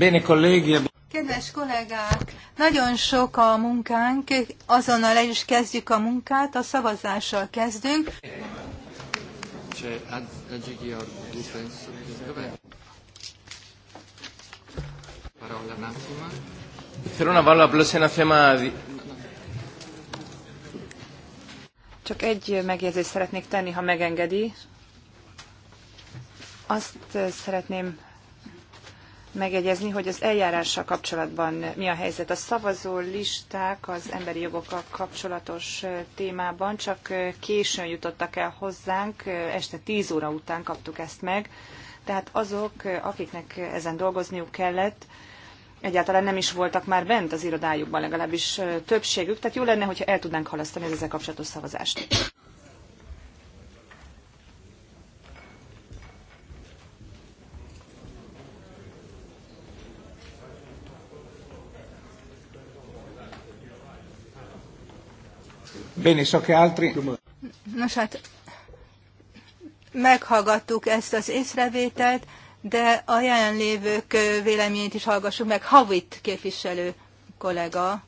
Bene, kollégia. Kedves kollégák, nagyon sok a munkánk, azonnal el is kezdjük a munkát, a szavazással kezdünk. Csak egy megjegyzést szeretnék tenni, ha megengedi. Azt eh, szeretném megegyezni, hogy az eljárással kapcsolatban mi a helyzet. A szavazó listák az emberi jogokkal kapcsolatos témában csak későn jutottak el hozzánk, este 10 óra után kaptuk ezt meg, tehát azok, akiknek ezen dolgozniuk kellett, egyáltalán nem is voltak már bent az irodájukban, legalábbis többségük, tehát jó lenne, hogyha el tudnánk halasztani az ezzel kapcsolatos szavazást. Bene, so che altri... Nos hát, meghallgattuk ezt az észrevételt, de a jelenlévők véleményét is hallgassuk meg. Havit képviselő kollega.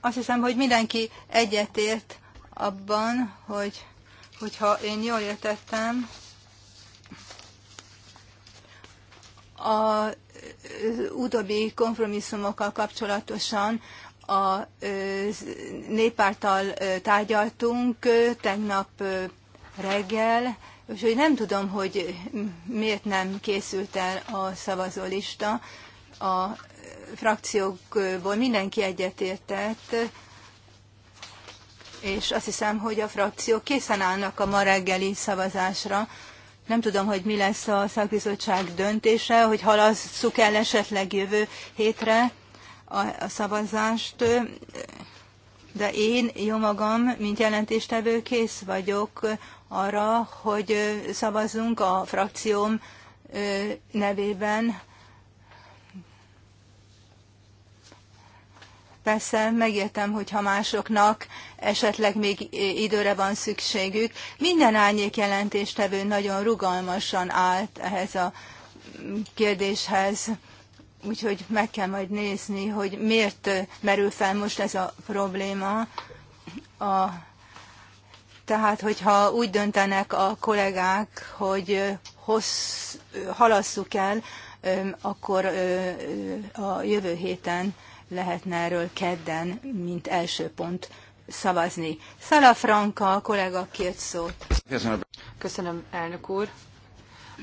Azt hiszem, hogy mindenki egyetért abban, hogy, hogyha én jól értettem, a utóbbi kompromisszumokkal kapcsolatosan a néppártal tárgyaltunk tegnap reggel, és hogy nem tudom, hogy miért nem készült el a szavazólista. A frakciókból mindenki egyetértett, és azt hiszem, hogy a frakciók készen állnak a ma reggeli szavazásra. Nem tudom, hogy mi lesz a szakbizottság döntése, hogy halasszuk el esetleg jövő hétre, a szavazást, de én jó magam, mint jelentéstevő kész vagyok arra, hogy szavazzunk a frakcióm nevében. Persze megértem, hogyha másoknak esetleg még időre van szükségük. Minden árnyék jelentéstevő nagyon rugalmasan állt ehhez a kérdéshez úgyhogy meg kell majd nézni, hogy miért merül fel most ez a probléma. A, tehát, hogyha úgy döntenek a kollégák, hogy hossz, halasszuk el, akkor a jövő héten lehetne erről kedden, mint első pont szavazni. Szala Franka, a kollega két szót. Köszönöm. Köszönöm, elnök úr.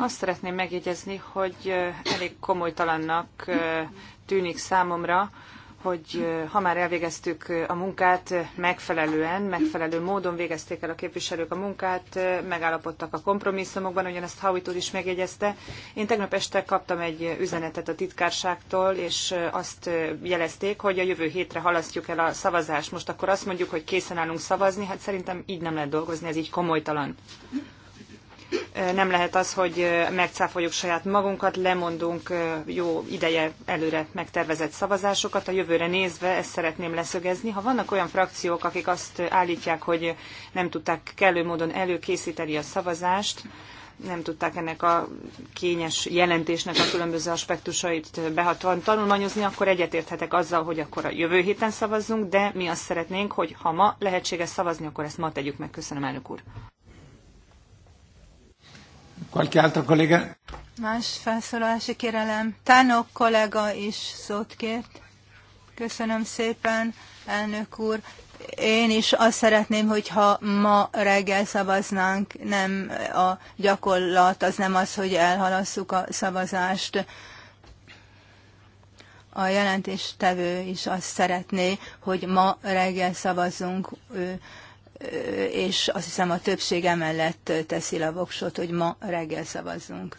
Azt szeretném megjegyezni, hogy elég komolytalannak tűnik számomra, hogy ha már elvégeztük a munkát megfelelően, megfelelő módon végezték el a képviselők a munkát, megállapodtak a kompromisszumokban, ugyanezt Howitt úr is megjegyezte. Én tegnap este kaptam egy üzenetet a titkárságtól, és azt jelezték, hogy a jövő hétre halasztjuk el a szavazást. Most akkor azt mondjuk, hogy készen állunk szavazni, hát szerintem így nem lehet dolgozni, ez így komolytalan nem lehet az, hogy megcáfoljuk saját magunkat, lemondunk jó ideje előre megtervezett szavazásokat. A jövőre nézve ezt szeretném leszögezni. Ha vannak olyan frakciók, akik azt állítják, hogy nem tudták kellő módon előkészíteni a szavazást, nem tudták ennek a kényes jelentésnek a különböző aspektusait behatóan tanulmányozni, akkor egyetérthetek azzal, hogy akkor a jövő héten szavazzunk, de mi azt szeretnénk, hogy ha ma lehetséges szavazni, akkor ezt ma tegyük meg. Köszönöm, elnök úr. Qualche altro collega? Más felszólalási kérelem. Tánok kollega is szót kért. Köszönöm szépen, elnök úr. Én is azt szeretném, hogyha ma reggel szavaznánk, nem a gyakorlat, az nem az, hogy elhalasszuk a szavazást. A jelentéstevő is azt szeretné, hogy ma reggel szavazzunk és azt hiszem a többség emellett teszi le a voksot, hogy ma reggel szavazzunk.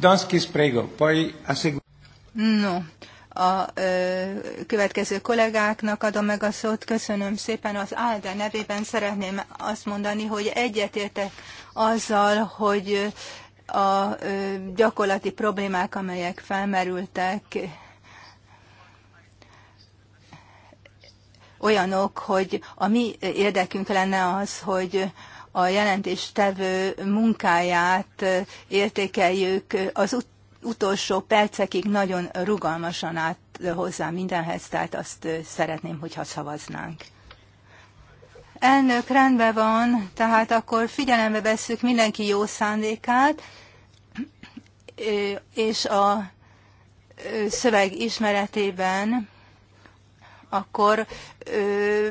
a No, a ö, következő kollégáknak adom meg a szót. Köszönöm szépen. Az Álda nevében szeretném azt mondani, hogy egyetértek azzal, hogy a ö, gyakorlati problémák, amelyek felmerültek, olyanok, hogy a mi érdekünk lenne az, hogy a jelentéstevő munkáját értékeljük az ut- utolsó percekig nagyon rugalmasan át hozzá mindenhez, tehát azt szeretném, hogyha szavaznánk. Elnök, rendben van, tehát akkor figyelembe vesszük mindenki jó szándékát, és a szöveg ismeretében akkor ö,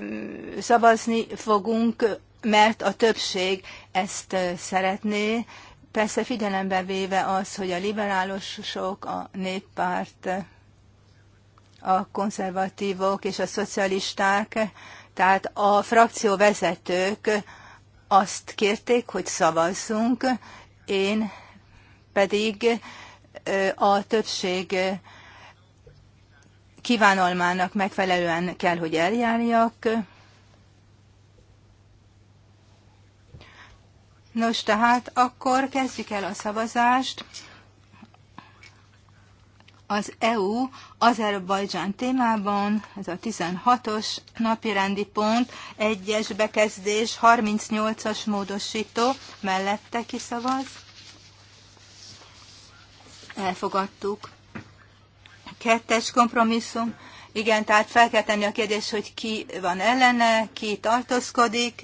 szavazni fogunk, mert a többség ezt szeretné, persze figyelembe véve az, hogy a liberálosok, a néppárt, a konzervatívok és a szocialisták, tehát a frakcióvezetők azt kérték, hogy szavazzunk, én pedig a többség kívánalmának megfelelően kell, hogy eljárjak. Nos, tehát akkor kezdjük el a szavazást. Az EU Azerbajdzsán témában, ez a 16-os napirendi pont, egyes bekezdés, 38-as módosító, mellette kiszavaz. Elfogadtuk. Kettes kompromisszum. Igen, tehát fel kell tenni a kérdés, hogy ki van ellene, ki tartózkodik.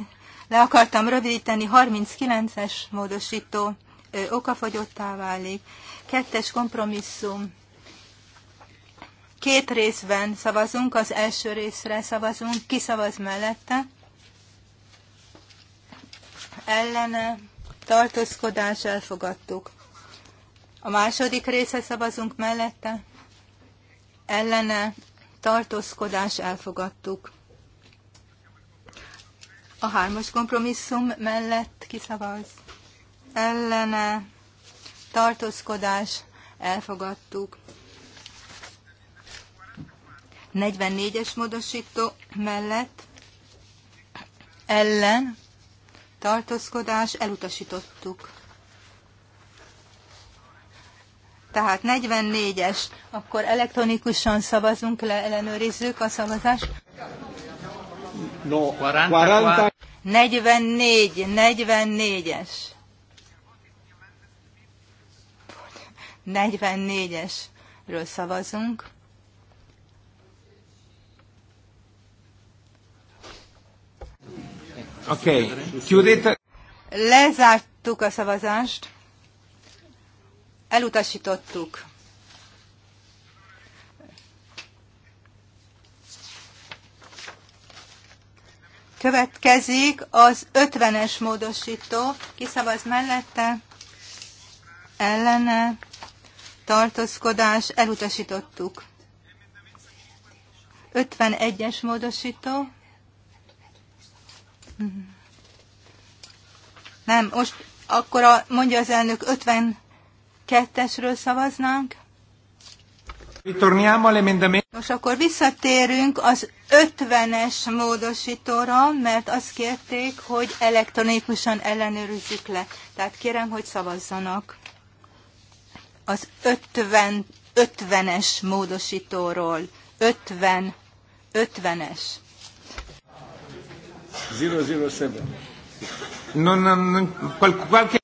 Le akartam rövidíteni, 39-es módosító ö, okafogyottá válik. Kettes kompromisszum. Két részben szavazunk, az első részre szavazunk, ki szavaz mellette. Ellene, tartózkodás, elfogadtuk. A második része szavazunk mellette ellene tartózkodás elfogadtuk. A hármas kompromisszum mellett kiszavaz. Ellene tartózkodás elfogadtuk. 44-es módosító mellett ellen tartózkodás elutasítottuk. Tehát 44-es, akkor elektronikusan szavazunk le, ellenőrizzük a szavazást. No, 44. 44, 44-es. 44-esről szavazunk. Oké, okay. Lezártuk a szavazást. Elutasítottuk. Következik az 50-es módosító. Kiszavaz mellette, ellene, tartózkodás, elutasítottuk. 51-es módosító. Nem, most akkor a, mondja az elnök 50 kettesről szavaznánk? Most akkor visszatérünk az 50-es módosítóra, mert azt kérték, hogy elektronikusan ellenőrizzük le. Tehát kérem, hogy szavazzanak az 50, 50-es módosítóról. 50, 50-es. 007. Non, non, qual, qualche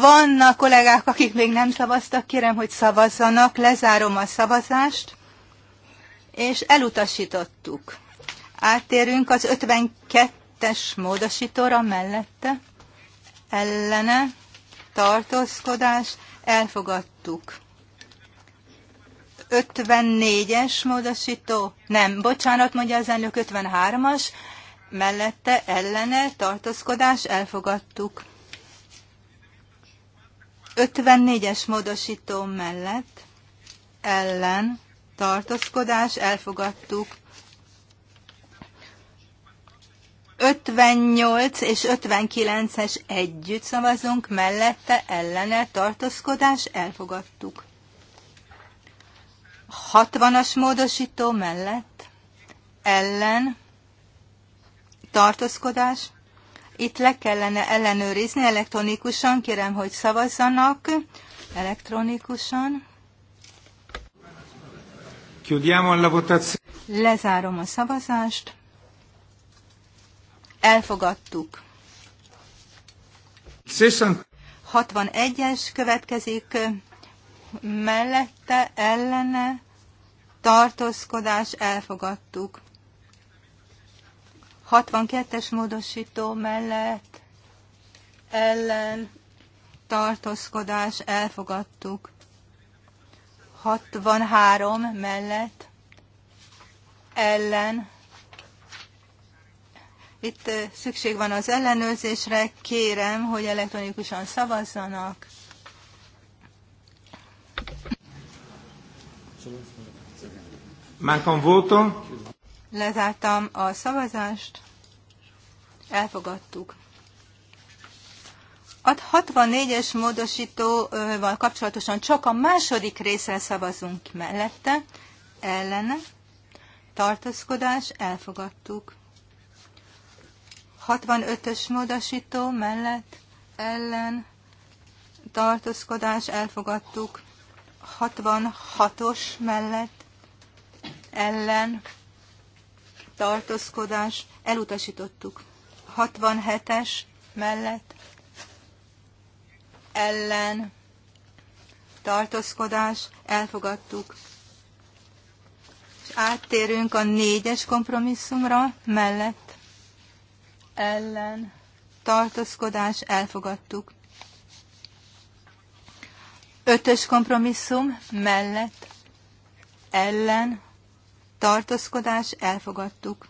vannak kollégák, akik még nem szavaztak, kérem, hogy szavazzanak, lezárom a szavazást, és elutasítottuk. Átérünk az 52-es módosítóra mellette, ellene, tartózkodás, elfogadtuk. 54-es módosító, nem, bocsánat, mondja az elnök, 53-as, mellette ellene tartózkodás elfogadtuk. 54-es módosító mellett ellen tartózkodás elfogadtuk. 58 és 59-es együtt szavazunk, mellette ellene tartózkodás elfogadtuk. 60-as módosító mellett ellen tartózkodás itt le kellene ellenőrizni elektronikusan, kérem, hogy szavazzanak elektronikusan. Chiudiamo la votazione. Lezárom a szavazást. Elfogadtuk. 61-es következik mellette, ellene, tartózkodás, elfogadtuk. 62-es módosító mellett ellen tartózkodás elfogadtuk. 63 mellett ellen. Itt szükség van az ellenőrzésre. Kérem, hogy elektronikusan szavazzanak. Manca un voto. Lezártam a szavazást. Elfogadtuk. A 64-es módosítóval kapcsolatosan csak a második részre szavazunk mellette, ellene, tartózkodás, elfogadtuk. 65-ös módosító mellett, ellen, tartózkodás, elfogadtuk. 66-os mellett, ellen, tartózkodás, elutasítottuk. 67-es mellett ellen tartózkodás, elfogadtuk. És áttérünk a négyes kompromisszumra, mellett ellen tartózkodás, elfogadtuk. Ötös kompromisszum, mellett ellen tartózkodás elfogadtuk.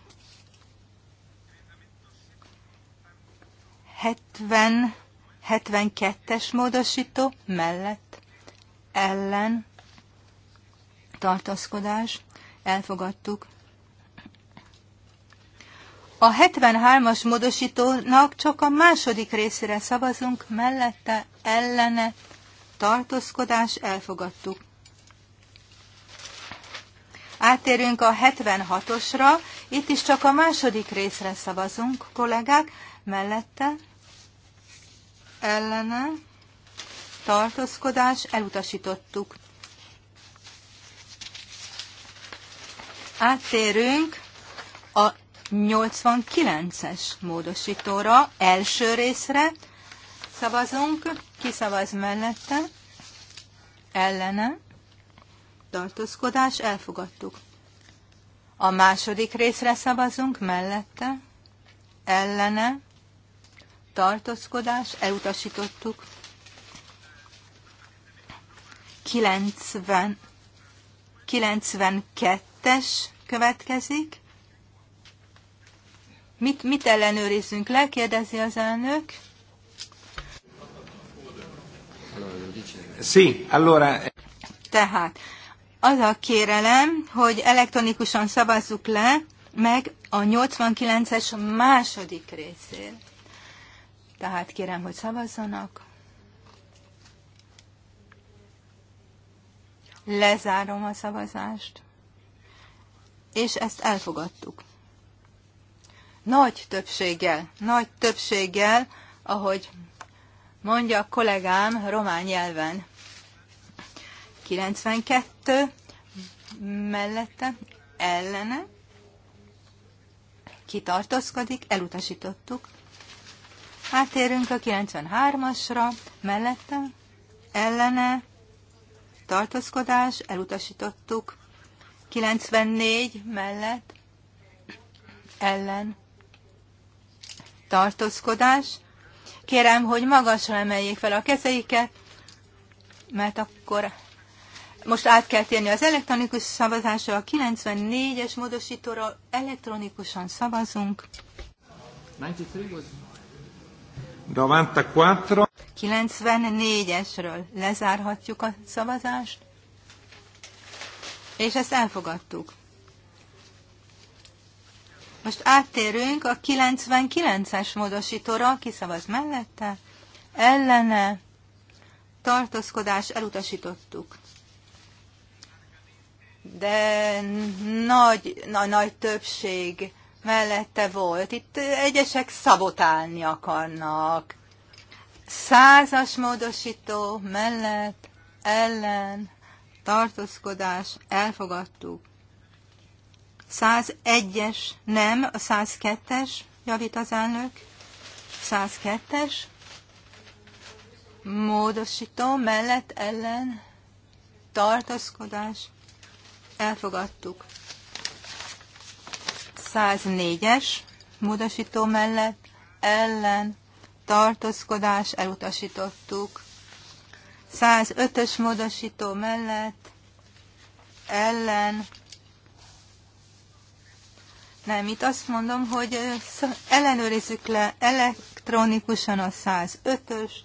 70, 72-es módosító mellett ellen tartózkodás elfogadtuk. A 73-as módosítónak csak a második részére szavazunk, mellette ellene tartózkodás elfogadtuk. Átérünk a 76-osra, itt is csak a második részre szavazunk, kollégák, mellette, ellene, tartózkodás, elutasítottuk. Áttérünk a 89-es módosítóra, első részre szavazunk, kiszavaz mellette, ellene, tartózkodás, elfogadtuk. A második részre szavazunk, mellette, ellene, tartózkodás, elutasítottuk. 90, 92-es következik. Mit, mit ellenőrizzünk le, kérdezi az elnök. Sí, allora... Tehát az a kérelem, hogy elektronikusan szavazzuk le meg a 89-es második részét. Tehát kérem, hogy szavazzanak. Lezárom a szavazást. És ezt elfogadtuk. Nagy többséggel, nagy többséggel, ahogy mondja a kollégám román nyelven. 92 mellette ellene kitartózkodik, elutasítottuk. Átérünk a 93-asra, mellette ellene tartózkodás, elutasítottuk. 94 mellett ellen tartózkodás. Kérem, hogy magasra emeljék fel a kezeiket, mert akkor most át kell térni az elektronikus szavazásra, a 94-es módosítóra elektronikusan szavazunk. 94. 94-esről lezárhatjuk a szavazást, és ezt elfogadtuk. Most áttérünk a 99-es módosítóra, szavaz mellette, ellene, tartózkodás elutasítottuk de nagy, na, nagy többség mellette volt. Itt egyesek szabotálni akarnak. Százas módosító mellett, ellen, tartózkodás, elfogadtuk. 101-es, nem, a 102-es, javít az elnök. 102-es, módosító mellett, ellen, tartózkodás, elfogadtuk. 104-es módosító mellett ellen tartózkodás elutasítottuk. 105-ös módosító mellett ellen nem, itt azt mondom, hogy ellenőrizzük le elektronikusan a 105-öst.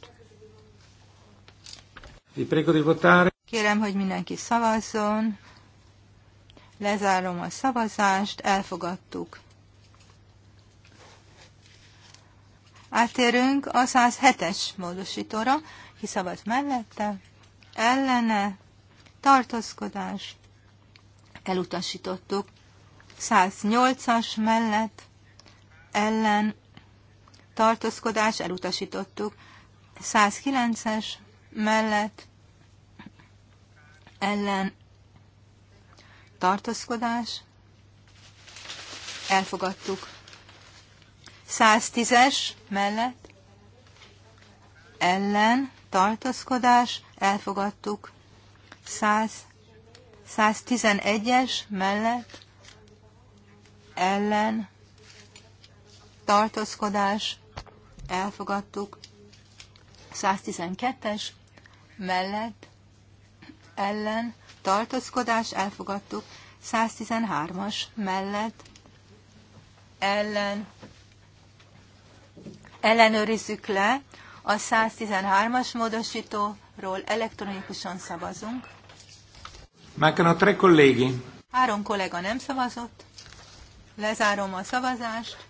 Kérem, hogy mindenki szavazzon. Lezárom a szavazást, elfogadtuk. Átérünk a 107-es módosítóra, kiszavaz mellette, ellene, tartózkodás, elutasítottuk. 108-as mellett, ellen, tartózkodás, elutasítottuk. 109-es mellett, ellen, tartózkodás, elfogadtuk. 110-es mellett, ellen, tartózkodás, elfogadtuk. 111-es mellett, ellen, tartózkodás, elfogadtuk. 112-es mellett, ellen, tartózkodás elfogadtuk, 113-as mellett ellen ellenőrizzük le, a 113-as módosítóról elektronikusan szavazunk. Mancano tre colleghi. Három kollega nem szavazott. Lezárom a szavazást.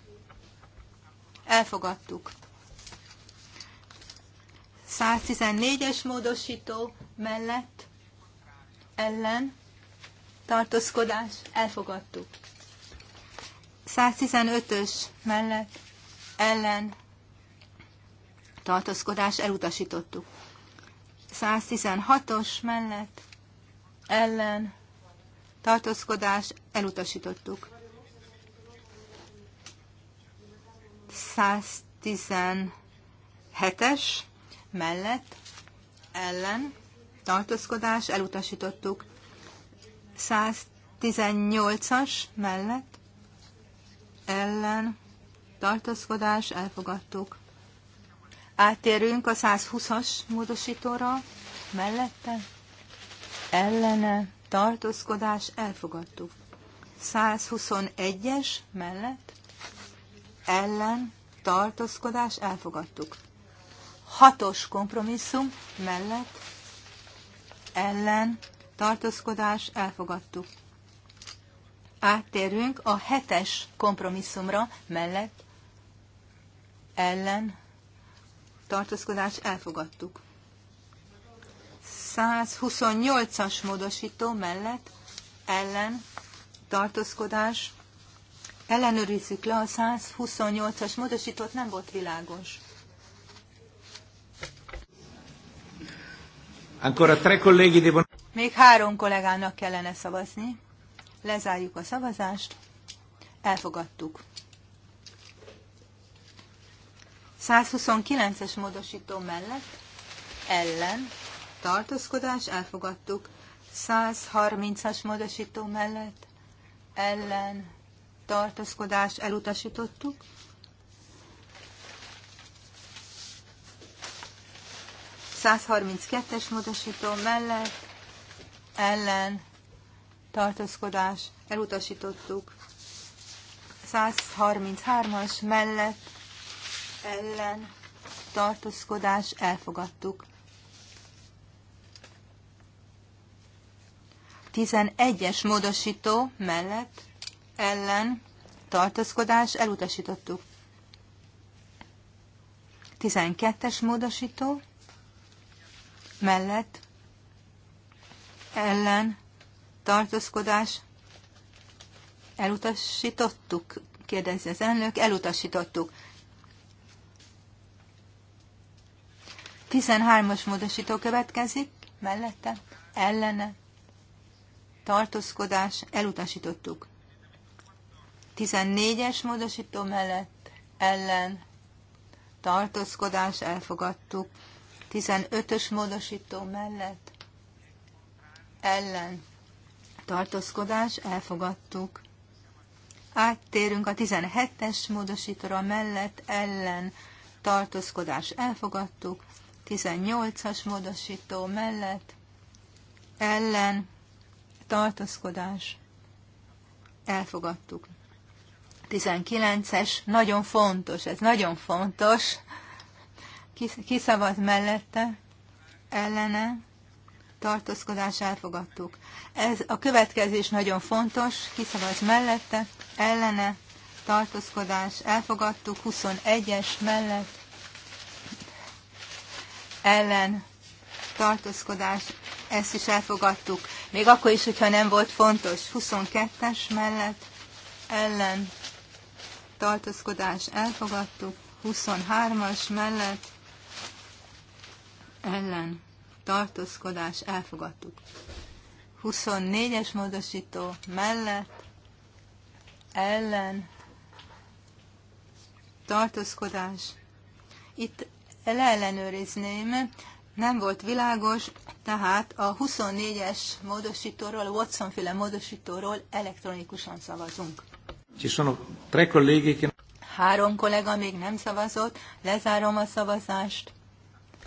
Elfogadtuk. 114-es módosító mellett ellen tartózkodás elfogadtuk. 115-ös mellett ellen tartózkodás elutasítottuk. 116-os mellett ellen tartózkodás elutasítottuk. 117-es mellett ellen tartózkodás, elutasítottuk. 118-as mellett ellen tartózkodás, elfogadtuk. Átérünk a 120-as módosítóra, mellette ellene tartózkodás, elfogadtuk. 121-es mellett ellen tartózkodás, elfogadtuk. Hatos kompromisszum mellett ellen tartózkodás elfogadtuk. Áttérünk a hetes kompromisszumra mellett ellen tartózkodás elfogadtuk. 128-as módosító mellett ellen tartózkodás ellenőrizzük le a 128-as módosítót, nem volt világos. Ancora tre colleghi devono... Még három kollégának kellene szavazni. Lezárjuk a szavazást. Elfogadtuk. 129-es módosító mellett ellen tartózkodás elfogadtuk. 130-as módosító mellett ellen tartózkodás elutasítottuk. 132-es módosító mellett ellen tartózkodás elutasítottuk. 133-as mellett ellen tartózkodás elfogadtuk. 11-es módosító mellett ellen tartózkodás elutasítottuk. 12-es módosító mellett ellen tartózkodás elutasítottuk, kérdezi az elnök, elutasítottuk. 13-as módosító következik, mellette, ellene, tartózkodás, elutasítottuk. 14-es módosító mellett, ellen, tartózkodás, elfogadtuk. 15-ös módosító mellett ellen tartózkodás elfogadtuk. Áttérünk a 17-es módosítóra mellett ellen tartózkodás elfogadtuk. 18-as módosító mellett ellen tartózkodás elfogadtuk. 19-es, nagyon fontos, ez nagyon fontos, kiszavaz mellette, ellene, tartózkodás elfogadtuk. Ez a következés nagyon fontos, kiszavaz mellette, ellene, tartózkodás elfogadtuk, 21-es mellett, ellen, tartózkodás, ezt is elfogadtuk. Még akkor is, hogyha nem volt fontos, 22-es mellett, ellen, tartózkodás elfogadtuk, 23-as mellett ellen tartózkodás elfogadtuk. 24-es módosító mellett ellen tartózkodás. Itt leellenőrizném, nem volt világos, tehát a 24-es módosítóról, a Watson-féle módosítóról elektronikusan szavazunk. Három kollega még nem szavazott, lezárom a szavazást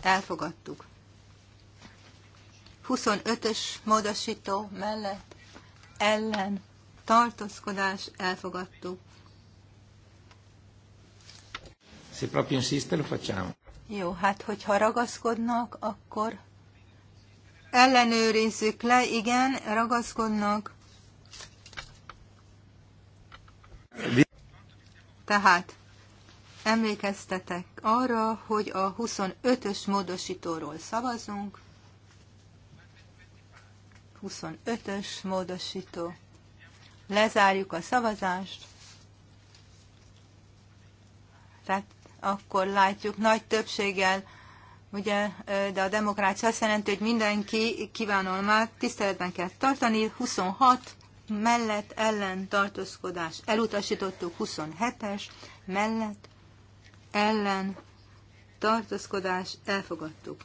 elfogadtuk. 25-ös módosító mellett ellen tartózkodás elfogadtuk. Se proprio insiste, lo facciamo. Jó, hát hogyha ragaszkodnak, akkor ellenőrizzük le, igen, ragaszkodnak. Tehát emlékeztetek arra, hogy a 25-ös módosítóról szavazunk. 25-ös módosító. Lezárjuk a szavazást. Tehát akkor látjuk nagy többséggel, ugye, de a demokrácia azt jelenti, hogy mindenki már tiszteletben kell tartani. 26 mellett ellen tartózkodás elutasítottuk, 27-es mellett ellen tartózkodás elfogadtuk.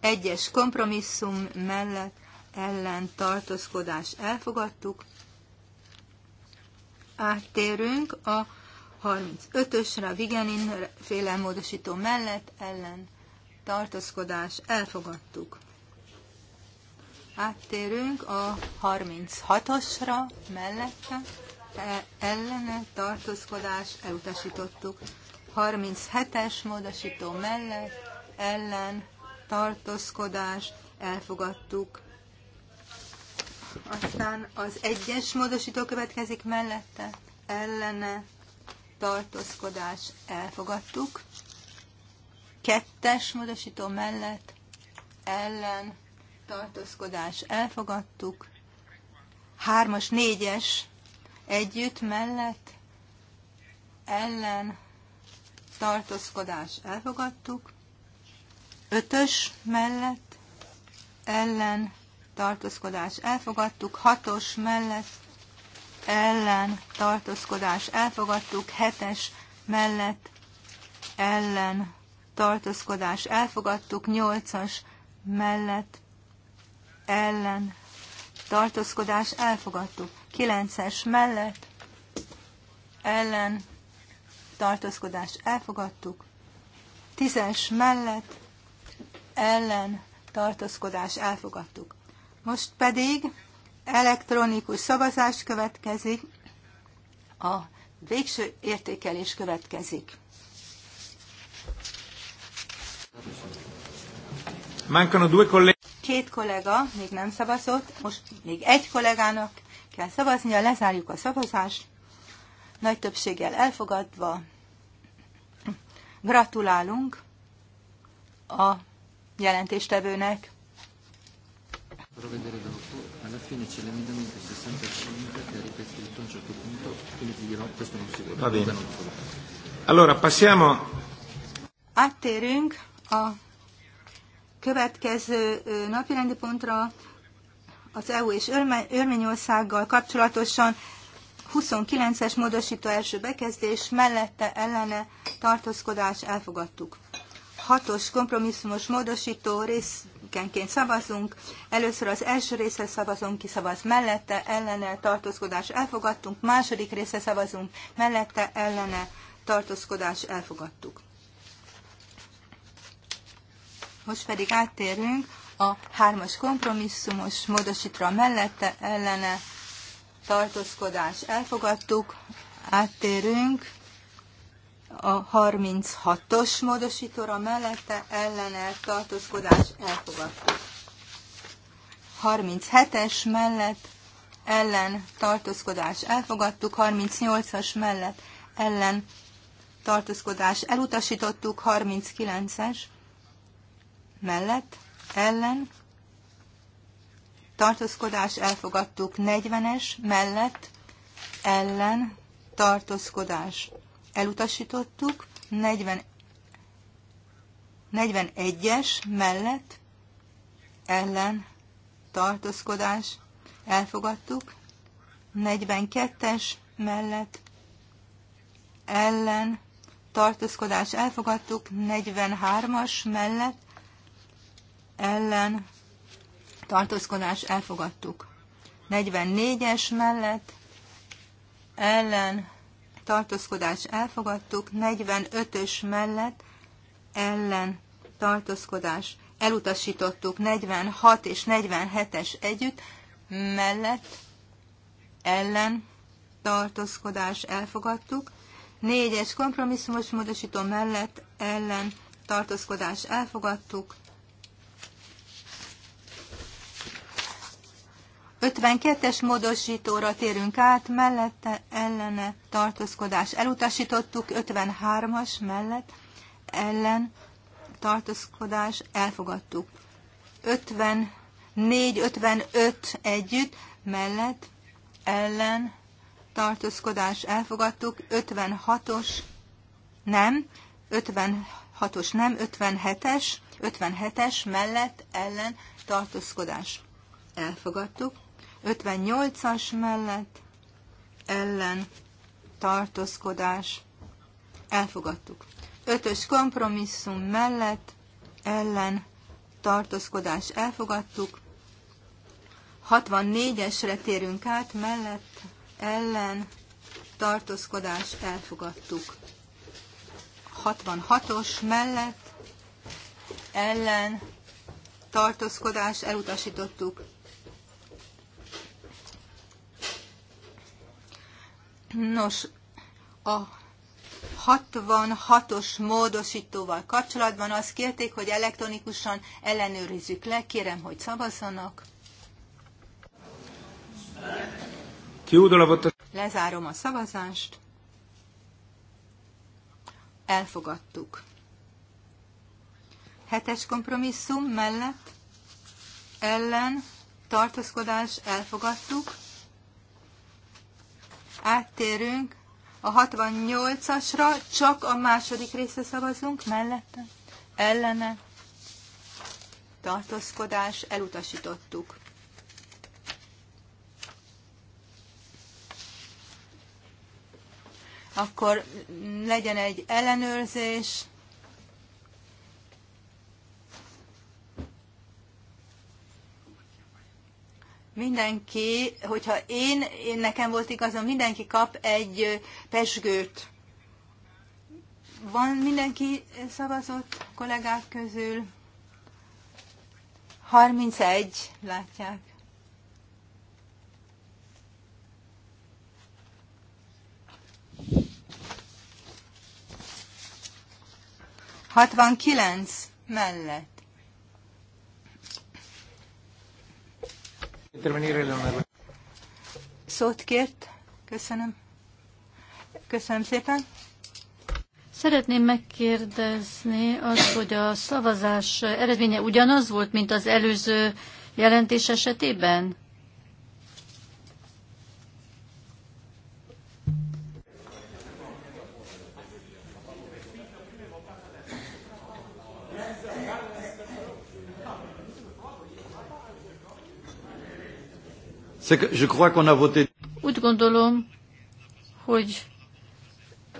Egyes kompromisszum mellett ellen tartózkodás elfogadtuk. Áttérünk a 35-ösre, a Vigenin féle módosító mellett ellen tartózkodás elfogadtuk. Áttérünk a 36-osra mellette e- ellene tartózkodás elutasítottuk. 37-es módosító mellett ellen tartózkodás elfogadtuk. Aztán az egyes módosító következik mellette ellene tartózkodás elfogadtuk. Kettes módosító mellett ellen tartózkodás elfogadtuk. Hármas, négyes együtt mellett ellen tartózkodás elfogadtuk, ötös mellett ellen tartózkodás elfogadtuk, hatos mellett ellen tartózkodás elfogadtuk, hetes mellett ellen tartózkodás elfogadtuk, nyolcas mellett ellen tartózkodás elfogadtuk, kilences mellett ellen tartózkodást elfogadtuk. Tízes mellett ellen tartózkodás elfogadtuk. Most pedig elektronikus szavazás következik, a végső értékelés következik. Mancano due Két kollega még nem szavazott, most még egy kollégának kell szavaznia, lezárjuk a szavazást nagy többséggel elfogadva. Gratulálunk a jelentéstevőnek. Allora, passiamo. Áttérünk a következő napirendi pontra az EU és Örményországgal kapcsolatosan 29-es módosító első bekezdés, mellette ellene tartózkodás elfogadtuk. 6-os kompromisszumos módosító részkenként szavazunk. Először az első része szavazunk, ki szavaz mellette, ellene tartózkodás elfogadtunk. Második része szavazunk, mellette, ellene tartózkodás elfogadtuk. Most pedig áttérünk a hármas kompromisszumos módosítra mellette, ellene tartózkodás elfogadtuk, áttérünk a 36-os módosítóra mellette ellene tartózkodás elfogadtuk. 37-es mellett ellen tartózkodás elfogadtuk, 38-as mellett ellen tartózkodás elutasítottuk, 39-es mellett ellen tartózkodás elfogadtuk 40-es mellett ellen tartózkodás elutasítottuk 40, 41-es mellett ellen tartózkodás elfogadtuk 42-es mellett ellen tartózkodás elfogadtuk 43-as mellett ellen tartózkodás elfogadtuk. 44-es mellett ellen tartózkodás elfogadtuk, 45-ös mellett ellen tartózkodás elutasítottuk, 46 és 47-es együtt mellett ellen tartózkodás elfogadtuk, 4-es kompromisszumos módosító mellett ellen tartózkodás elfogadtuk, 52-es módosítóra térünk át, mellette ellene tartózkodás elutasítottuk, 53-as mellett ellen tartózkodás elfogadtuk. 54-55 együtt mellett ellen tartózkodás elfogadtuk, 56-os nem, 56-os nem, 57-es, 57-es mellett ellen tartózkodás elfogadtuk, 58-as mellett ellen tartózkodás elfogadtuk. 5-ös kompromisszum mellett ellen tartózkodás elfogadtuk. 64-esre térünk át, mellett ellen tartózkodás elfogadtuk. 66-os mellett ellen tartózkodás elutasítottuk. Nos, a 66-os módosítóval kapcsolatban azt kérték, hogy elektronikusan ellenőrizzük le. Kérem, hogy szavazzanak. Lezárom a szavazást. Elfogadtuk. Hetes kompromisszum mellett ellen tartózkodás elfogadtuk áttérünk a 68-asra, csak a második része szavazunk, mellette, ellene, tartózkodás, elutasítottuk. Akkor legyen egy ellenőrzés, mindenki, hogyha én, én nekem volt igazam, mindenki kap egy pesgőt. Van mindenki szavazott kollégák közül? 31, látják. Hatvankilenc mellett. intervenire l'onorevole. Szót kért. Köszönöm. Köszönöm szépen. Szeretném megkérdezni azt, hogy a szavazás eredménye ugyanaz volt, mint az előző jelentés esetében? Úgy gondolom, hogy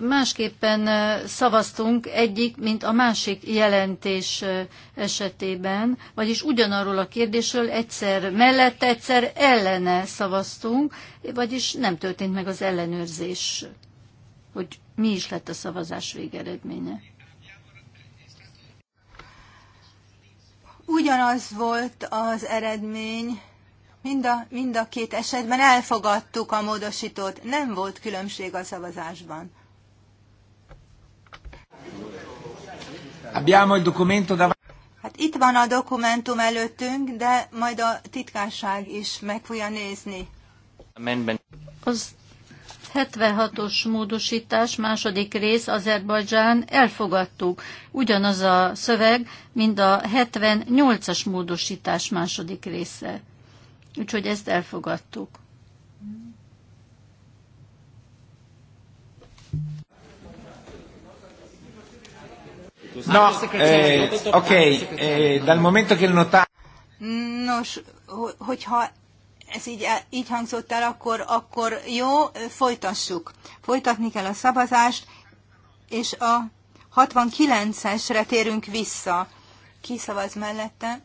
másképpen eh, szavaztunk egyik, mint a másik jelentés eh, esetében, vagyis ugyanarról a kérdésről egyszer mellett, egyszer ellene szavaztunk, vagyis nem történt meg az ellenőrzés, hogy mi is lett a szavazás végeredménye. Ugyanaz volt az eredmény, Mind a, mind a két esetben elfogadtuk a módosítót. Nem volt különbség a szavazásban. Hát itt van a dokumentum előttünk, de majd a titkárság is meg fogja nézni. Az 76-os módosítás második rész Azerbajdzsán elfogadtuk. Ugyanaz a szöveg, mint a 78-as módosítás második része. Úgyhogy ezt elfogadtuk. No, eh, ok, eh, dal momento che il notario... Nos, hogyha ez így, így hangzott el, akkor, akkor jó, folytassuk. Folytatni kell a szavazást, és a 69-esre térünk vissza. Ki szavaz mellette?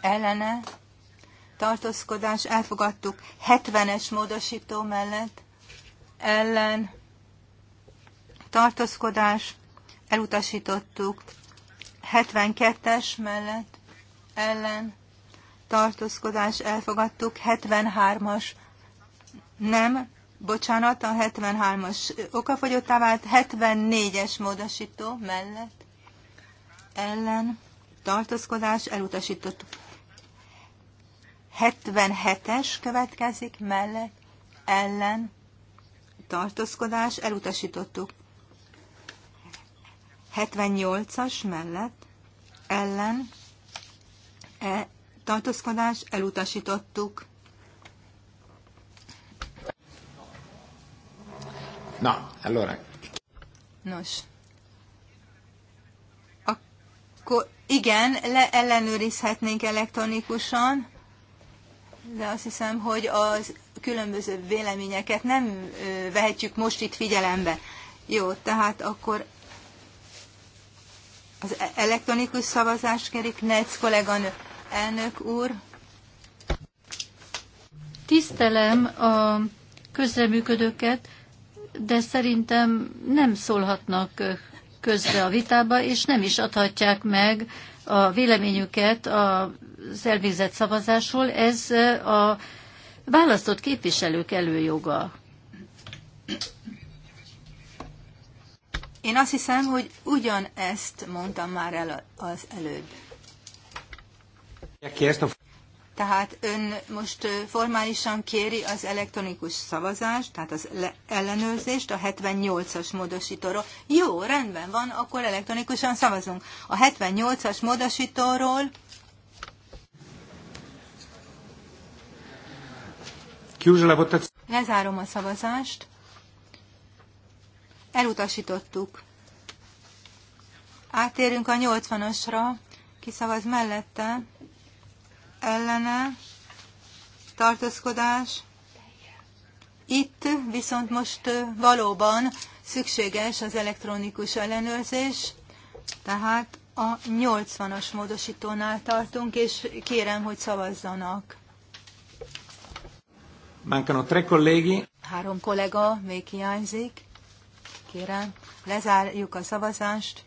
Ellene? tartózkodás, elfogadtuk 70-es módosító mellett, ellen, tartózkodás, elutasítottuk 72-es mellett, ellen, tartózkodás, elfogadtuk 73-as, nem, bocsánat, a 73-as okafogyottá vált, 74-es módosító mellett, ellen, tartózkodás, elutasítottuk 77-es következik mellett ellen tartózkodás elutasítottuk. 78-as mellett ellen e, tartózkodás elutasítottuk. Na, allora. Nos. Akkor igen, leellenőrizhetnénk elektronikusan de azt hiszem, hogy a különböző véleményeket nem vehetjük most itt figyelembe. Jó, tehát akkor az e- elektronikus szavazás kérik Netz kolléganő. Elnök úr. Tisztelem a közreműködőket, de szerintem nem szólhatnak közre a vitába, és nem is adhatják meg a véleményüket a az elvégzett szavazásról, ez a választott képviselők előjoga. Én azt hiszem, hogy ugyanezt mondtam már el az előbb. Tehát ön most formálisan kéri az elektronikus szavazást, tehát az ellenőrzést a 78-as módosítóról. Jó, rendben van, akkor elektronikusan szavazunk. A 78-as módosítóról Lezárom a szavazást. Elutasítottuk. Átérünk a 80-asra. Kiszavaz mellette. Ellene. Tartózkodás. Itt viszont most valóban szükséges az elektronikus ellenőrzés, tehát a 80-as módosítónál tartunk, és kérem, hogy szavazzanak. Mancano tre colleghi. Három kollega még hiányzik. Kérem, lezárjuk a szavazást.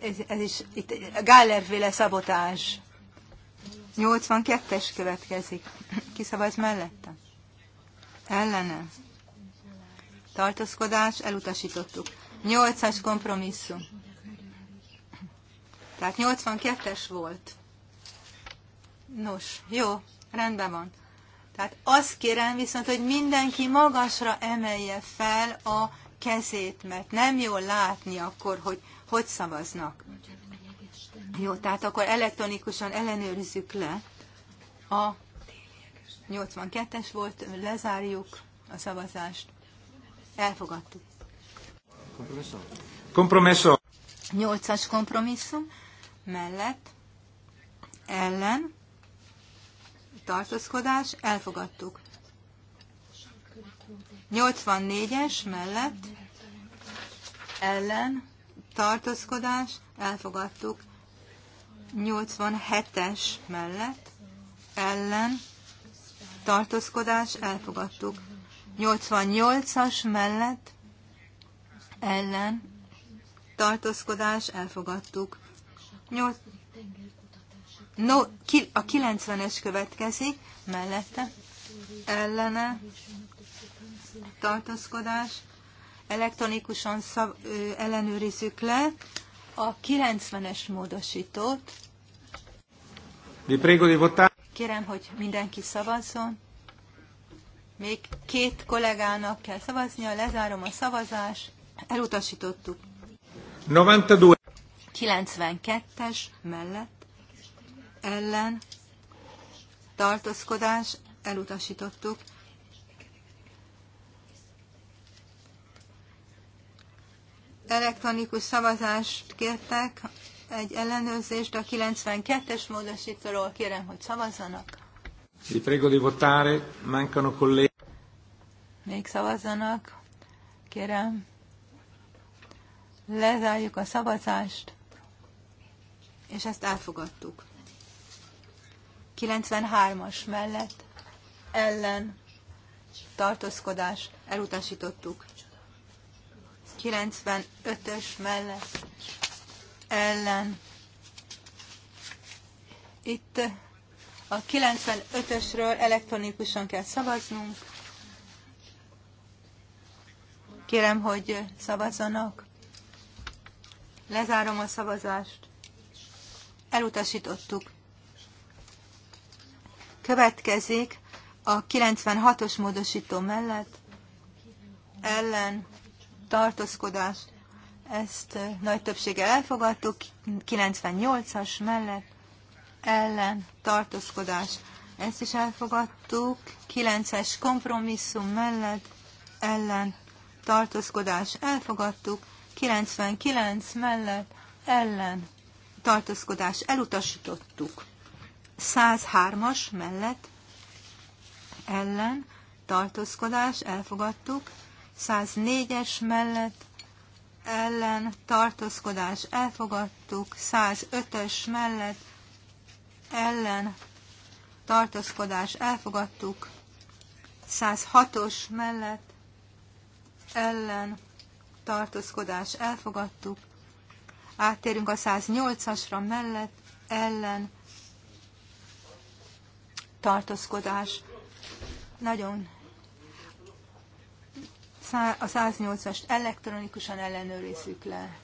Ez, ez is itt Gálerféle szabotás. 82-es következik. Kiszavaz mellette? Ellene. Tartózkodás, elutasítottuk. 8-as kompromisszum. Tehát 82-es volt. Nos, jó, rendben van. Tehát azt kérem viszont, hogy mindenki magasra emelje fel a kezét, mert nem jól látni akkor, hogy hogy szavaznak. Jó, tehát akkor elektronikusan ellenőrizzük le. A 82-es volt, lezárjuk a szavazást. Elfogadtuk. Kompromisszum. Kompromisszum. 8-as kompromisszum mellett ellen tartózkodás, elfogadtuk. 84-es mellett ellen tartózkodás, elfogadtuk. 87-es mellett ellen tartózkodás, elfogadtuk. 88-as mellett ellen tartózkodás, elfogadtuk. No, ki, a 90-es következik, mellette ellene tartózkodás. Elektronikusan szav, ö, ellenőrizzük le a 90-es módosítót. prego di Kérem, hogy mindenki szavazzon. Még két kollégának kell szavaznia, lezárom a szavazás. Elutasítottuk. 92. 92-es mellett ellen tartózkodás elutasítottuk. Elektronikus szavazást kértek, egy ellenőrzést a 92-es módosítóról kérem, hogy szavazzanak. Vi prego di votare, mancano colleghi. Még szavazzanak, kérem. Lezárjuk a szavazást, és ezt elfogadtuk. 93-as mellett ellen tartózkodás elutasítottuk. 95-ös mellett ellen. Itt a 95-ösről elektronikusan kell szavaznunk. Kérem, hogy szavazzanak. Lezárom a szavazást. Elutasítottuk. Következik a 96-os módosító mellett ellen tartózkodás. Ezt nagy többsége elfogadtuk. 98-as mellett ellen tartózkodás. Ezt is elfogadtuk. 9-es kompromisszum mellett ellen tartózkodás. Elfogadtuk. 99 mellett ellen tartózkodás. Elutasítottuk. 103-as mellett ellen tartózkodás elfogadtuk, 104-es mellett ellen tartózkodás elfogadtuk, 105-ös mellett ellen tartózkodás elfogadtuk, 106-os mellett ellen tartózkodás elfogadtuk, áttérünk a 108-asra mellett ellen tartózkodás. Nagyon a 180-est elektronikusan ellenőrizzük le.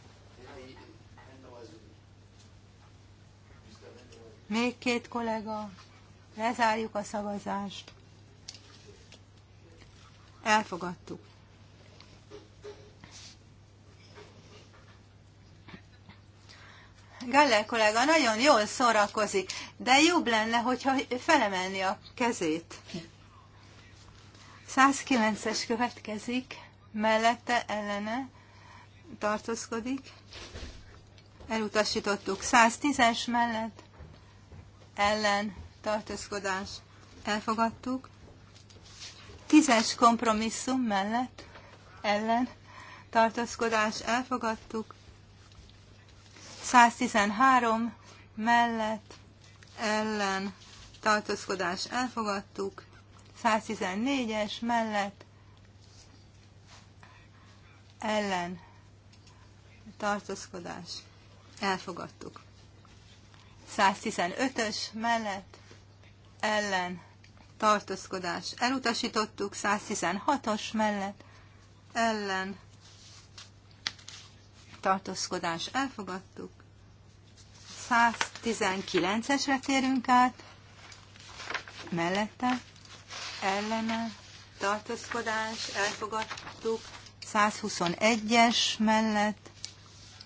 Még két kollega, lezárjuk a szavazást. Elfogadtuk. Galler kollega nagyon jól szórakozik, de jobb lenne, hogyha felemelni a kezét. 109-es következik, mellette ellene tartózkodik. Elutasítottuk 110-es mellett ellen tartózkodás elfogadtuk. 10-es kompromisszum mellett ellen tartózkodás elfogadtuk. 113 mellett ellen tartózkodás elfogadtuk, 114-es mellett ellen tartózkodás elfogadtuk. 115-ös mellett ellen tartózkodás elutasítottuk, 116-os mellett ellen tartózkodás elfogadtuk. 119-esre térünk át, mellette, ellene, tartózkodás, elfogadtuk, 121-es mellett,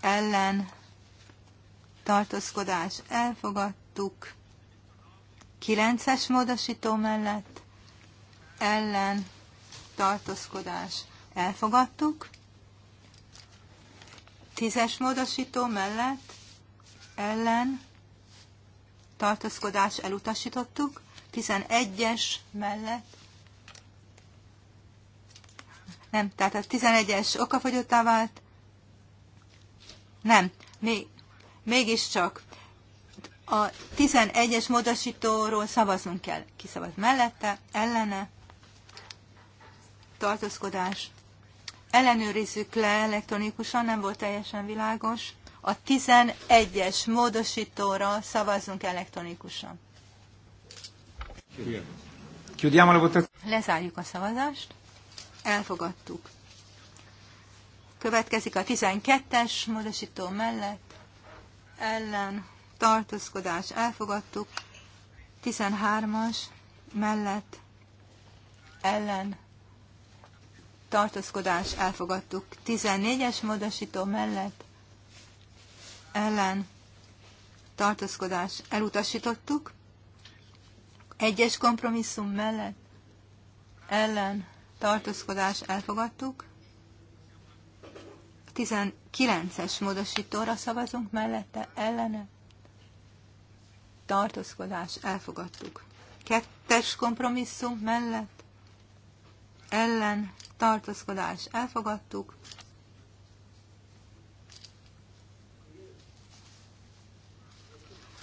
ellen, tartózkodás, elfogadtuk, 9-es módosító mellett, ellen, tartózkodás, elfogadtuk, Tízes módosító mellett ellen tartózkodás elutasítottuk. 11-es mellett nem, tehát a 11-es okafogyottá vált. Nem, még, mégiscsak a 11-es módosítóról szavaznunk kell. kiszavaz mellette, ellene, tartózkodás, ellenőrizzük le elektronikusan, nem volt teljesen világos. A 11-es módosítóra szavazzunk elektronikusan. Lezárjuk a szavazást. Elfogadtuk. Következik a 12-es módosító mellett. Ellen tartózkodás elfogadtuk. 13-as mellett ellen tartózkodás elfogadtuk. 14-es módosító mellett ellen tartózkodás elutasítottuk. Egyes kompromisszum mellett ellen tartózkodás elfogadtuk. 19-es módosítóra szavazunk mellette ellene tartózkodás elfogadtuk. Kettes kompromisszum mellett ellen tartózkodás elfogadtuk.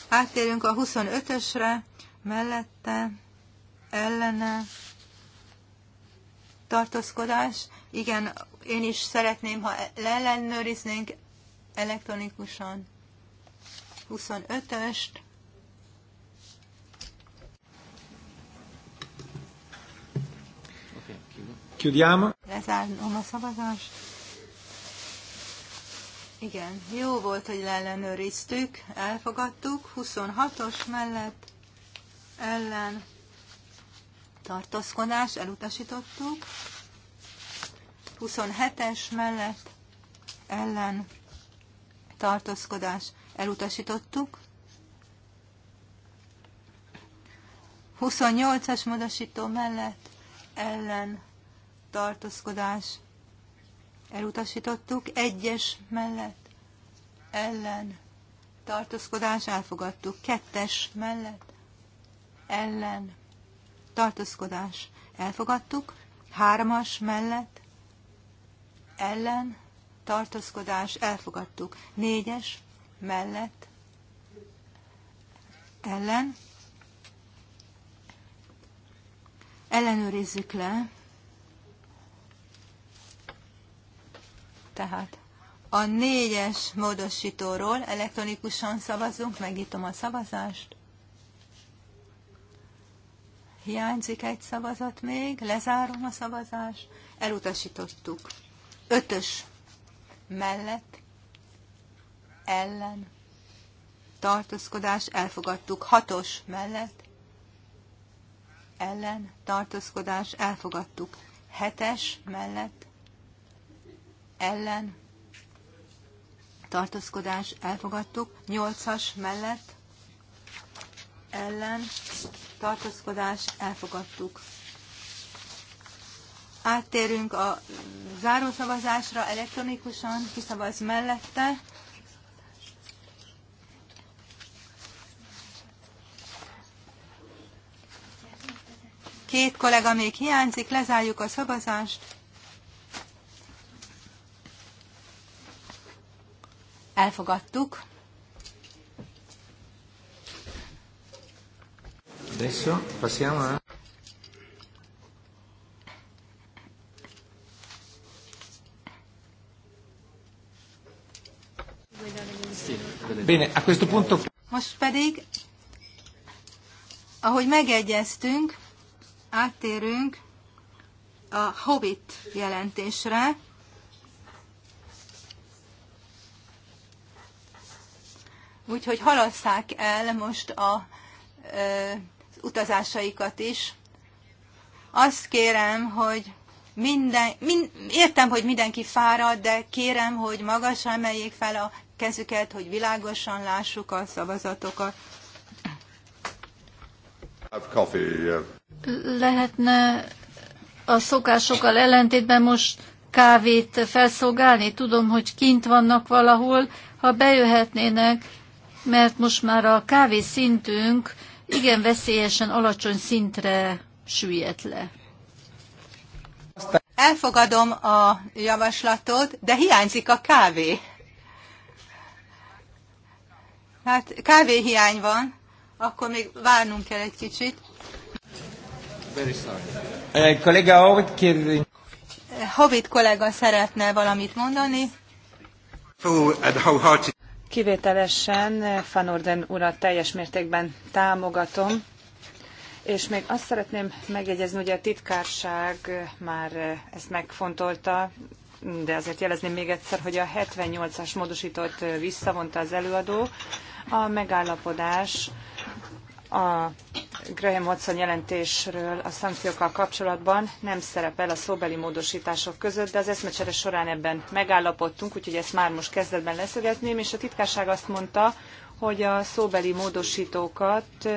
Áttérünk a 25-ösre, mellette, ellene, tartózkodás. Igen, én is szeretném, ha leellenőriznénk elektronikusan 25-öst. Chiudiamo. Lezárnom a szavazást. Igen, jó volt, hogy leellenőriztük, elfogadtuk, 26-os mellett ellen tartózkodás, elutasítottuk, 27-es mellett ellen tartózkodás, elutasítottuk, 28-as módosító mellett ellen tartózkodás elutasítottuk, egyes mellett ellen tartózkodás elfogadtuk, kettes mellett ellen tartózkodás elfogadtuk, hármas mellett ellen tartózkodás elfogadtuk, négyes mellett ellen ellenőrizzük le, Tehát a négyes módosítóról elektronikusan szavazunk, megítom a szavazást. Hiányzik egy szavazat még, lezárom a szavazást, elutasítottuk. Ötös mellett, ellen, tartózkodás, elfogadtuk. Hatos mellett, ellen, tartózkodás, elfogadtuk. Hetes mellett, ellen tartózkodás elfogadtuk, 8-as mellett ellen tartózkodás elfogadtuk. Áttérünk a zárószavazásra elektronikusan, kiszavaz mellette. Két kollega még hiányzik, lezárjuk a szavazást. elfogadtuk. Adesso passiamo a... Bene, a questo punto... Most pedig, ahogy megegyeztünk, áttérünk a Hobbit jelentésre. úgyhogy halasszák el most a, az utazásaikat is. Azt kérem, hogy minden, min, értem, hogy mindenki fárad, de kérem, hogy magasra emeljék fel a kezüket, hogy világosan lássuk a szavazatokat. Lehetne a szokásokkal ellentétben most kávét felszolgálni? Tudom, hogy kint vannak valahol. Ha bejöhetnének, mert most már a kávé szintünk igen veszélyesen alacsony szintre süllyedt le. Elfogadom a javaslatot, de hiányzik a kávé. Hát kávéhiány van, akkor még várnunk kell egy kicsit. Eh, kollega Hovid kérdi. Hovid kollega szeretne valamit mondani. Kivételesen Van Orden urat teljes mértékben támogatom, és még azt szeretném megjegyezni, hogy a titkárság már ezt megfontolta, de azért jelezném még egyszer, hogy a 78-as módosított visszavonta az előadó. A megállapodás a Graham Watson jelentésről a szankciókkal kapcsolatban nem szerepel a szóbeli módosítások között, de az eszmecsere során ebben megállapodtunk, úgyhogy ezt már most kezdetben leszögezném, és a titkárság azt mondta, hogy a szóbeli módosítókat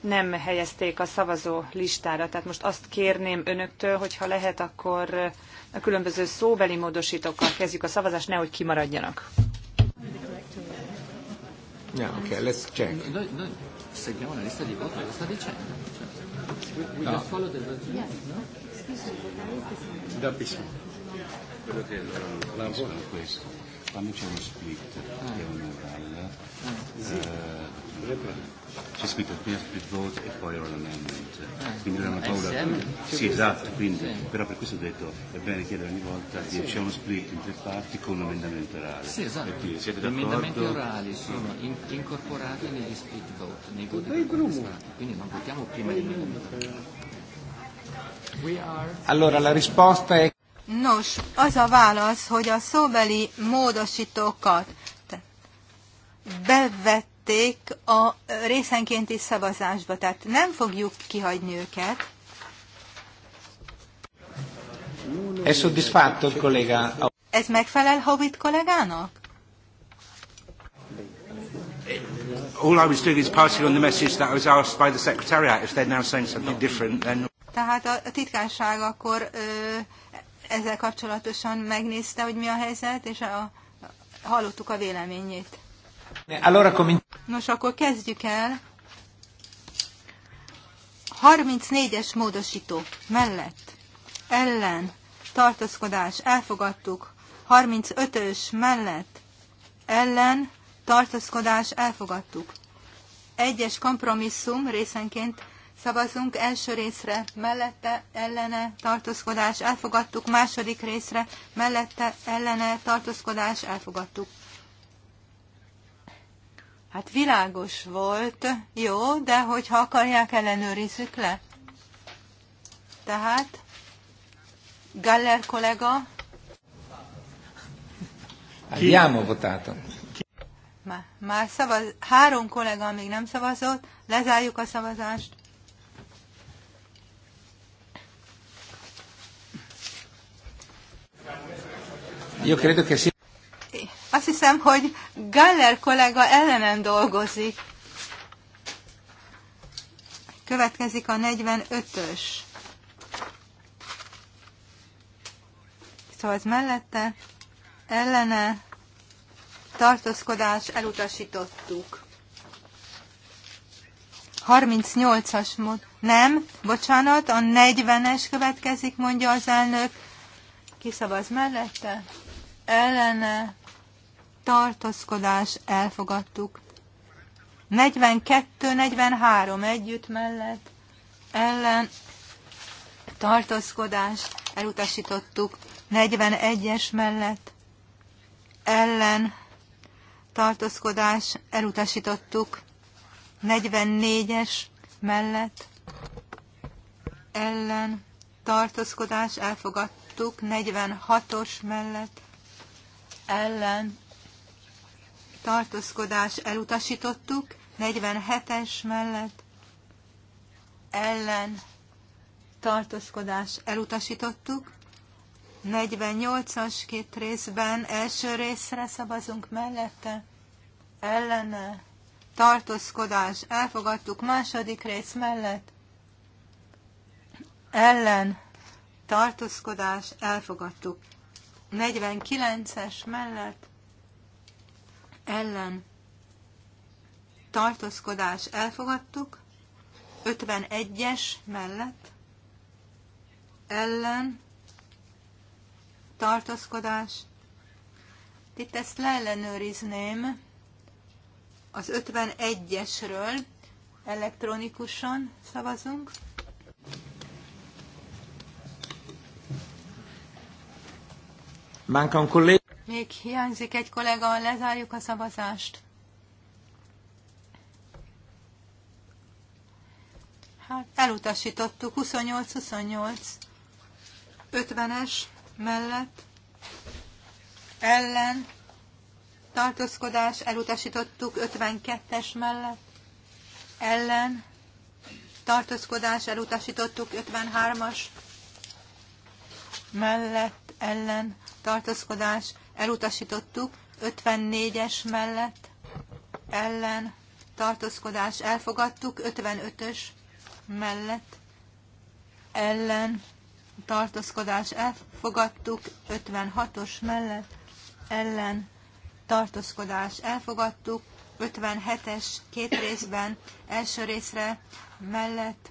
nem helyezték a szavazó listára. Tehát most azt kérném önöktől, hogy ha lehet, akkor a különböző szóbeli módosítókkal kezdjük a szavazást, nehogy kimaradjanak. Yeah, okay, let's check. No, no seguiamo la lista di voti, lo sta dicendo? Cioè, we, we no. the yes. no? Da Bissimo. Quello che la questo. Quando c'è uno split, che è un ah. eh, eh Just perché prima split vote e poi ora l'amendment. Eh, quindi era eh, una paura. Sì, eh, esatto, quindi, però per questo ho detto è bene chiedere ogni volta che c'è uno split in tre parti con un emendamento orale. Sì, esatto. E gli emendamenti orali sono in, incorporati negli split vote, nei voti contestati, quindi non votiamo prima di Allora la risposta è Nos, az a válasz, hogy a szóbeli módosítókat bevet vették a részenkénti szavazásba, tehát nem fogjuk kihagyni őket. Ez Ez megfelel hovit, kollégának? All I was doing is passing on the message that I was asked by the Secretariat. If they're now saying something different, then... Tehát a titkárság akkor ezzel kapcsolatosan megnézte, hogy mi a helyzet, és a, hallottuk a véleményét. Nos, akkor kezdjük el. 34-es módosító mellett, ellen, tartózkodás, elfogadtuk. 35-ös mellett, ellen, tartózkodás, elfogadtuk. Egyes kompromisszum részenként szavazunk első részre, mellette, ellene, tartózkodás, elfogadtuk. Második részre, mellette, ellene, tartózkodás, elfogadtuk. Hát világos volt, jó, de hogyha akarják, ellenőrizzük le. Tehát, Galler kollega. Andiamo votato. Már, már szavaz, három kollega még nem szavazott, lezárjuk a szavazást. Io credo che azt hiszem, hogy Galler kollega ellenen dolgozik. Következik a 45-ös. Szóval ez mellette, ellene, tartózkodás, elutasítottuk. 38-as mód. Nem, bocsánat, a 40-es következik, mondja az elnök. Kiszavaz mellette, ellene, tartózkodás elfogadtuk. 42-43 együtt mellett ellen tartózkodás elutasítottuk. 41-es mellett ellen tartózkodás elutasítottuk. 44-es mellett ellen tartózkodás elfogadtuk. 46-os mellett ellen tartózkodás elutasítottuk, 47-es mellett ellen tartózkodás elutasítottuk, 48-as két részben első részre szavazunk mellette, ellene tartózkodás elfogadtuk második rész mellett, ellen tartózkodás elfogadtuk. 49-es mellett ellen tartózkodás elfogadtuk, 51-es mellett ellen tartózkodás. Itt ezt leellenőrizném az 51-esről elektronikusan szavazunk. Manca un collega. Még hiányzik egy kollega, lezárjuk a szavazást. Hát elutasítottuk 28-28 50-es mellett ellen tartózkodás, elutasítottuk 52-es mellett ellen tartózkodás, elutasítottuk 53-as mellett ellen tartózkodás, elutasítottuk, 54-es mellett ellen tartózkodás elfogadtuk, 55-ös mellett ellen tartózkodás elfogadtuk, 56-os mellett ellen tartózkodás elfogadtuk, 57-es két részben első részre mellett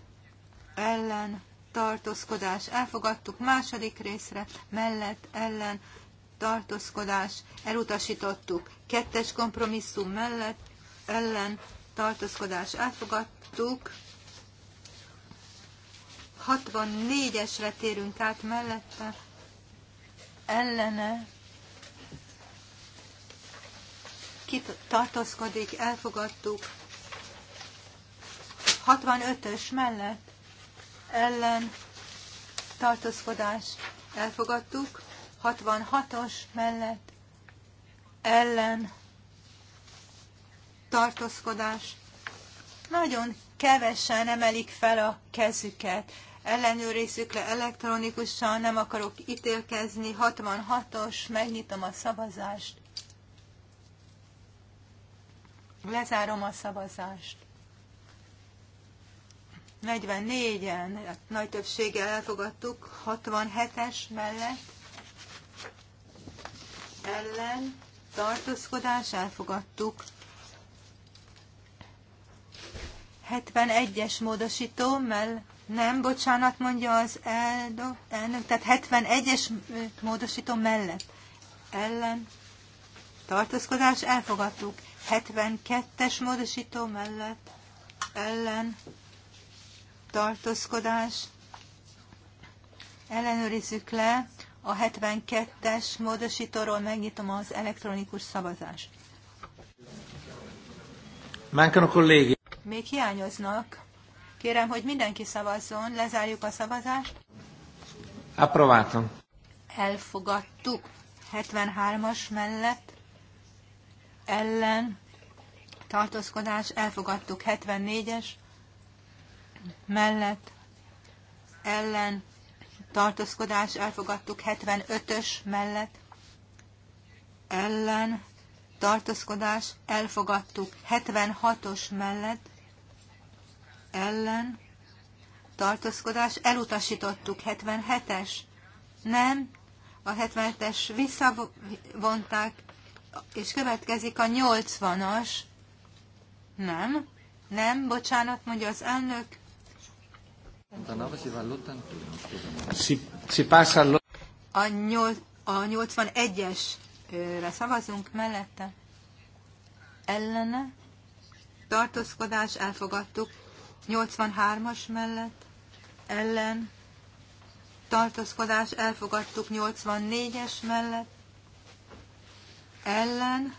ellen tartózkodás elfogadtuk, második részre mellett ellen tartózkodás, elutasítottuk. Kettes kompromisszum mellett, ellen, tartózkodás, elfogadtuk. 64-esre térünk át mellette, ellene, kit tartózkodik, elfogadtuk. 65-ös mellett, ellen, tartózkodás, elfogadtuk. 66-os mellett ellen tartózkodás. Nagyon kevesen emelik fel a kezüket. Ellenőrizzük le elektronikusan, nem akarok ítélkezni. 66-os, megnyitom a szavazást. Lezárom a szavazást. 44-en, hát nagy többséggel elfogadtuk, 67-es mellett ellen tartózkodás elfogadtuk. 71-es módosító, mert nem, bocsánat, mondja az elnök, tehát 71-es módosító mellett ellen tartózkodás elfogadtuk. 72-es módosító mellett ellen tartózkodás ellenőrizzük le a 72-es módosítóról megnyitom az elektronikus szavazást. Mancano colleghi. Még hiányoznak. Kérem, hogy mindenki szavazzon. Lezárjuk a szavazást. Aprovátom. Elfogadtuk. 73-as mellett ellen tartózkodás, elfogadtuk 74-es mellett ellen tartózkodás elfogadtuk, 75-ös mellett ellen tartózkodás elfogadtuk, 76-os mellett ellen tartózkodás elutasítottuk, 77-es nem, a 77-es visszavonták, és következik a 80-as, nem, nem, bocsánat, mondja az elnök, a, nyol, a 81-esre szavazunk mellette. Ellene. Tartózkodás elfogadtuk. 83-as mellett. Ellen. Tartózkodás elfogadtuk. 84-es mellett. Ellen.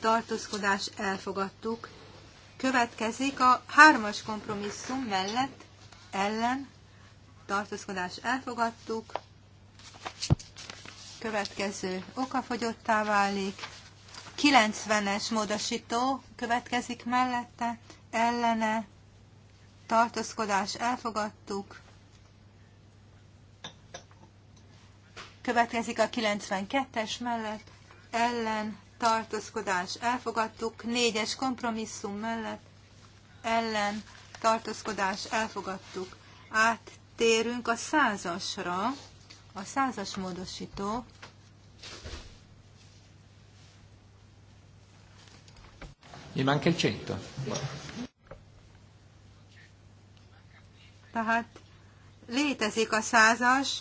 Tartózkodás elfogadtuk. Következik a hármas kompromisszum mellett ellen tartózkodás elfogadtuk, következő okafogyottá válik, 90-es módosító következik mellette, ellene tartózkodás elfogadtuk, következik a 92-es mellett, ellen tartózkodás elfogadtuk, 4-es kompromisszum mellett, ellen tartózkodás elfogadtuk. Áttérünk a százasra, a százas módosító. Mi manca il 100. Tehát létezik a százas,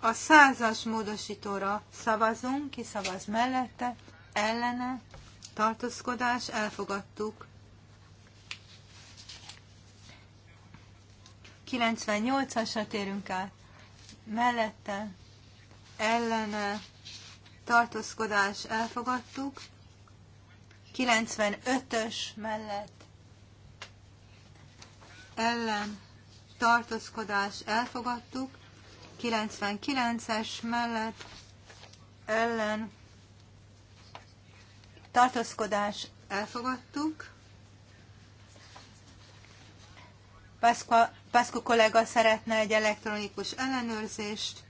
a százas módosítóra szavazunk, ki szavaz mellette, ellene, tartózkodás, elfogadtuk. 98-asra térünk át. Mellette, ellene, tartózkodás elfogadtuk. 95-ös mellett, ellen, tartózkodás elfogadtuk. 99-es mellett, ellen, tartózkodás elfogadtuk. Pasqua Pászkó kollega szeretne egy elektronikus ellenőrzést.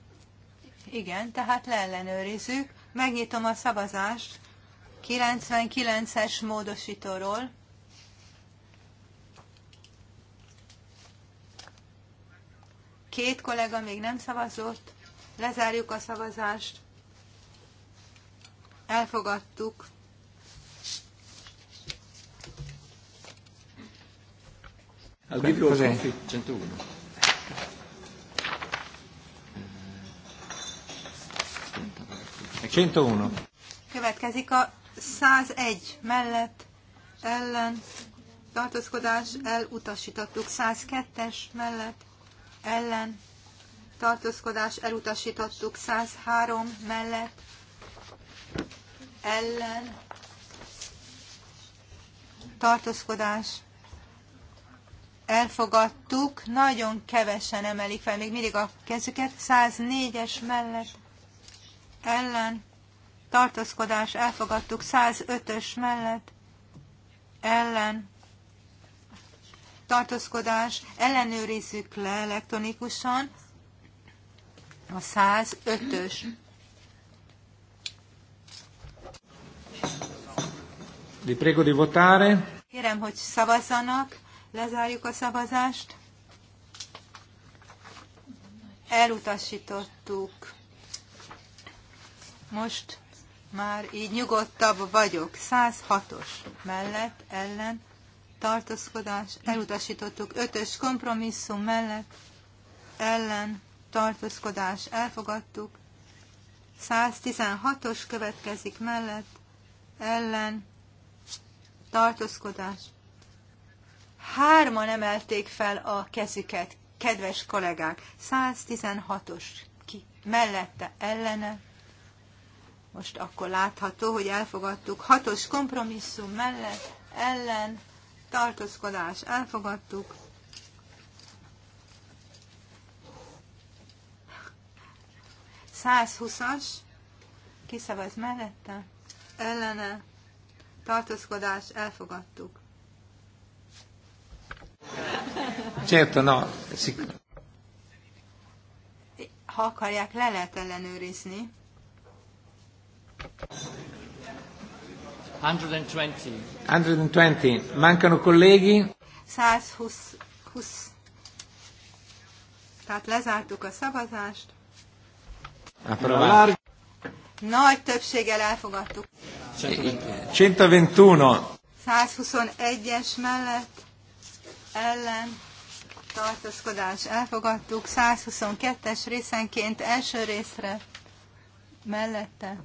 Igen, tehát leellenőrizzük. Megnyitom a szavazást 99-es módosítóról. Két kollega még nem szavazott. Lezárjuk a szavazást. Elfogadtuk I'll give you a coffee. 101. Következik a 101 mellett ellen tartózkodás elutasítottuk. 102-es mellett ellen tartózkodás elutasítottuk. 103 mellett ellen tartózkodás elfogadtuk, nagyon kevesen emelik fel még mindig a kezüket, 104-es mellett ellen tartózkodás elfogadtuk, 105-ös mellett ellen tartózkodás ellenőrizzük le elektronikusan a 105-ös. Vi prego di votare. Kérem, hogy szavazzanak. Lezárjuk a szavazást. Elutasítottuk. Most már így nyugodtabb vagyok. 106-os mellett, ellen, tartózkodás, elutasítottuk. 5-ös kompromisszum mellett, ellen, tartózkodás, elfogadtuk. 116-os következik mellett, ellen, tartózkodás, Hárman emelték fel a kezüket, kedves kollégák. 116-os ki mellette ellene. Most akkor látható, hogy elfogadtuk. Hatos kompromisszum mellett ellen tartózkodás elfogadtuk. Százhuszas kiszavaz mellette ellene tartózkodás elfogadtuk. Certo, no. Ha akarják, le lehet ellenőrizni. 120. 120. Mancano colleghi? 120. 20. Tehát lezártuk a szavazást. Approvato. Nagy többséggel elfogadtuk. 121. 121-es mellett ellen tartózkodás elfogadtuk, 122-es részenként első részre mellette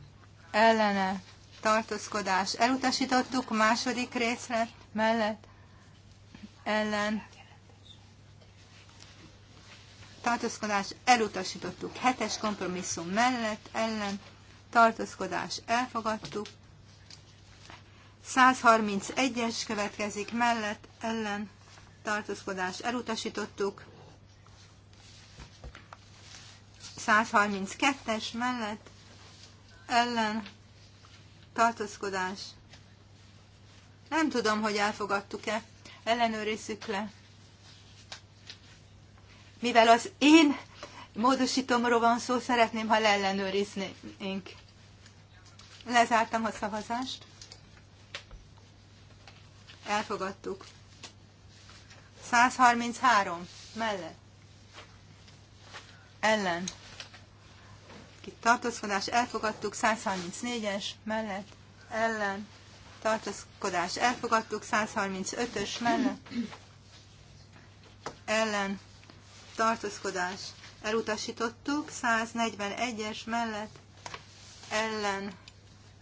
ellene tartózkodás elutasítottuk, második részre mellett ellen tartózkodás elutasítottuk, hetes kompromisszum mellett ellen tartózkodás elfogadtuk, 131-es következik mellett ellen tartózkodás elutasítottuk. 132-es mellett ellen tartózkodás. Nem tudom, hogy elfogadtuk-e. Ellenőrizzük le. Mivel az én módosítomról van szó, szeretném, ha leellenőriznénk. Lezártam a szavazást. Elfogadtuk. 133 mellett. Ellen. Ki tartózkodás elfogadtuk, 134-es mellett. Ellen. Tartózkodás elfogadtuk, 135-ös mellett. Ellen. Tartózkodás elutasítottuk, 141-es mellett. Ellen.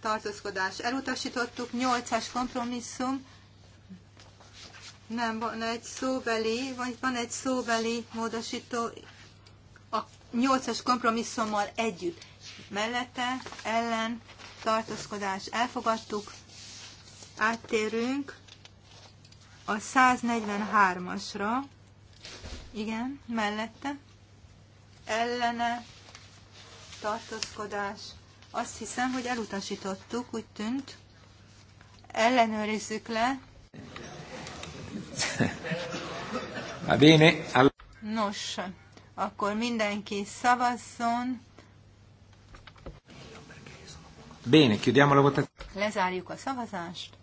Tartózkodás elutasítottuk, 8-as kompromisszum nem, van egy szóbeli, vagy van egy szóbeli módosító a nyolcas kompromisszummal együtt. Mellette, ellen, tartózkodás elfogadtuk. Áttérünk a 143-asra. Igen, mellette. Ellene, tartózkodás. Azt hiszem, hogy elutasítottuk, úgy tűnt. Ellenőrizzük le. Va ah, bene? Nos, akkor mindenki szavazzon. Bene, chiudiamo la votazione. Lezárjuk a szavazást.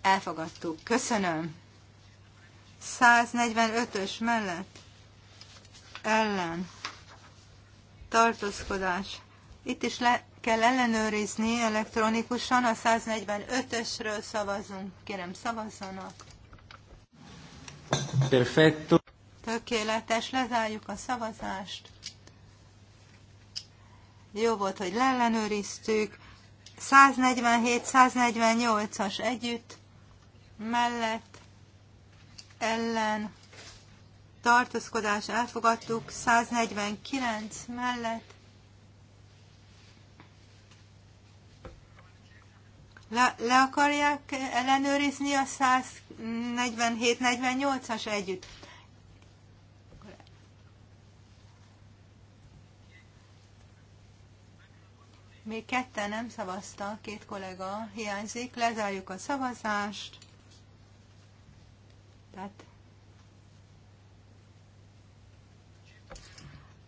Elfogadtuk. Köszönöm. 145-ös mellett ellen tartózkodás. Itt is le, kell ellenőrizni elektronikusan, a 145-ösről szavazunk. Kérem, szavazzanak. Perfetto. Tökéletes, lezárjuk a szavazást. Jó volt, hogy leellenőriztük. 147-148-as együtt, mellett, ellen, tartózkodás elfogadtuk, 149 mellett, Le, le akarják ellenőrizni a 147-48-as együtt? Még ketten nem szavaztak, két kollega hiányzik. Lezárjuk a szavazást. Tehát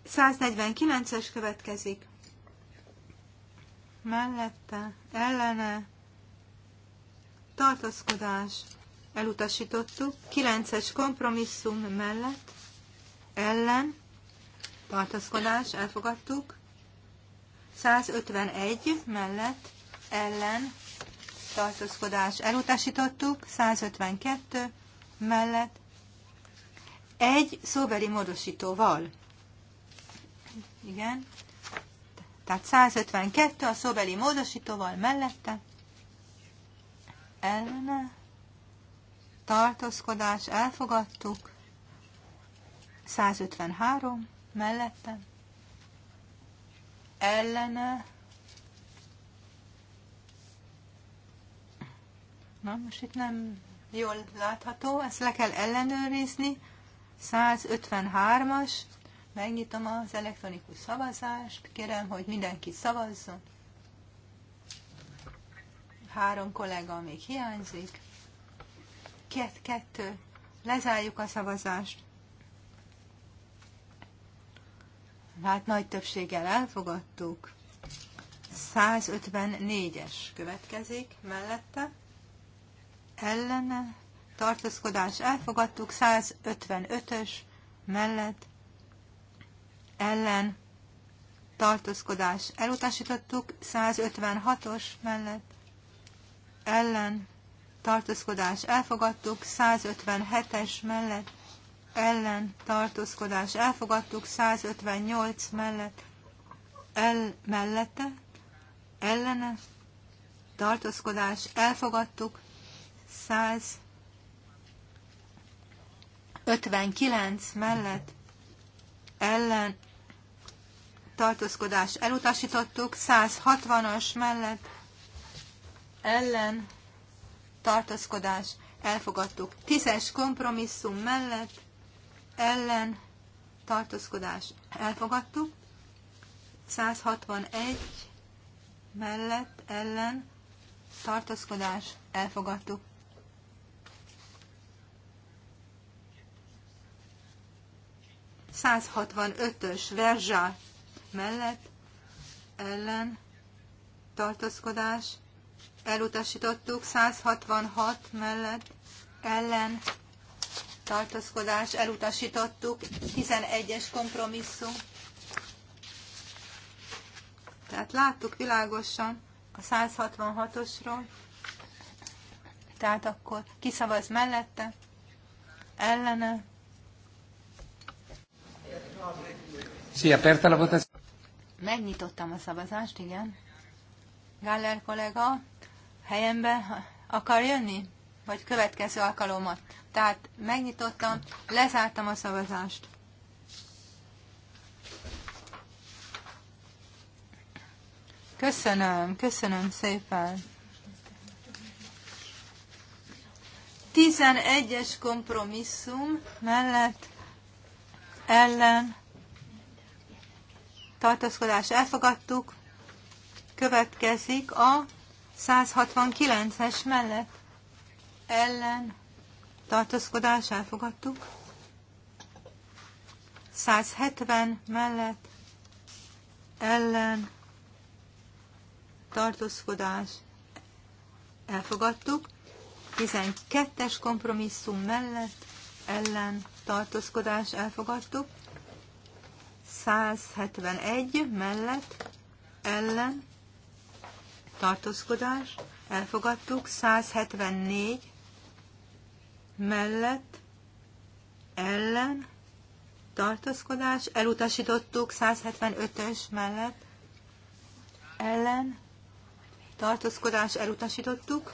149-es következik. Mellette, ellene, tartaszkodás elutasítottuk, kilences kompromisszum mellett, ellen, tartaszkodás elfogadtuk, 151 mellett, ellen, tartózkodás elutasítottuk, 152 mellett, egy szóbeli módosítóval. Igen. Tehát 152 a szóbeli módosítóval mellette ellene tartózkodás elfogadtuk, 153 mellettem. ellene Na, most itt nem jól látható, ezt le kell ellenőrizni. 153-as, megnyitom az elektronikus szavazást, kérem, hogy mindenki szavazzon. Három kollega még hiányzik. Két, kettő. Lezárjuk a szavazást. Hát nagy többséggel elfogadtuk. 154-es következik mellette. Ellene tartózkodás elfogadtuk. 155-ös mellett ellen tartózkodás elutasítottuk. 156-os mellett ellen tartózkodás elfogadtuk, 157-es mellett ellen tartózkodás elfogadtuk, 158 mellett el mellette ellene tartózkodás elfogadtuk, 159 mellett ellen tartózkodás elutasítottuk, 160-as mellett ellen tartózkodás elfogadtuk. Tízes kompromisszum mellett ellen tartózkodás elfogadtuk. 161 mellett ellen tartózkodás elfogadtuk. ös verzsá mellett ellen tartózkodás elutasítottuk, 166 mellett ellen tartózkodás elutasítottuk, 11-es kompromisszum. Tehát láttuk világosan a 166-osról, tehát akkor kiszavaz mellette, ellene. Szia, Perta, Megnyitottam a szavazást, igen. Galler kollega, helyembe akar jönni? Vagy következő alkalommal? Tehát megnyitottam, lezártam a szavazást. Köszönöm, köszönöm szépen. 11-es kompromisszum mellett ellen tartózkodás elfogadtuk. Következik a 169-es mellett ellen tartózkodás elfogadtuk. 170 mellett ellen tartózkodás elfogadtuk. 12-es kompromisszum mellett ellen tartózkodás elfogadtuk. 171 mellett ellen tartózkodás, elfogadtuk, 174 mellett, ellen, tartózkodás, elutasítottuk, 175-ös mellett, ellen, tartózkodás, elutasítottuk,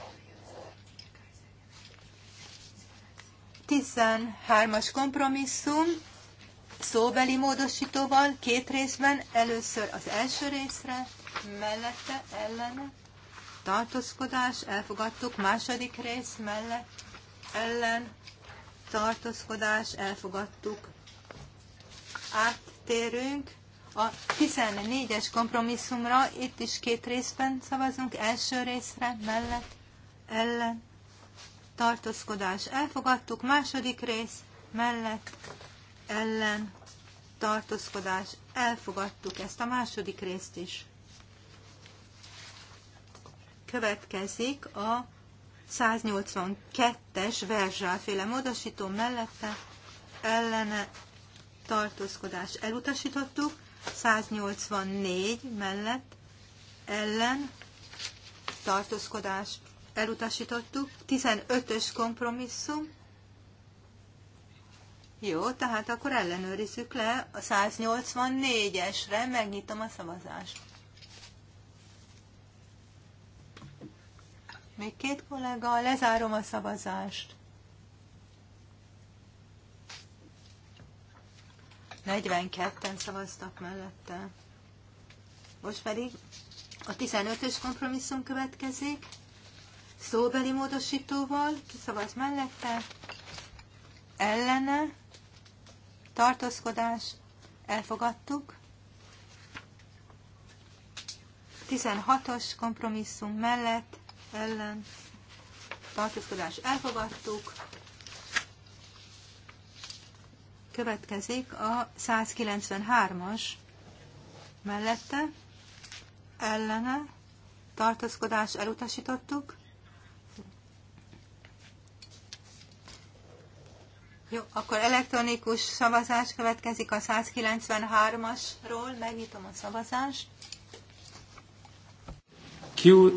13-as kompromisszum, szóbeli módosítóval, két részben, először az első részre, mellette, ellene, tartózkodás, elfogadtuk. Második rész mellett ellen tartózkodás, elfogadtuk. Áttérünk a 14-es kompromisszumra, itt is két részben szavazunk, első részre mellett ellen tartózkodás, elfogadtuk. Második rész mellett ellen tartózkodás, elfogadtuk ezt a második részt is. Következik a 182-es verzsáféle módosító mellette ellene tartózkodás elutasítottuk, 184 mellett ellen tartózkodás elutasítottuk, 15-ös kompromisszum, jó, tehát akkor ellenőrizzük le a 184-esre, megnyitom a szavazást. Még két kollega, lezárom a szavazást. 42-en szavaztak mellette. Most pedig a 15-ös kompromisszum következik. Szóbeli módosítóval, ki szavaz mellette, ellene, tartózkodás, elfogadtuk. 16-os kompromisszum mellett ellen tartózkodás elfogadtuk. Következik a 193-as mellette ellene tartózkodás elutasítottuk. Jó, akkor elektronikus szavazás következik a 193-asról. Megnyitom a szavazást. Q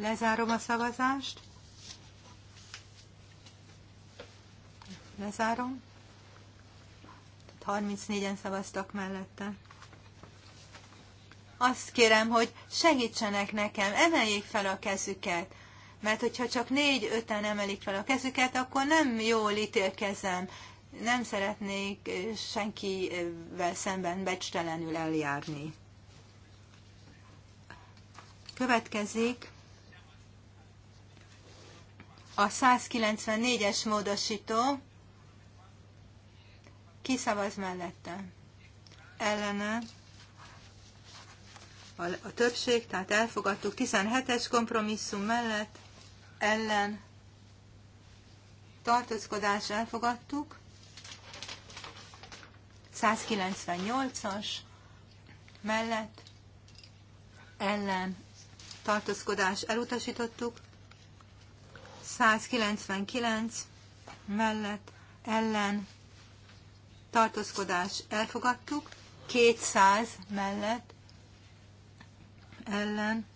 Lezárom a szavazást. Lezárom. 34-en szavaztak mellette. Azt kérem, hogy segítsenek nekem, emeljék fel a kezüket. Mert hogyha csak négy-öten emelik fel a kezüket, akkor nem jól ítélkezem. Nem szeretnék senkivel szemben becstelenül eljárni. Következik a 194-es módosító. Ki szavaz mellette? Ellene. A, a többség, tehát elfogadtuk 17-es kompromisszum mellett, ellen tartózkodás elfogadtuk. 198-as mellett, ellen tartózkodás elutasítottuk, 199 mellett ellen tartózkodás elfogadtuk, 200 mellett ellen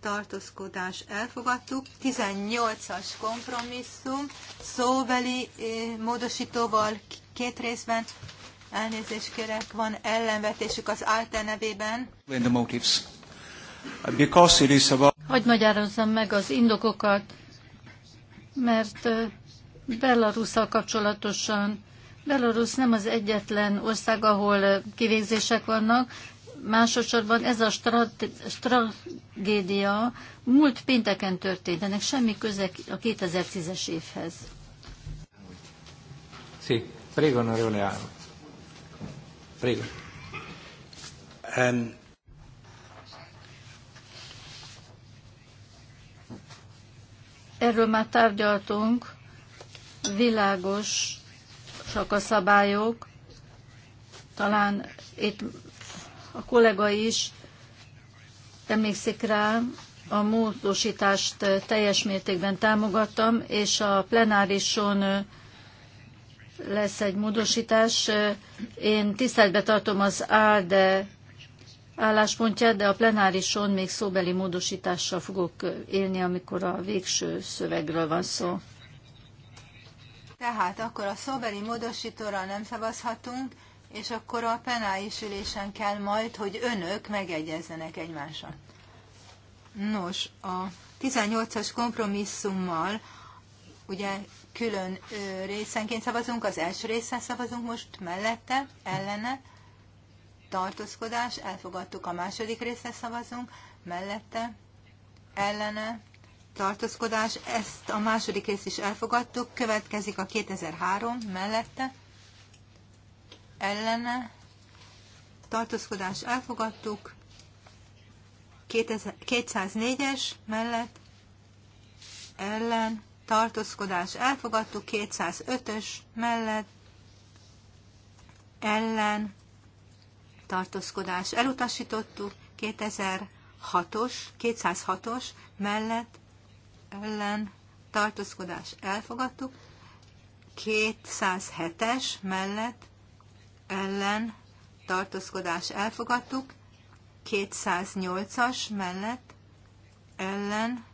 tartózkodás elfogadtuk, 18-as kompromisszum szóbeli eh, módosítóval két részben elnézést kérek, van ellenvetésük az Alte nevében. the motives Because it is about... Hogy magyarázzam meg az indokokat, mert Belarusszal kapcsolatosan Belarus nem az egyetlen ország, ahol kivégzések vannak, másodszorban ez a tragédia múlt pénteken történt, ennek semmi köze a 2010-es évhez. Sí, prego, onorevole Prego. Erről már tárgyaltunk, világosak a szabályok, talán itt a kollega is emlékszik rá, a módosítást teljes mértékben támogattam, és a plenárison lesz egy módosítás. Én tiszteletbe tartom az ALDE álláspontját, de a plenárison még szóbeli módosítással fogok élni, amikor a végső szövegről van szó. Tehát akkor a szóbeli módosítóra nem szavazhatunk, és akkor a plenáris ülésen kell majd, hogy önök megegyezzenek egymással. Nos, a 18-as kompromisszummal ugye külön részenként szavazunk, az első részen szavazunk most mellette, ellene, tartózkodás, elfogadtuk a második részre szavazunk, mellette, ellene, tartózkodás, ezt a második részt is elfogadtuk, következik a 2003 mellette, ellene, tartózkodás elfogadtuk, 204-es mellett, ellen, tartózkodás elfogadtuk, 205-ös mellett, ellen, tartózkodás elutasítottuk, 2006-os, 206-os mellett ellen tartózkodás elfogadtuk, 207-es mellett ellen tartózkodás elfogadtuk, 208-as mellett ellen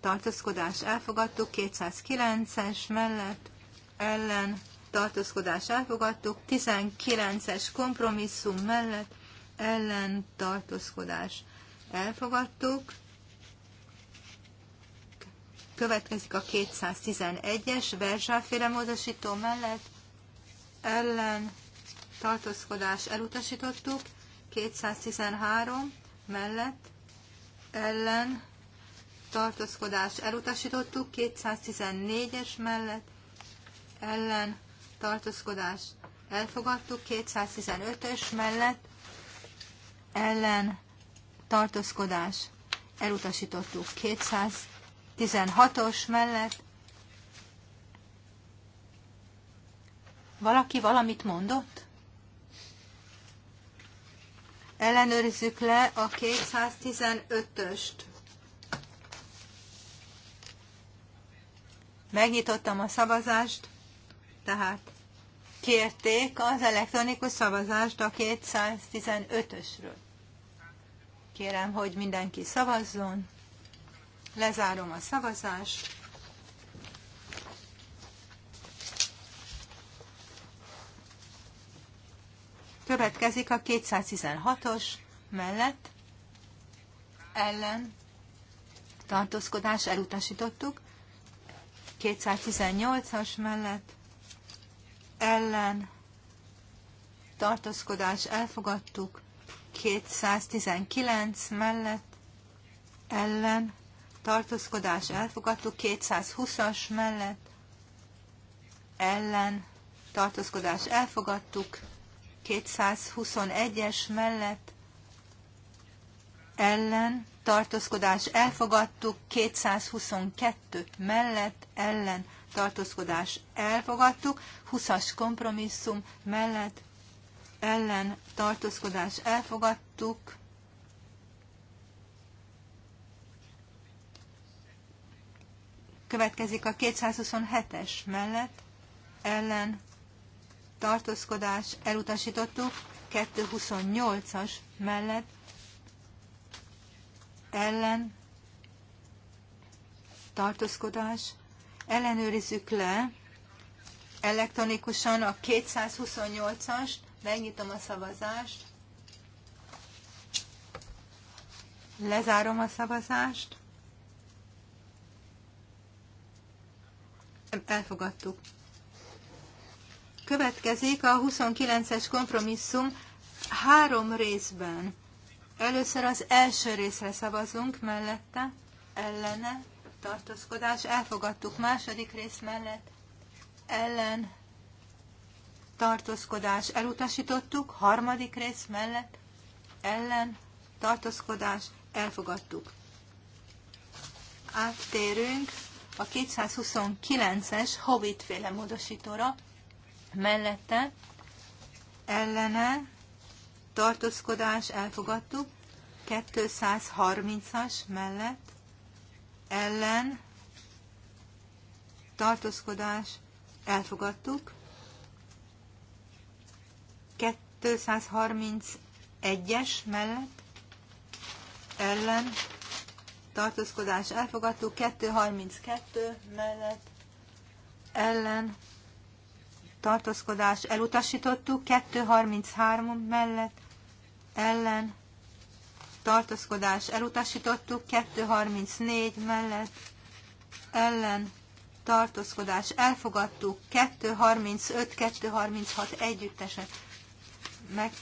tartózkodás elfogadtuk, 209-es mellett ellen tartózkodás elfogadtuk, 19-es kompromisszum mellett ellen tartózkodás elfogadtuk. Következik a 211-es verzsáféle módosító mellett ellen tartózkodás elutasítottuk, 213 mellett ellen tartózkodás elutasítottuk, 214-es mellett ellen tartózkodás elfogadtuk, 215-ös mellett ellen tartózkodás elutasítottuk, 216-os mellett valaki valamit mondott? Ellenőrizzük le a 215-öst. Megnyitottam a szavazást tehát kérték az elektronikus szavazást a 215-ösről. Kérem, hogy mindenki szavazzon. Lezárom a szavazást. Következik a 216-os mellett ellen tartózkodás elutasítottuk. 218-as mellett ellen tartózkodás elfogadtuk, 219 mellett ellen tartózkodás elfogadtuk, 220-as mellett ellen tartózkodás elfogadtuk, 221-es mellett ellen tartózkodás elfogadtuk, 222 mellett ellen tartózkodás elfogadtuk, 20-as kompromisszum mellett ellen tartózkodás elfogadtuk, Következik a 227-es mellett ellen tartózkodás elutasítottuk, 228-as mellett ellen tartózkodás Ellenőrizzük le elektronikusan a 228-ast, megnyitom a szavazást, lezárom a szavazást, elfogadtuk. Következik a 29-es kompromisszum három részben. Először az első részre szavazunk, mellette, ellene, tartózkodás, elfogadtuk második rész mellett, ellen tartózkodás, elutasítottuk harmadik rész mellett, ellen tartózkodás, elfogadtuk. Áttérünk a 229-es hovitféle módosítóra, mellette ellene tartózkodás elfogadtuk, 230-as mellett ellen tartózkodás elfogadtuk. 231-es mellett ellen tartózkodás elfogadtuk, 232 mellett ellen tartózkodás elutasítottuk, 233 mellett ellen tartózkodás elutasítottuk, 234 mellett ellen tartózkodás elfogadtuk, 235-236 együttesen meg,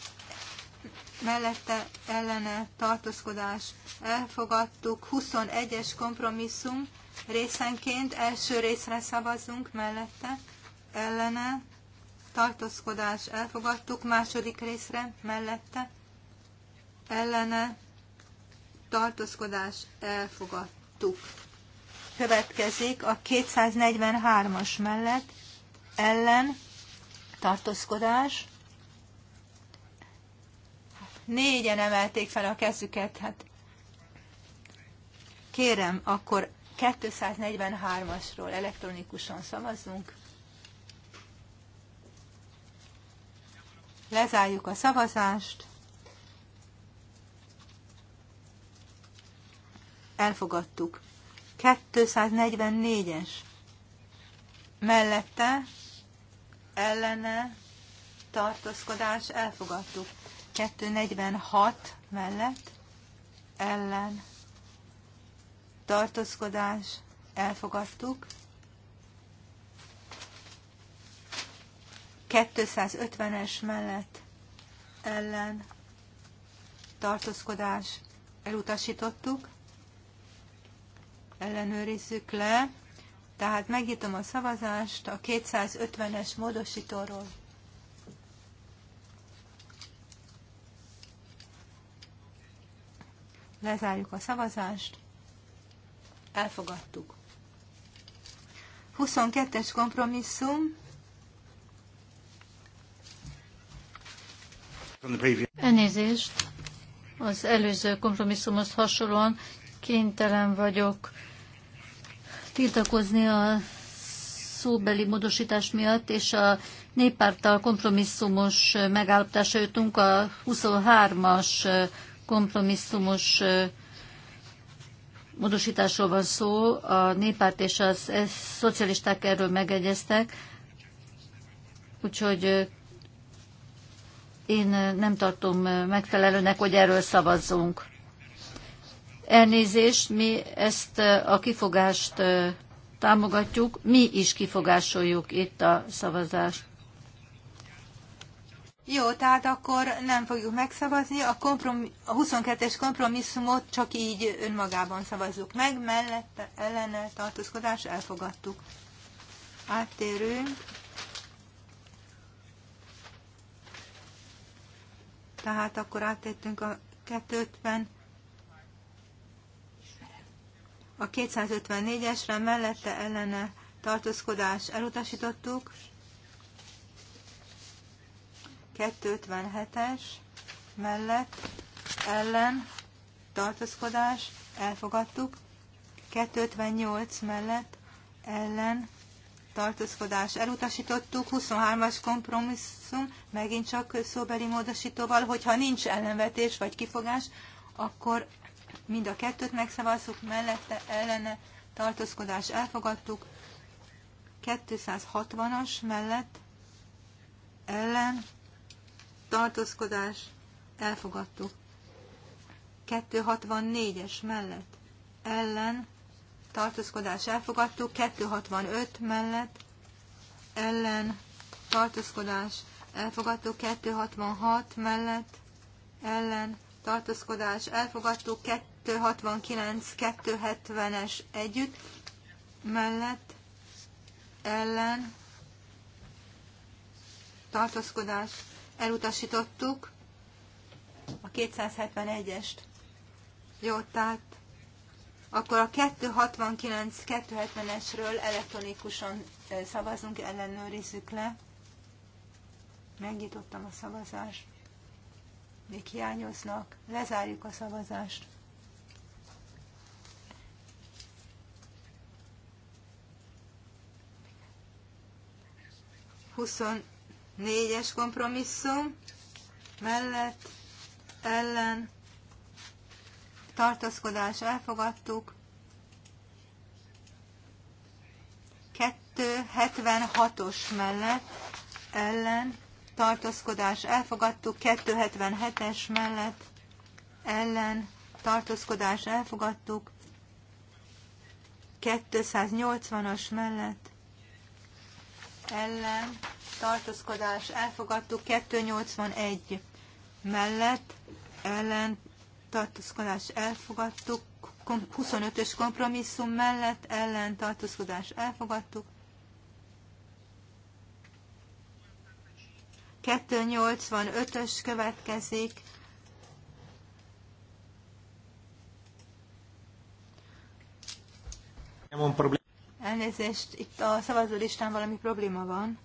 mellette ellene tartózkodás elfogadtuk, 21-es kompromisszum részenként első részre szavazzunk mellette ellene tartózkodás elfogadtuk, második részre mellette ellene tartózkodás elfogadtuk. Következik a 243-as mellett ellen tartózkodás. Hát négyen emelték fel a kezüket, hát kérem, akkor 243-asról elektronikusan szavazzunk. Lezárjuk a szavazást. elfogadtuk. 244-es mellette ellene tartózkodás elfogadtuk. 246 mellett ellen tartózkodás elfogadtuk. 250-es mellett ellen tartózkodás elutasítottuk ellenőrizzük le. Tehát megnyitom a szavazást a 250-es módosítóról. Lezárjuk a szavazást. Elfogadtuk. 22-es kompromisszum. Elnézést. Az előző kompromisszumhoz hasonlóan kénytelen vagyok tiltakozni a szóbeli módosítás miatt, és a néppárttal kompromisszumos megállapításra jutunk a 23-as kompromisszumos módosításról van szó. A néppárt és az e, szocialisták erről megegyeztek, úgyhogy én nem tartom megfelelőnek, hogy erről szavazzunk. Elnézést, mi ezt a kifogást támogatjuk, mi is kifogásoljuk itt a szavazást. Jó, tehát akkor nem fogjuk megszavazni, a, komprom- a 22-es kompromisszumot csak így önmagában szavazzuk meg, mellette ellene tartózkodás elfogadtuk. Áttérünk. Tehát akkor áttértünk a 250 a 254-esre mellette ellene tartózkodás elutasítottuk. 257-es mellett ellen tartózkodás elfogadtuk. 258 mellett ellen tartózkodás elutasítottuk, 23-as kompromisszum, megint csak szóbeli módosítóval, hogyha nincs ellenvetés vagy kifogás, akkor mind a kettőt megszavazzuk, mellette ellene tartózkodás elfogadtuk, 260-as mellett ellen tartózkodás elfogadtuk. 264-es mellett ellen tartózkodás elfogadtuk, 265 mellett ellen tartózkodás elfogadtuk, 266 mellett ellen tartózkodás elfogadtuk, 269-270-es együtt mellett ellen tartózkodás elutasítottuk a 271-est. Jó, tehát akkor a 269-270-esről elektronikusan szavazunk, ellenőrizzük le. Megnyitottam a szavazást. Még hiányoznak. Lezárjuk a szavazást. 24-es kompromisszum mellett ellen tartaszkodás elfogadtuk. 276-os mellett ellen tartózkodás elfogadtuk, 277-es mellett ellen tartózkodás elfogadtuk, 280-as mellett ellen tartózkodás elfogadtuk, 281 mellett ellen tartózkodás elfogadtuk, 25-ös kompromisszum mellett ellen tartózkodás elfogadtuk, 285-ös következik, elnézést, itt a szavazólistán valami probléma van.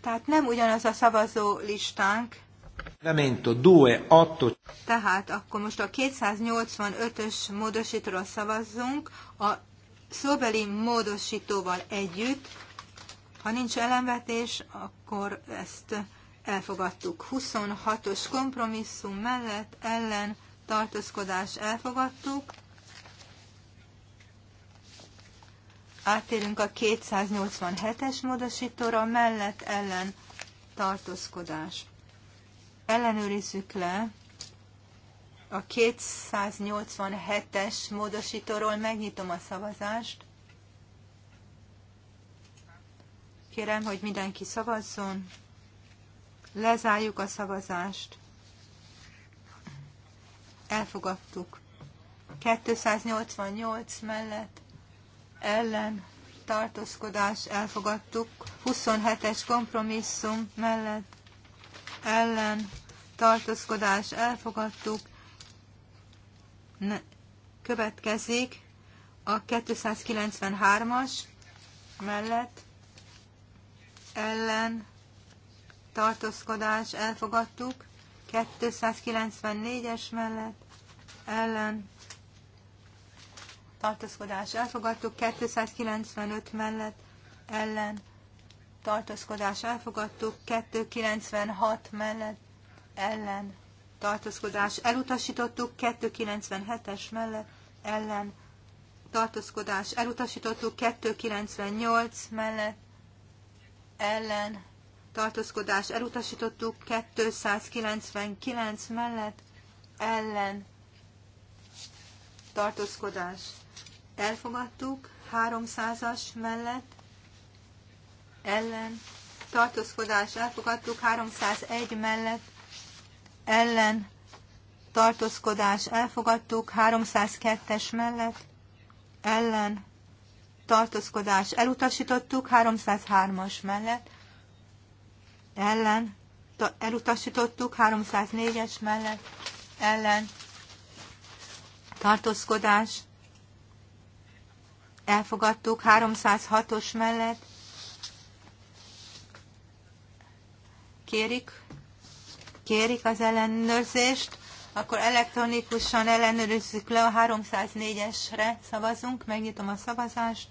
Tehát nem ugyanaz a szavazó listánk. Lamento Tehát akkor most a 285-ös módosítóra szavazzunk, a szóbeli módosítóval együtt. Ha nincs ellenvetés, akkor ezt elfogadtuk. 26-os kompromisszum mellett ellen tartózkodás elfogadtuk. Áttérünk a 287-es módosítóra mellett ellen tartózkodás. Ellenőrizzük le a 287-es módosítóról, megnyitom a szavazást. Kérem, hogy mindenki szavazzon. Lezárjuk a szavazást. Elfogadtuk. 288 mellett ellen tartózkodás elfogadtuk. 27-es kompromisszum mellett ellen tartózkodás elfogadtuk. Ne, következik a 293-as mellett ellen tartózkodás elfogadtuk, 294-es mellett ellen tartózkodás elfogadtuk, 295 mellett ellen tartózkodás elfogadtuk, 296 mellett ellen tartózkodás elutasítottuk, 297-es mellett ellen tartózkodás elutasítottuk, 298 mellett ellen tartózkodás elutasítottuk, 299 mellett ellen tartózkodás elfogadtuk, 300-as mellett ellen tartózkodás elfogadtuk, 301 mellett ellen tartózkodás elfogadtuk, 302-es mellett ellen tartózkodás elutasítottuk, 303-as mellett ellen elutasítottuk, 304-es mellett ellen tartózkodás, elfogadtuk 306-os mellett, kérik, kérik az ellenőrzést, akkor elektronikusan ellenőrizzük le a 304-esre, szavazunk, megnyitom a szavazást,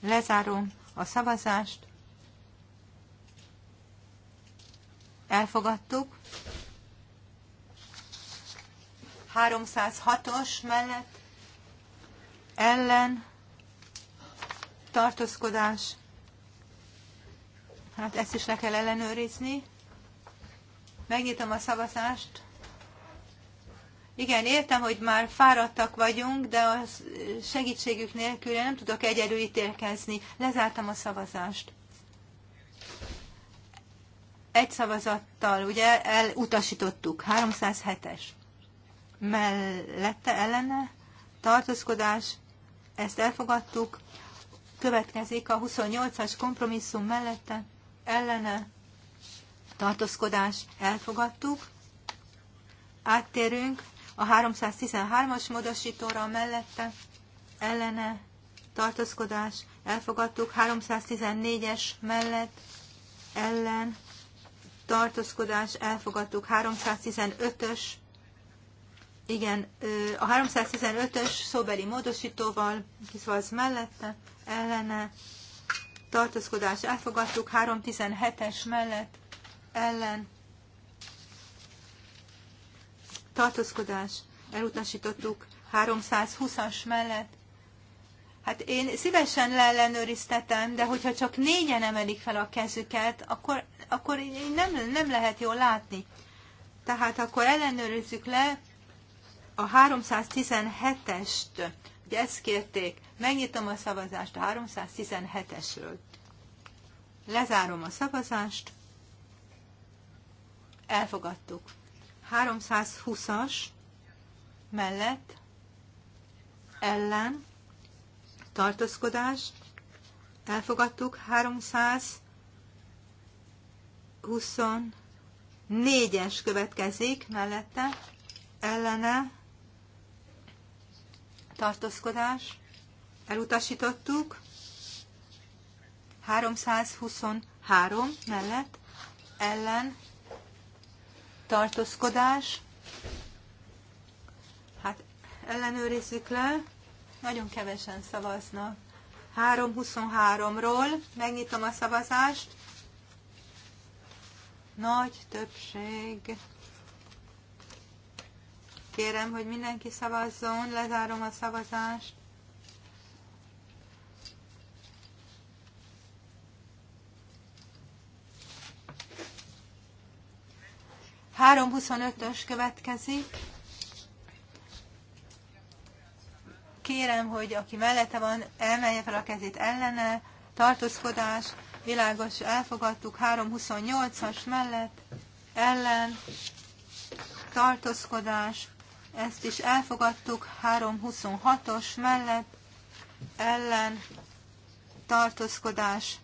lezárom a szavazást, elfogadtuk. 306-os mellett ellen tartózkodás. Hát ezt is le kell ellenőrizni. Megnyitom a szavazást. Igen, értem, hogy már fáradtak vagyunk, de a segítségük nélkül nem tudok egyedül ítélkezni. Lezártam a szavazást egy szavazattal ugye elutasítottuk, 307-es mellette ellene tartózkodás, ezt elfogadtuk, következik a 28-as kompromisszum mellette ellene tartózkodás, elfogadtuk, áttérünk a 313-as módosítóra mellette ellene tartózkodás, elfogadtuk 314-es mellett ellen tartózkodás elfogadtuk. 315-ös, igen, a 315-ös szóbeli módosítóval, kiszavaz mellette, ellene, tartózkodás elfogadtuk, 317-es mellett, ellen, tartózkodás elutasítottuk, 320-as mellett, Hát én szívesen leellenőriztetem, de hogyha csak négyen emelik fel a kezüket, akkor, akkor így nem, nem lehet jól látni. Tehát akkor ellenőrizzük le a 317-est. Ugye ezt kérték. Megnyitom a szavazást a 317-esről. Lezárom a szavazást. Elfogadtuk. 320-as mellett ellen tartózkodás, elfogadtuk 324-es következik mellette, ellene tartózkodás, elutasítottuk 323 mellett, ellen tartózkodás, hát ellenőrizzük le, nagyon kevesen szavaznak. 3.23-ról megnyitom a szavazást. Nagy többség. Kérem, hogy mindenki szavazzon, lezárom a szavazást. Három huszonötös következik. Kérem, hogy aki mellette van, emelje fel a kezét ellene, tartózkodás, világos, elfogadtuk, 328-as mellett, ellen, tartózkodás, ezt is elfogadtuk, 326-os mellett, ellen, tartózkodás,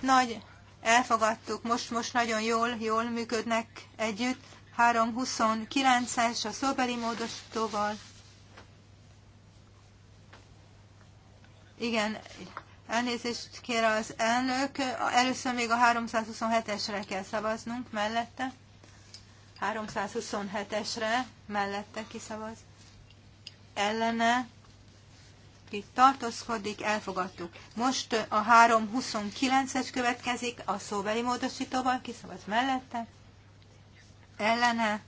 nagy, elfogadtuk, most, most nagyon jól, jól működnek együtt, 329-es a szóbeli módosítóval, Igen, elnézést kér az elnök. Először még a 327-esre kell szavaznunk mellette. 327-esre mellette kiszavaz. Ellene Itt tartózkodik, elfogadtuk. Most a 329-es következik, a szóbeli módosítóval kiszavaz mellette. Ellene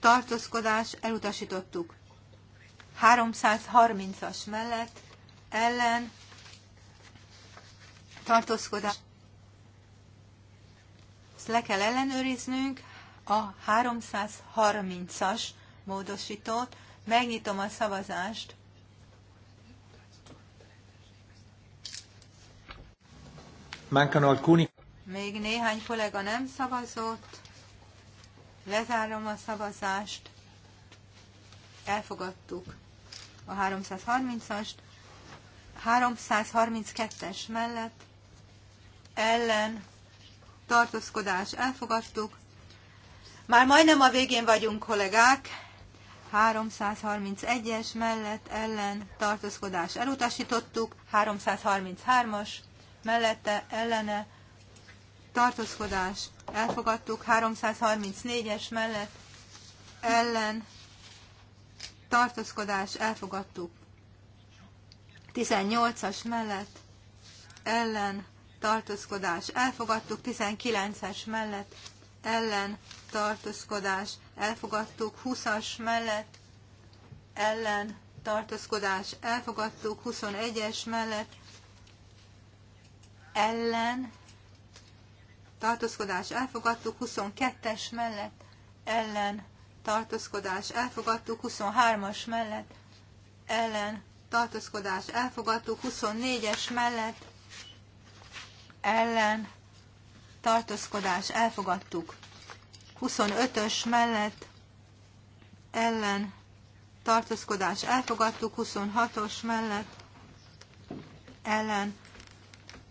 tartózkodás elutasítottuk. 330-as mellett ellen tartózkodás. Ezt le kell ellenőriznünk, a 330-as módosítót. Megnyitom a szavazást. Mancano alcuni. Még néhány kollega nem szavazott. Lezárom a szavazást. Elfogadtuk a 330-ast, 332-es mellett ellen tartózkodás elfogadtuk. Már majdnem a végén vagyunk, kollégák. 331-es mellett ellen tartózkodás elutasítottuk, 333-as mellette ellene tartózkodás elfogadtuk, 334-es mellett ellen tartózkodás elfogadtuk. 18-as mellett ellen tartózkodás elfogadtuk, 19-es mellett ellen tartózkodás elfogadtuk, 20-as mellett ellen tartózkodás elfogadtuk, 21-es mellett ellen tartózkodás elfogadtuk, 22-es mellett ellen tartózkodás elfogadtuk, 23-as mellett ellen tartózkodás elfogadtuk, 24-es mellett ellen tartózkodás elfogadtuk, 25-ös mellett ellen tartózkodás elfogadtuk, 26-os mellett ellen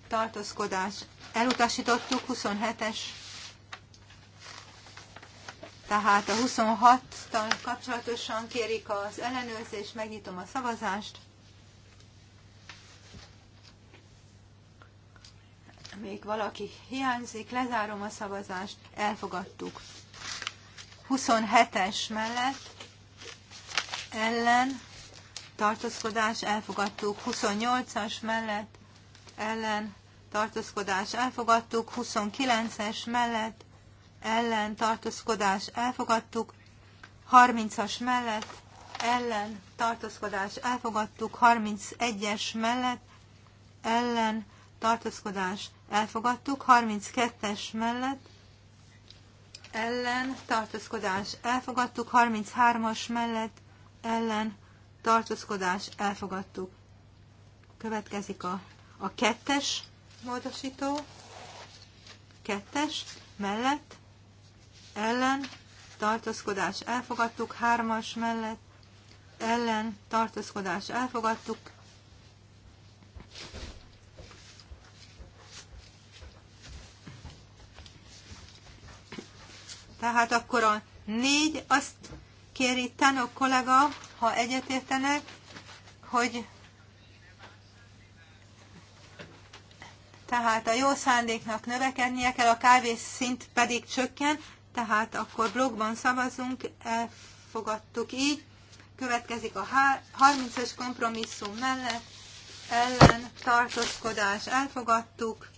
tartózkodás elutasítottuk, 27-es tehát a 26-tal kapcsolatosan kérik az ellenőrzést, megnyitom a szavazást. Még valaki hiányzik, lezárom a szavazást, elfogadtuk. 27-es mellett ellen tartózkodás elfogadtuk, 28-as mellett ellen tartózkodás elfogadtuk, 29-es mellett ellen tartózkodás elfogadtuk, 30-as mellett ellen tartózkodás elfogadtuk, 31-es mellett ellen tartózkodás elfogadtuk, 32-es mellett ellen tartózkodás elfogadtuk, 33-as mellett ellen tartózkodás elfogadtuk. Következik a, a kettes módosító, kettes mellett ellen tartózkodás elfogadtuk, hármas mellett ellen tartózkodás elfogadtuk, Tehát akkor a négy, azt kéri Tanok kollega, ha egyetértenek, hogy tehát a jó szándéknak növekednie kell, a kávés szint pedig csökken, tehát akkor blogban szavazunk, elfogadtuk így. Következik a 30 es kompromisszum mellett, ellen, tartózkodás, elfogadtuk.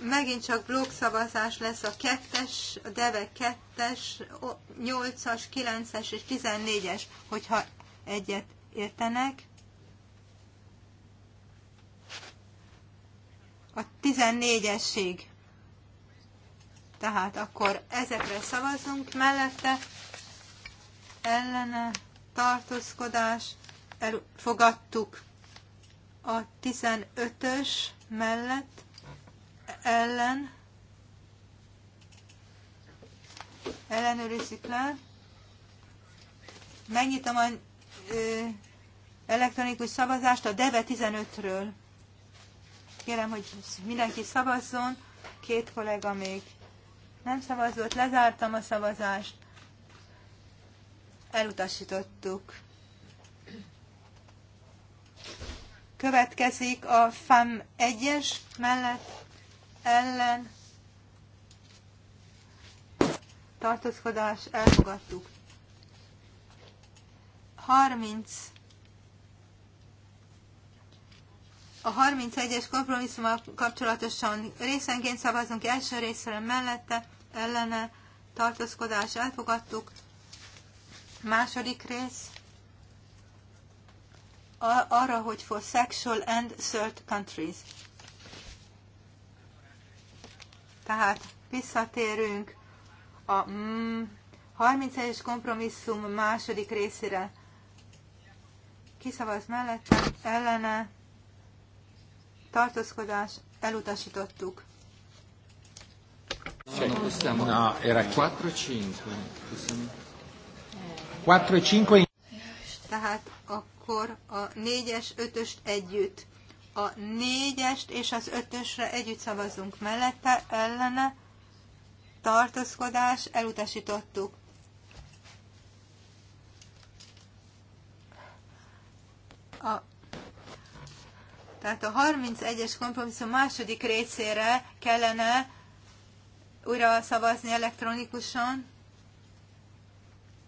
Megint csak blogszavazás lesz a 2-es, 2-es, a deve es 8-as, 9-es és 14-es, hogyha egyet értenek. a 14-esig. Tehát akkor ezekre szavazunk, mellette ellene tartózkodás, elfogadtuk a 15-ös mellett ellen ellenőrizzük le. Megnyitom a ö, elektronikus szavazást a DEVE 15-ről. Kérem, hogy mindenki szavazzon. Két kollega még nem szavazott. Lezártam a szavazást. Elutasítottuk. Következik a FAM 1-es mellett ellen tartózkodás elfogadtuk. 30 A 31-es kompromisszummal kapcsolatosan részenként szavazunk első részre mellette, ellene, tartózkodás elfogadtuk. Második rész arra, hogy for sexual and third countries. Tehát visszatérünk a 31-es mm, kompromisszum második részére. Kiszavaz mellette, ellene, tartózkodás, elutasítottuk. 4-5. Tehát akkor a négyes ötöst együtt. A négyest és az ötösre együtt szavazunk mellette, ellene, tartózkodás, elutasítottuk. A tehát a 31-es kompromisszum második részére kellene újra szavazni elektronikusan.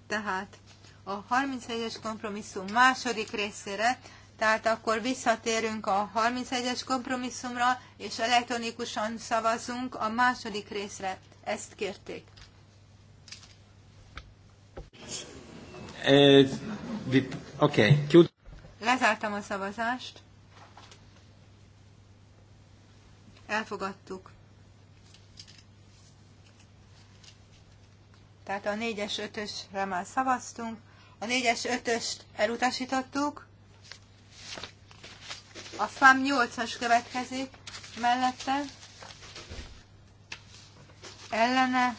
Tehát a 31-es kompromisszum második részére, tehát akkor visszatérünk a 31-es kompromisszumra, és elektronikusan szavazunk a második részre. Ezt kérték. Eh, oké. Okay. Lezártam a szavazást. elfogadtuk. Tehát a 4-es, 5-ösre már szavaztunk. A 4-es, 5-öst elutasítottuk. A FAM 8-as következik mellette. Ellene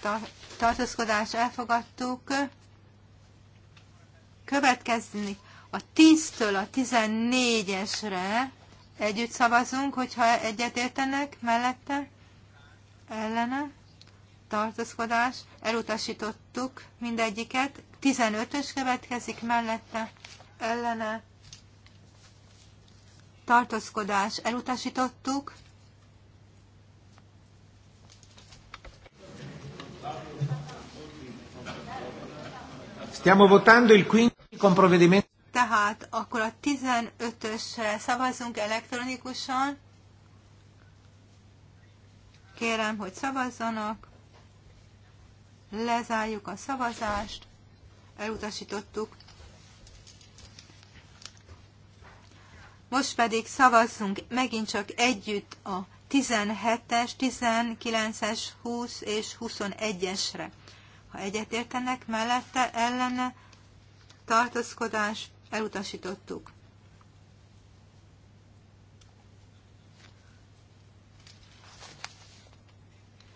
ta tartózkodás elfogadtuk. Következni a 10-től a 14-esre Együtt szavazunk, hogyha egyetértenek mellette, ellene, tartózkodás, elutasítottuk mindegyiket, 15-ös következik mellette, ellene, tartózkodás, elutasítottuk, Stiamo votando il quinto con provvedimento tehát akkor a 15-ösre szavazzunk elektronikusan. Kérem, hogy szavazzanak. Lezárjuk a szavazást. Elutasítottuk. Most pedig szavazzunk megint csak együtt a 17-es, 19-es, 20 és 21-esre. Ha egyetértenek mellette ellene tartózkodás elutasítottuk.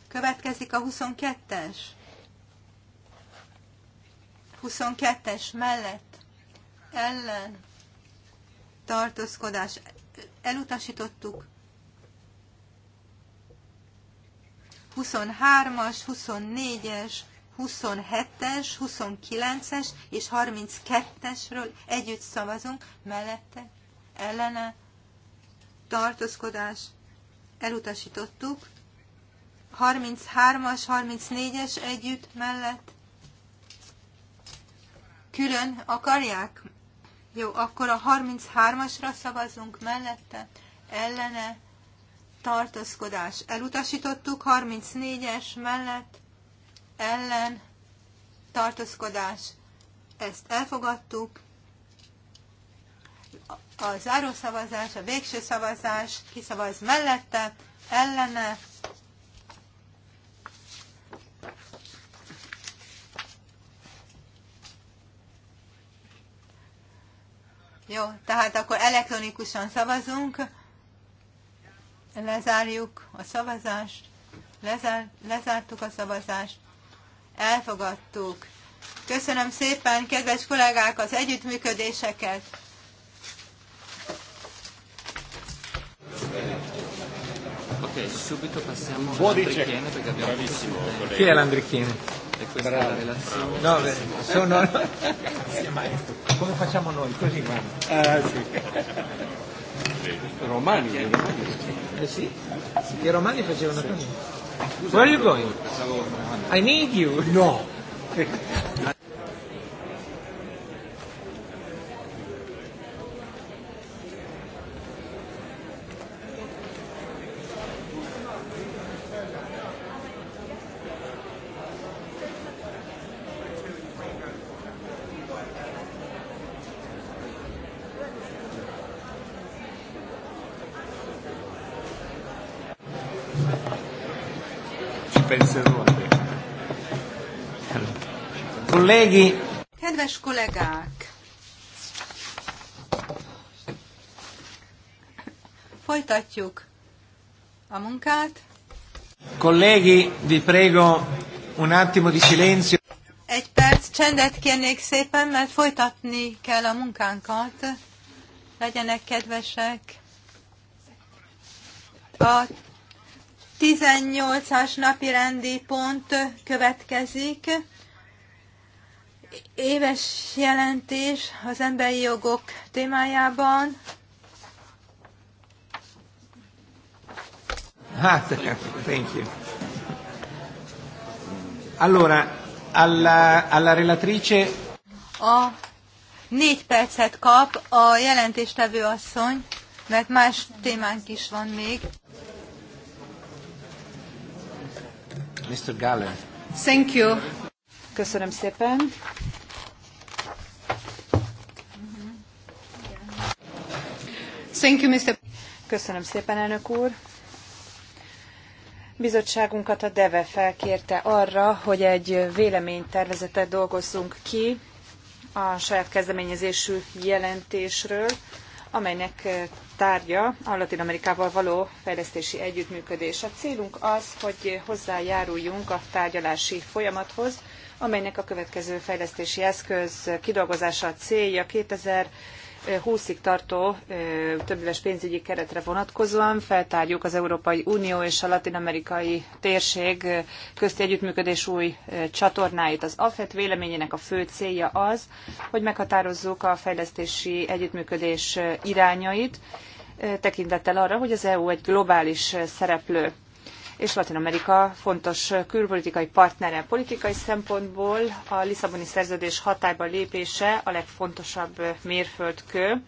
Következik a 22-es. 22-es mellett ellen tartózkodás elutasítottuk. 23-as, 24-es 27-es, 29-es és 32-esről együtt szavazunk, mellette, ellene, tartózkodás, elutasítottuk. 33-as, 34-es együtt, mellett, külön akarják? Jó, akkor a 33-asra szavazunk mellette, ellene, tartózkodás. Elutasítottuk, 34-es mellett, ellen tartózkodás, ezt elfogadtuk. A zárószavazás, a végső szavazás, kiszavaz mellette, ellene, Jó, tehát akkor elektronikusan szavazunk. Lezárjuk a szavazást. Lezár, lezártuk a szavazást elfogadtuk. Köszönöm szépen, kedves kollégák, az együttműködéseket! Ok, subito passiamo a Chi è No, sono... Come facciamo noi? Così guarda. Ah, sì. Romani, romani. Eh sì, i romani facevano così. Where are you going? I need you. No. colleghi. Kedves kollégák! Folytatjuk a munkát. Colleghi, vi prego un attimo di silenzio. Egy perc csendet kérnék szépen, mert folytatni kell a munkánkat. Legyenek kedvesek. A 18-as napi rendi pont következik éves jelentés az emberi jogok témájában. Hát, thank you. Allora, alla, alla relatrice... A négy percet kap a jelentéstevő asszony, mert más témánk is van még. Mr. Galler. Thank you. Köszönöm szépen. Thank you, Mr. Köszönöm szépen, elnök úr. Bizottságunkat a DEVE felkérte arra, hogy egy véleménytervezetet dolgozzunk ki a saját kezdeményezésű jelentésről, amelynek tárgya a Latin Amerikával való fejlesztési együttműködés. A célunk az, hogy hozzájáruljunk a tárgyalási folyamathoz, amelynek a következő fejlesztési eszköz kidolgozása a célja 2000 20-ig tartó többéves pénzügyi keretre vonatkozóan feltárjuk az Európai Unió és a latin-amerikai térség közti együttműködés új csatornáit. Az AFET véleményének a fő célja az, hogy meghatározzuk a fejlesztési együttműködés irányait, tekintettel arra, hogy az EU egy globális szereplő és Latin Amerika fontos külpolitikai partnere. Politikai szempontból a Lisszaboni szerződés hatályba lépése a legfontosabb mérföldkő.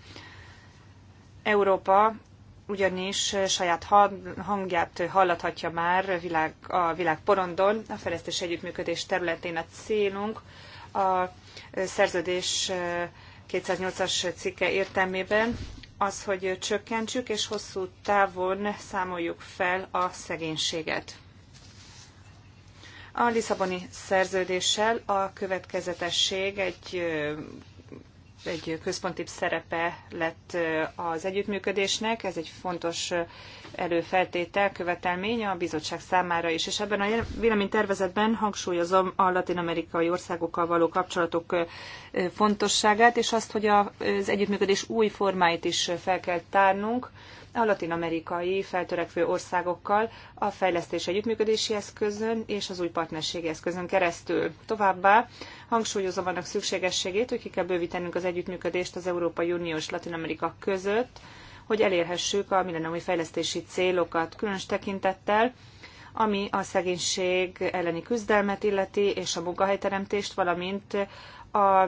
Európa ugyanis saját hangját hallathatja már világ, a világ porondon, a fejlesztés együttműködés területén a célunk a szerződés 208-as eh, cikke értelmében az, hogy csökkentsük és hosszú távon számoljuk fel a szegénységet. A Lisszaboni szerződéssel a következetesség egy egy központi szerepe lett az együttműködésnek. Ez egy fontos előfeltétel, követelmény a bizottság számára is. És ebben a véleménytervezetben hangsúlyozom a latin-amerikai országokkal való kapcsolatok fontosságát, és azt, hogy az együttműködés új formáit is fel kell tárnunk, a latin-amerikai feltörekvő országokkal a fejlesztés együttműködési eszközön és az új partnerségi eszközön keresztül. Továbbá hangsúlyozom annak szükségességét, hogy ki kell bővítenünk az együttműködést az Európai Unió és Latin-Amerika között, hogy elérhessük a millenniumi fejlesztési célokat, különös tekintettel, ami a szegénység elleni küzdelmet illeti, és a munkahelyteremtést, valamint a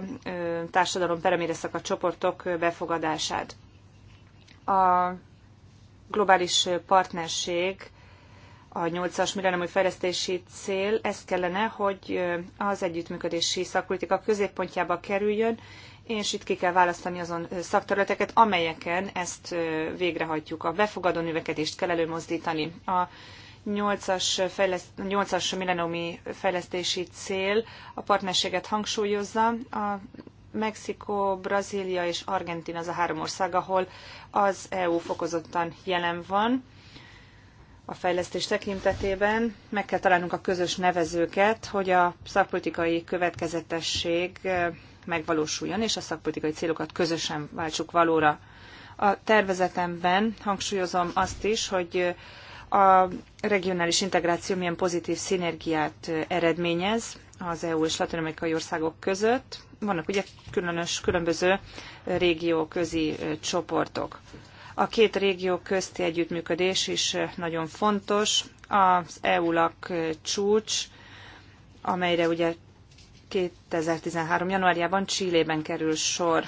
társadalom peremére szakadt csoportok befogadását. A globális partnerség a 8-as millenniumi fejlesztési cél, ez kellene, hogy az együttműködési szakpolitika középpontjába kerüljön, és itt ki kell választani azon szakterületeket, amelyeken ezt végrehajtjuk. A befogadó növekedést kell előmozdítani. A 8-as, fejleszt, 8-as fejlesztési cél a partnerséget hangsúlyozza. A Mexikó, Brazília és Argentina az a három ország, ahol az EU fokozottan jelen van a fejlesztés tekintetében. Meg kell találnunk a közös nevezőket, hogy a szakpolitikai következetesség megvalósuljon, és a szakpolitikai célokat közösen váltsuk valóra. A tervezetemben hangsúlyozom azt is, hogy a regionális integráció milyen pozitív szinergiát eredményez az EU és latin-amerikai országok között. Vannak ugye különös, különböző régióközi csoportok. A két régió közti együttműködés is nagyon fontos. Az EU-lak csúcs, amelyre ugye 2013. januárjában Csillében kerül sor.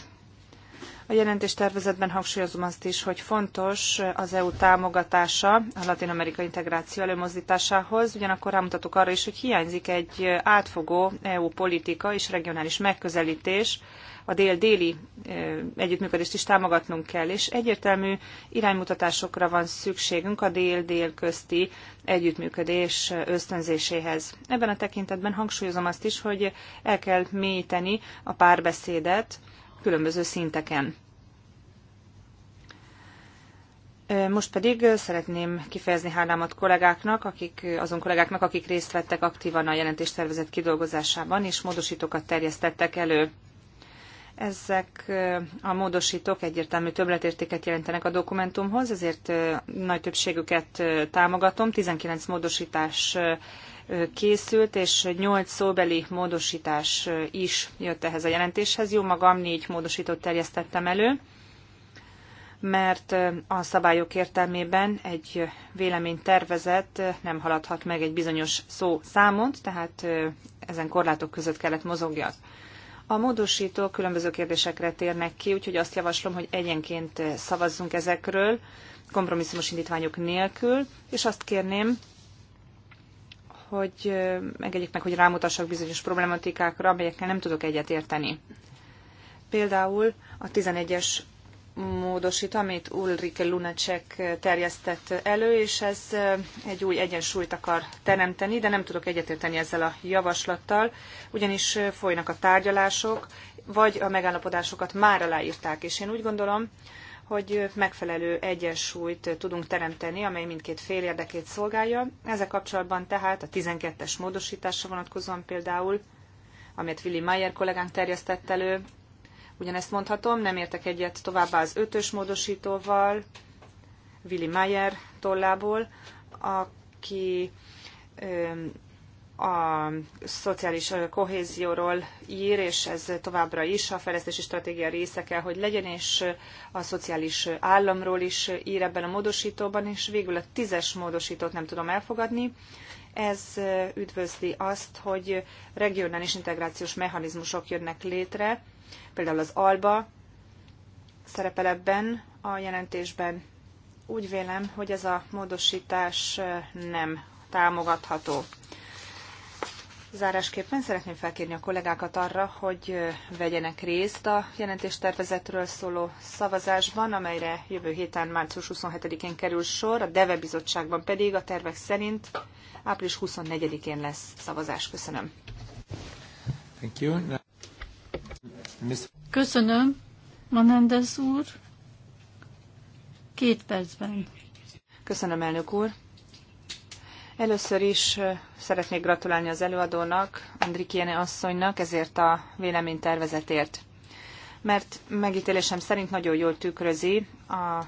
A jelentés tervezetben hangsúlyozom azt is, hogy fontos az EU támogatása a latin-amerikai integráció előmozdításához, ugyanakkor rámutatok arra is, hogy hiányzik egy átfogó EU politika és regionális megközelítés a dél-déli együttműködést is támogatnunk kell, és egyértelmű iránymutatásokra van szükségünk a dél-dél közti együttműködés ösztönzéséhez. Ebben a tekintetben hangsúlyozom azt is, hogy el kell mélyíteni a párbeszédet különböző szinteken. Most pedig szeretném kifejezni hálámat kollégáknak, akik, azon kollégáknak, akik részt vettek aktívan a jelentéstervezet kidolgozásában, és módosítókat terjesztettek elő. Ezek a módosítók egyértelmű többletértéket jelentenek a dokumentumhoz, ezért nagy többségüket támogatom. 19 módosítás készült, és 8 szóbeli módosítás is jött ehhez a jelentéshez. Jó magam, négy módosítót terjesztettem elő, mert a szabályok értelmében egy véleménytervezet nem haladhat meg egy bizonyos szó számot, tehát ezen korlátok között kellett mozogjak. A módosítók különböző kérdésekre térnek ki, úgyhogy azt javaslom, hogy egyenként szavazzunk ezekről, kompromisszumos indítványok nélkül, és azt kérném, hogy megegyik meg, hogy rámutassak bizonyos problematikákra, amelyekkel nem tudok egyet érteni. Például a 11-es módosít, amit Ulrike Lunacek terjesztett elő, és ez egy új egyensúlyt akar teremteni, de nem tudok egyetérteni ezzel a javaslattal, ugyanis folynak a tárgyalások, vagy a megállapodásokat már aláírták, és én úgy gondolom, hogy megfelelő egyensúlyt tudunk teremteni, amely mindkét fél érdekét szolgálja. Ezzel kapcsolatban tehát a 12-es módosításra vonatkozóan például, amit Willy Mayer kollégánk terjesztett elő, ugyanezt mondhatom, nem értek egyet továbbá az ötös módosítóval, Willy Mayer tollából, aki a szociális kohézióról ír, és ez továbbra is a fejlesztési stratégia része kell, hogy legyen, és a szociális államról is ír ebben a módosítóban, és végül a tízes módosítót nem tudom elfogadni. Ez üdvözli azt, hogy regionális integrációs mechanizmusok jönnek létre, Például az alba szerepel ebben a jelentésben. Úgy vélem, hogy ez a módosítás nem támogatható. Zárásképpen szeretném felkérni a kollégákat arra, hogy vegyenek részt a jelentéstervezetről szóló szavazásban, amelyre jövő héten március 27-én kerül sor, a DEVE bizottságban pedig a tervek szerint április 24-én lesz szavazás. Köszönöm. Thank you. Köszönöm, manendez úr. Két percben. Köszönöm, elnök úr. Először is szeretnék gratulálni az előadónak, Andrikiene asszonynak ezért a véleménytervezetért, mert megítélésem szerint nagyon jól tükrözi a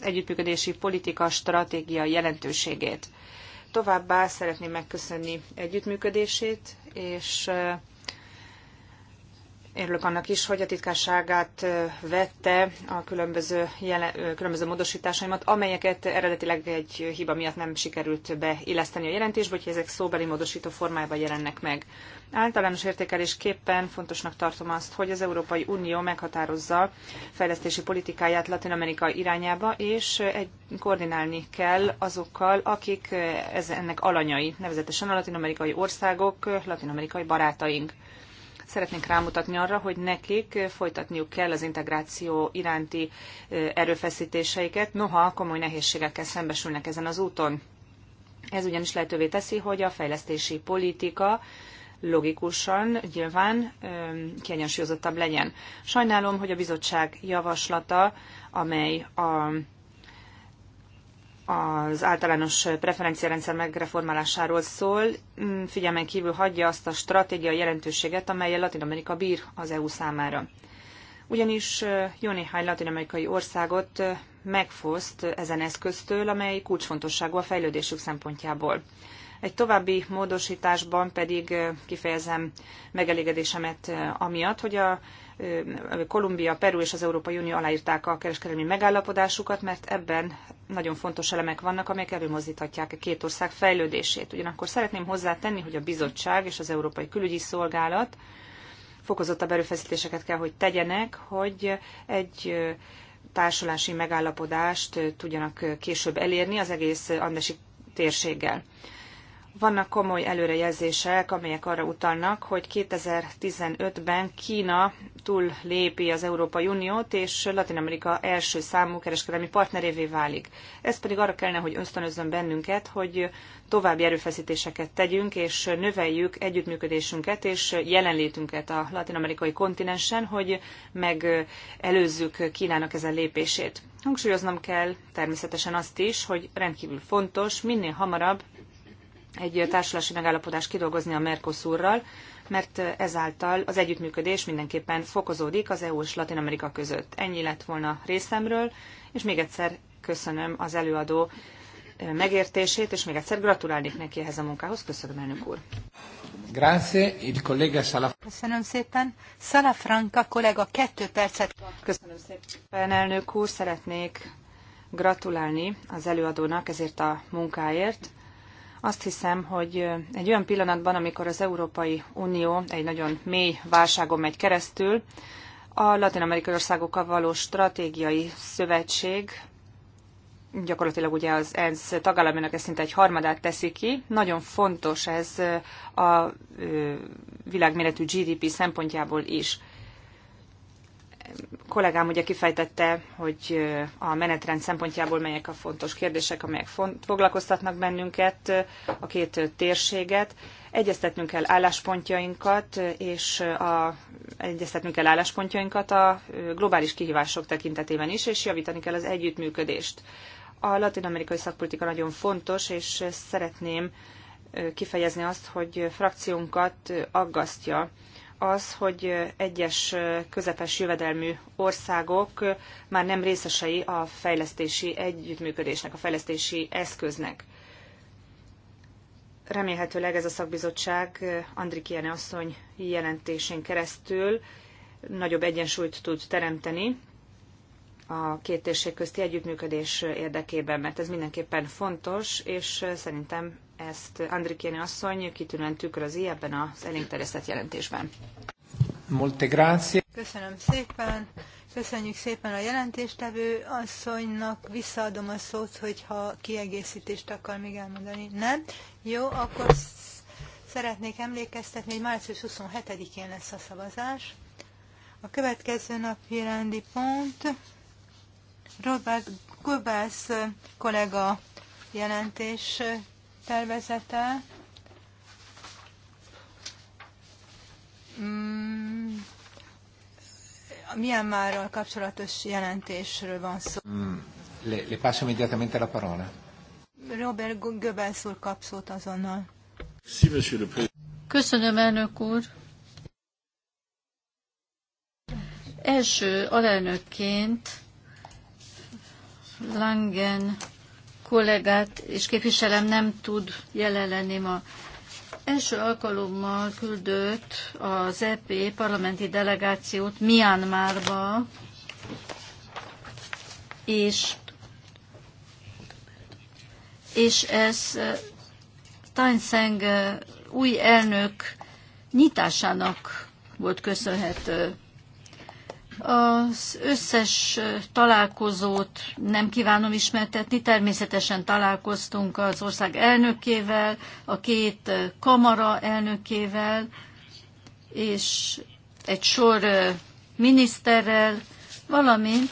együttműködési politika stratégia jelentőségét. Továbbá szeretném megköszönni együttműködését, és Érülök annak is, hogy a titkárságát vette a különböző, jele, különböző módosításaimat, amelyeket eredetileg egy hiba miatt nem sikerült beilleszteni a jelentésbe, hogy ezek szóbeli módosító formájában jelennek meg. Általános értékelésképpen fontosnak tartom azt, hogy az Európai Unió meghatározza fejlesztési politikáját Latin Amerika irányába, és egy, koordinálni kell azokkal, akik ez, ennek alanyai, nevezetesen a latin-amerikai országok, latin-amerikai barátaink. Szeretnénk rámutatni arra, hogy nekik folytatniuk kell az integráció iránti erőfeszítéseiket, noha komoly nehézségekkel szembesülnek ezen az úton. Ez ugyanis lehetővé teszi, hogy a fejlesztési politika logikusan nyilván kiegyensúlyozottabb legyen. Sajnálom, hogy a bizottság javaslata, amely a az általános preferenciarendszer megreformálásáról szól, mm, figyelmen kívül hagyja azt a stratégiai jelentőséget, amelyet Latin Amerika bír az EU számára. Ugyanis jó néhány latin-amerikai országot megfoszt ezen eszköztől, amely kulcsfontosságú a fejlődésük szempontjából. Egy további módosításban pedig kifejezem megelégedésemet amiatt, hogy a Kolumbia, Peru és az Európai Unió aláírták a kereskedelmi megállapodásukat, mert ebben nagyon fontos elemek vannak, amelyek előmozdíthatják a két ország fejlődését. Ugyanakkor szeretném hozzátenni, hogy a bizottság és az Európai Külügyi Szolgálat fokozottabb erőfeszítéseket kell, hogy tegyenek, hogy egy társulási megállapodást tudjanak később elérni az egész andesi térséggel vannak komoly előrejelzések, amelyek arra utalnak, hogy 2015-ben Kína túl lépi az Európai Uniót, és Latin Amerika első számú kereskedelmi partnerévé válik. Ez pedig arra kellene, hogy ösztönözzön bennünket, hogy további erőfeszítéseket tegyünk, és növeljük együttműködésünket és jelenlétünket a latin-amerikai kontinensen, hogy megelőzzük Kínának ezen lépését. Hangsúlyoznom kell természetesen azt is, hogy rendkívül fontos minél hamarabb egy társulási megállapodást kidolgozni a Mercosurral, mert ezáltal az együttműködés mindenképpen fokozódik az EU és Latin Amerika között. Ennyi lett volna részemről, és még egyszer köszönöm az előadó eh, megértését, és még egyszer gratulálnék neki ehhez a munkához. Köszönöm, elnök úr. Grazie, il collega Sala. Köszönöm szépen. Franca kollega kettő percet. Köszönöm szépen, elnök úr. Szeretnék gratulálni az előadónak ezért a munkáért. Azt hiszem, hogy egy olyan pillanatban, amikor az Európai Unió egy nagyon mély válságon megy keresztül, a latin-amerikai országokkal való stratégiai szövetség gyakorlatilag ugye az ENSZ tagállamának ez szinte egy harmadát teszi ki. Nagyon fontos ez a világméretű GDP szempontjából is kollégám ugye kifejtette, hogy a menetrend szempontjából melyek a fontos kérdések, amelyek foglalkoztatnak bennünket, a két térséget. Egyeztetnünk kell álláspontjainkat, és a, egyeztetnünk kell álláspontjainkat a globális kihívások tekintetében is, és javítani kell az együttműködést. A latin-amerikai szakpolitika nagyon fontos, és szeretném kifejezni azt, hogy frakciónkat aggasztja az, hogy egyes közepes jövedelmű országok már nem részesei a fejlesztési együttműködésnek, a fejlesztési eszköznek. Remélhetőleg ez a szakbizottság Andrikiene asszony jelentésén keresztül nagyobb egyensúlyt tud teremteni a két térség közti együttműködés érdekében, mert ez mindenképpen fontos, és szerintem ezt Andrikéni asszony kitűnően tükrözi ebben az elénk terjesztett jelentésben. Molte grazie. Köszönöm szépen. Köszönjük szépen a jelentéstevő asszonynak. Visszaadom a szót, hogyha kiegészítést akar még elmondani. Nem? Jó, akkor szeretnék emlékeztetni, hogy március 27-én lesz a szavazás. A következő napi rendi pont Robert Gubász kollega jelentés tervezete. Mm, milyen márral kapcsolatos jelentésről van szó? Mm. Le, le passo immediatamente la parola. Robert Goebbels úr kap szót azonnal. Köszönöm, elnök úr. Első alelnökként Langen kollégát és képviselem nem tud jelen lenni ma. Első alkalommal küldött az EP parlamenti delegációt Myanmarba, és, és ez eh, Tainseng eh, új elnök nyitásának volt köszönhető. Az összes találkozót nem kívánom ismertetni, természetesen találkoztunk az ország elnökével, a két kamara elnökével, és egy sor miniszterrel, valamint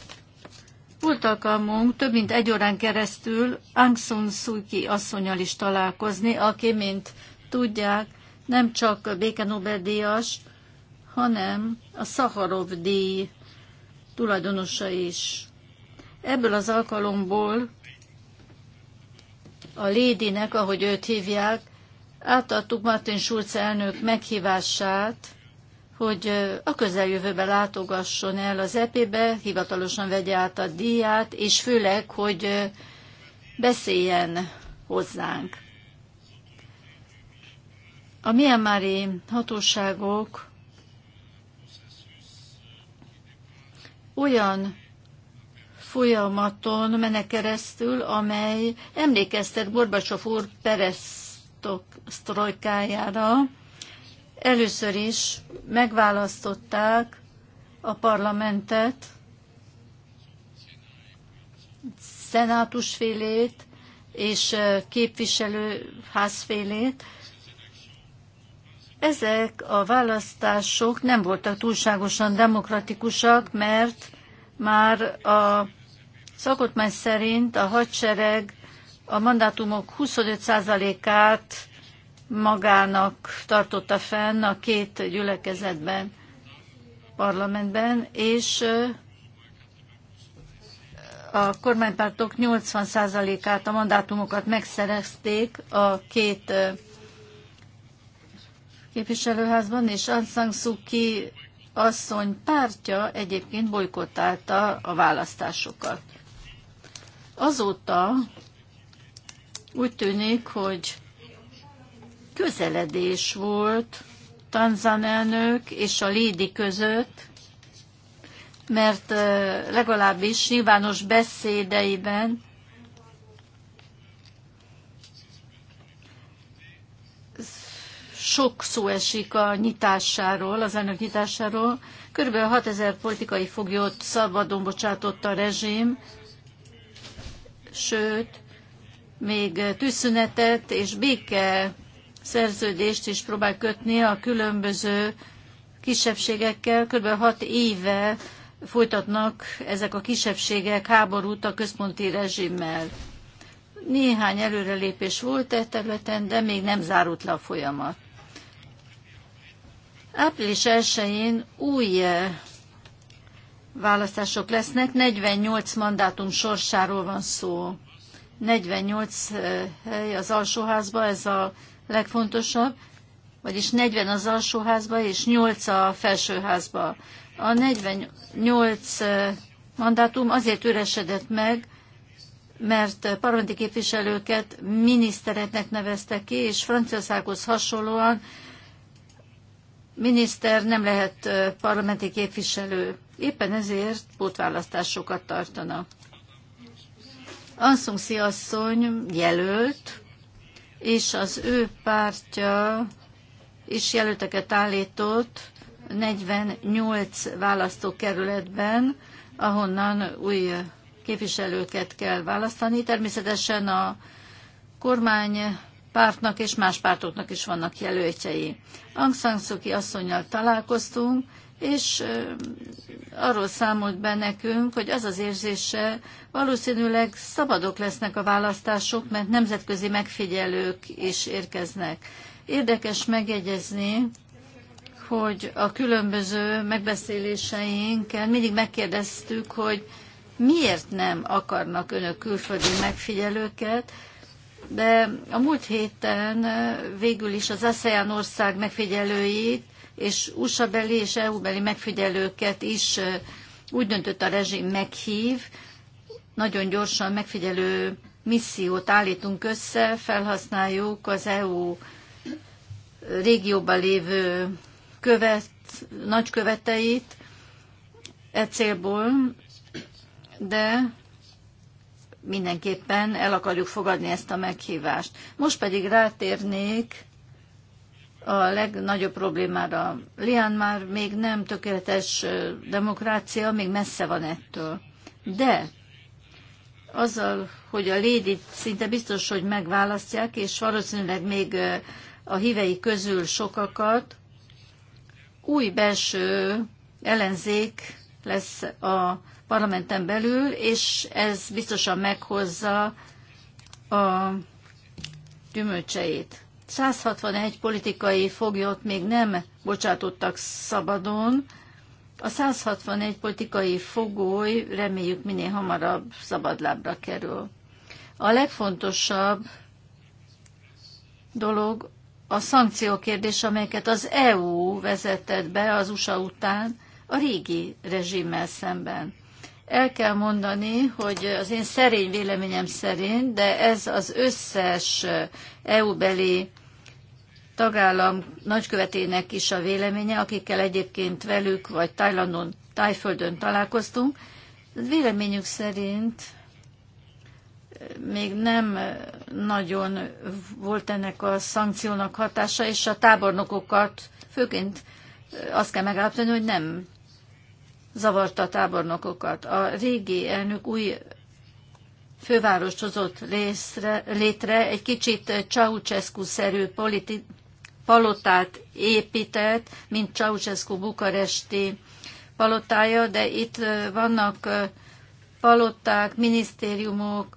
volt alkalmunk több mint egy órán keresztül Aung San Suu Kyi asszonyal is találkozni, aki, mint tudják, nem csak béke Nobel-díjas, hanem a Szaharov díj tulajdonosa is. Ebből az alkalomból a Lédinek, ahogy őt hívják, átadtuk Martin Schulz elnök meghívását, hogy a közeljövőben látogasson el az EP-be, hivatalosan vegye át a díját, és főleg, hogy beszéljen hozzánk. A Myanmari hatóságok olyan folyamaton mene keresztül, amely emlékeztet Gorbacsov úr perestroikájára. Először is megválasztották a parlamentet, szenátusfélét és képviselőházfélét, ezek a választások nem voltak túlságosan demokratikusak, mert már a szakotmány szerint a hadsereg a mandátumok 25%-át magának tartotta fenn a két gyülekezetben, parlamentben, és a kormánypártok 80%-át a mandátumokat megszerezték a két képviselőházban, és Aung San Suu Kyi asszony pártja egyébként bolykottálta a választásokat. Azóta úgy tűnik, hogy közeledés volt Tanzan elnök és a Lédi között, mert eh, legalábbis nyilvános beszédeiben sok szó esik a nyitásáról, az elnök nyitásáról. Körülbelül 6000 politikai foglyot szabadon bocsátott a rezsim, sőt, még tűzszünetet és béke szerződést is próbál kötni a különböző kisebbségekkel. Körülbelül hat éve folytatnak ezek a kisebbségek háborút a központi rezsimmel. Néhány előrelépés volt e területen, de még nem zárult le a folyamat. Április 1-én új eh, választások lesznek, 48 mandátum sorsáról van szó. 48 eh, hely az alsóházba, ez a legfontosabb, vagyis 40 az alsóházba és 8 a felsőházba. A 48 eh, mandátum azért üresedett meg, mert parlamenti képviselőket minisztereknek neveztek ki, és Franciaországhoz hasonlóan miniszter nem lehet parlamenti képviselő. Éppen ezért pótválasztásokat tartanak. Anszungszi asszony jelölt, és az ő pártja is jelölteket állított 48 választókerületben, ahonnan új képviselőket kell választani. Természetesen a kormány pártnak és más pártoknak is vannak jelöltjei. Aung San Suu Kyi asszonynal találkoztunk, és arról számolt be nekünk, hogy az az érzése, valószínűleg szabadok lesznek a választások, mert nemzetközi megfigyelők is érkeznek. Érdekes megjegyezni, hogy a különböző megbeszéléseinkkel mindig megkérdeztük, hogy miért nem akarnak önök külföldi megfigyelőket, de a múlt héten végül is az ASEAN ország megfigyelőit és USA beli és EU beli megfigyelőket is úgy döntött a rezsim meghív, nagyon gyorsan megfigyelő missziót állítunk össze, felhasználjuk az EU régióban lévő követ, nagyköveteit e célból, de mindenképpen el akarjuk fogadni ezt a meghívást. Most pedig rátérnék a legnagyobb problémára. Lian már még nem tökéletes demokrácia, még messze van ettől. De azzal, hogy a lédit szinte biztos, hogy megválasztják, és valószínűleg még a hívei közül sokakat, új belső ellenzék lesz a parlamenten belül, és ez biztosan meghozza a gyümölcseit. 161 politikai foglyot még nem bocsátottak szabadon. A 161 politikai fogoly reméljük minél hamarabb szabadlábra kerül. A legfontosabb dolog a szankció kérdés, amelyeket az EU vezetett be az USA után, a régi rezsimmel szemben. El kell mondani, hogy az én szerény véleményem szerint, de ez az összes EU-beli tagállam nagykövetének is a véleménye, akikkel egyébként velük vagy Tajlandon, Tájföldön találkoztunk. Véleményük szerint még nem nagyon volt ennek a szankciónak hatása, és a tábornokokat főként azt kell megállapítani, hogy nem zavarta a tábornokokat. A régi elnök új fővárost hozott részre, létre, egy kicsit Ceausescu-szerű politi- palotát épített, mint Ceausescu bukaresti palotája, de itt vannak paloták, minisztériumok,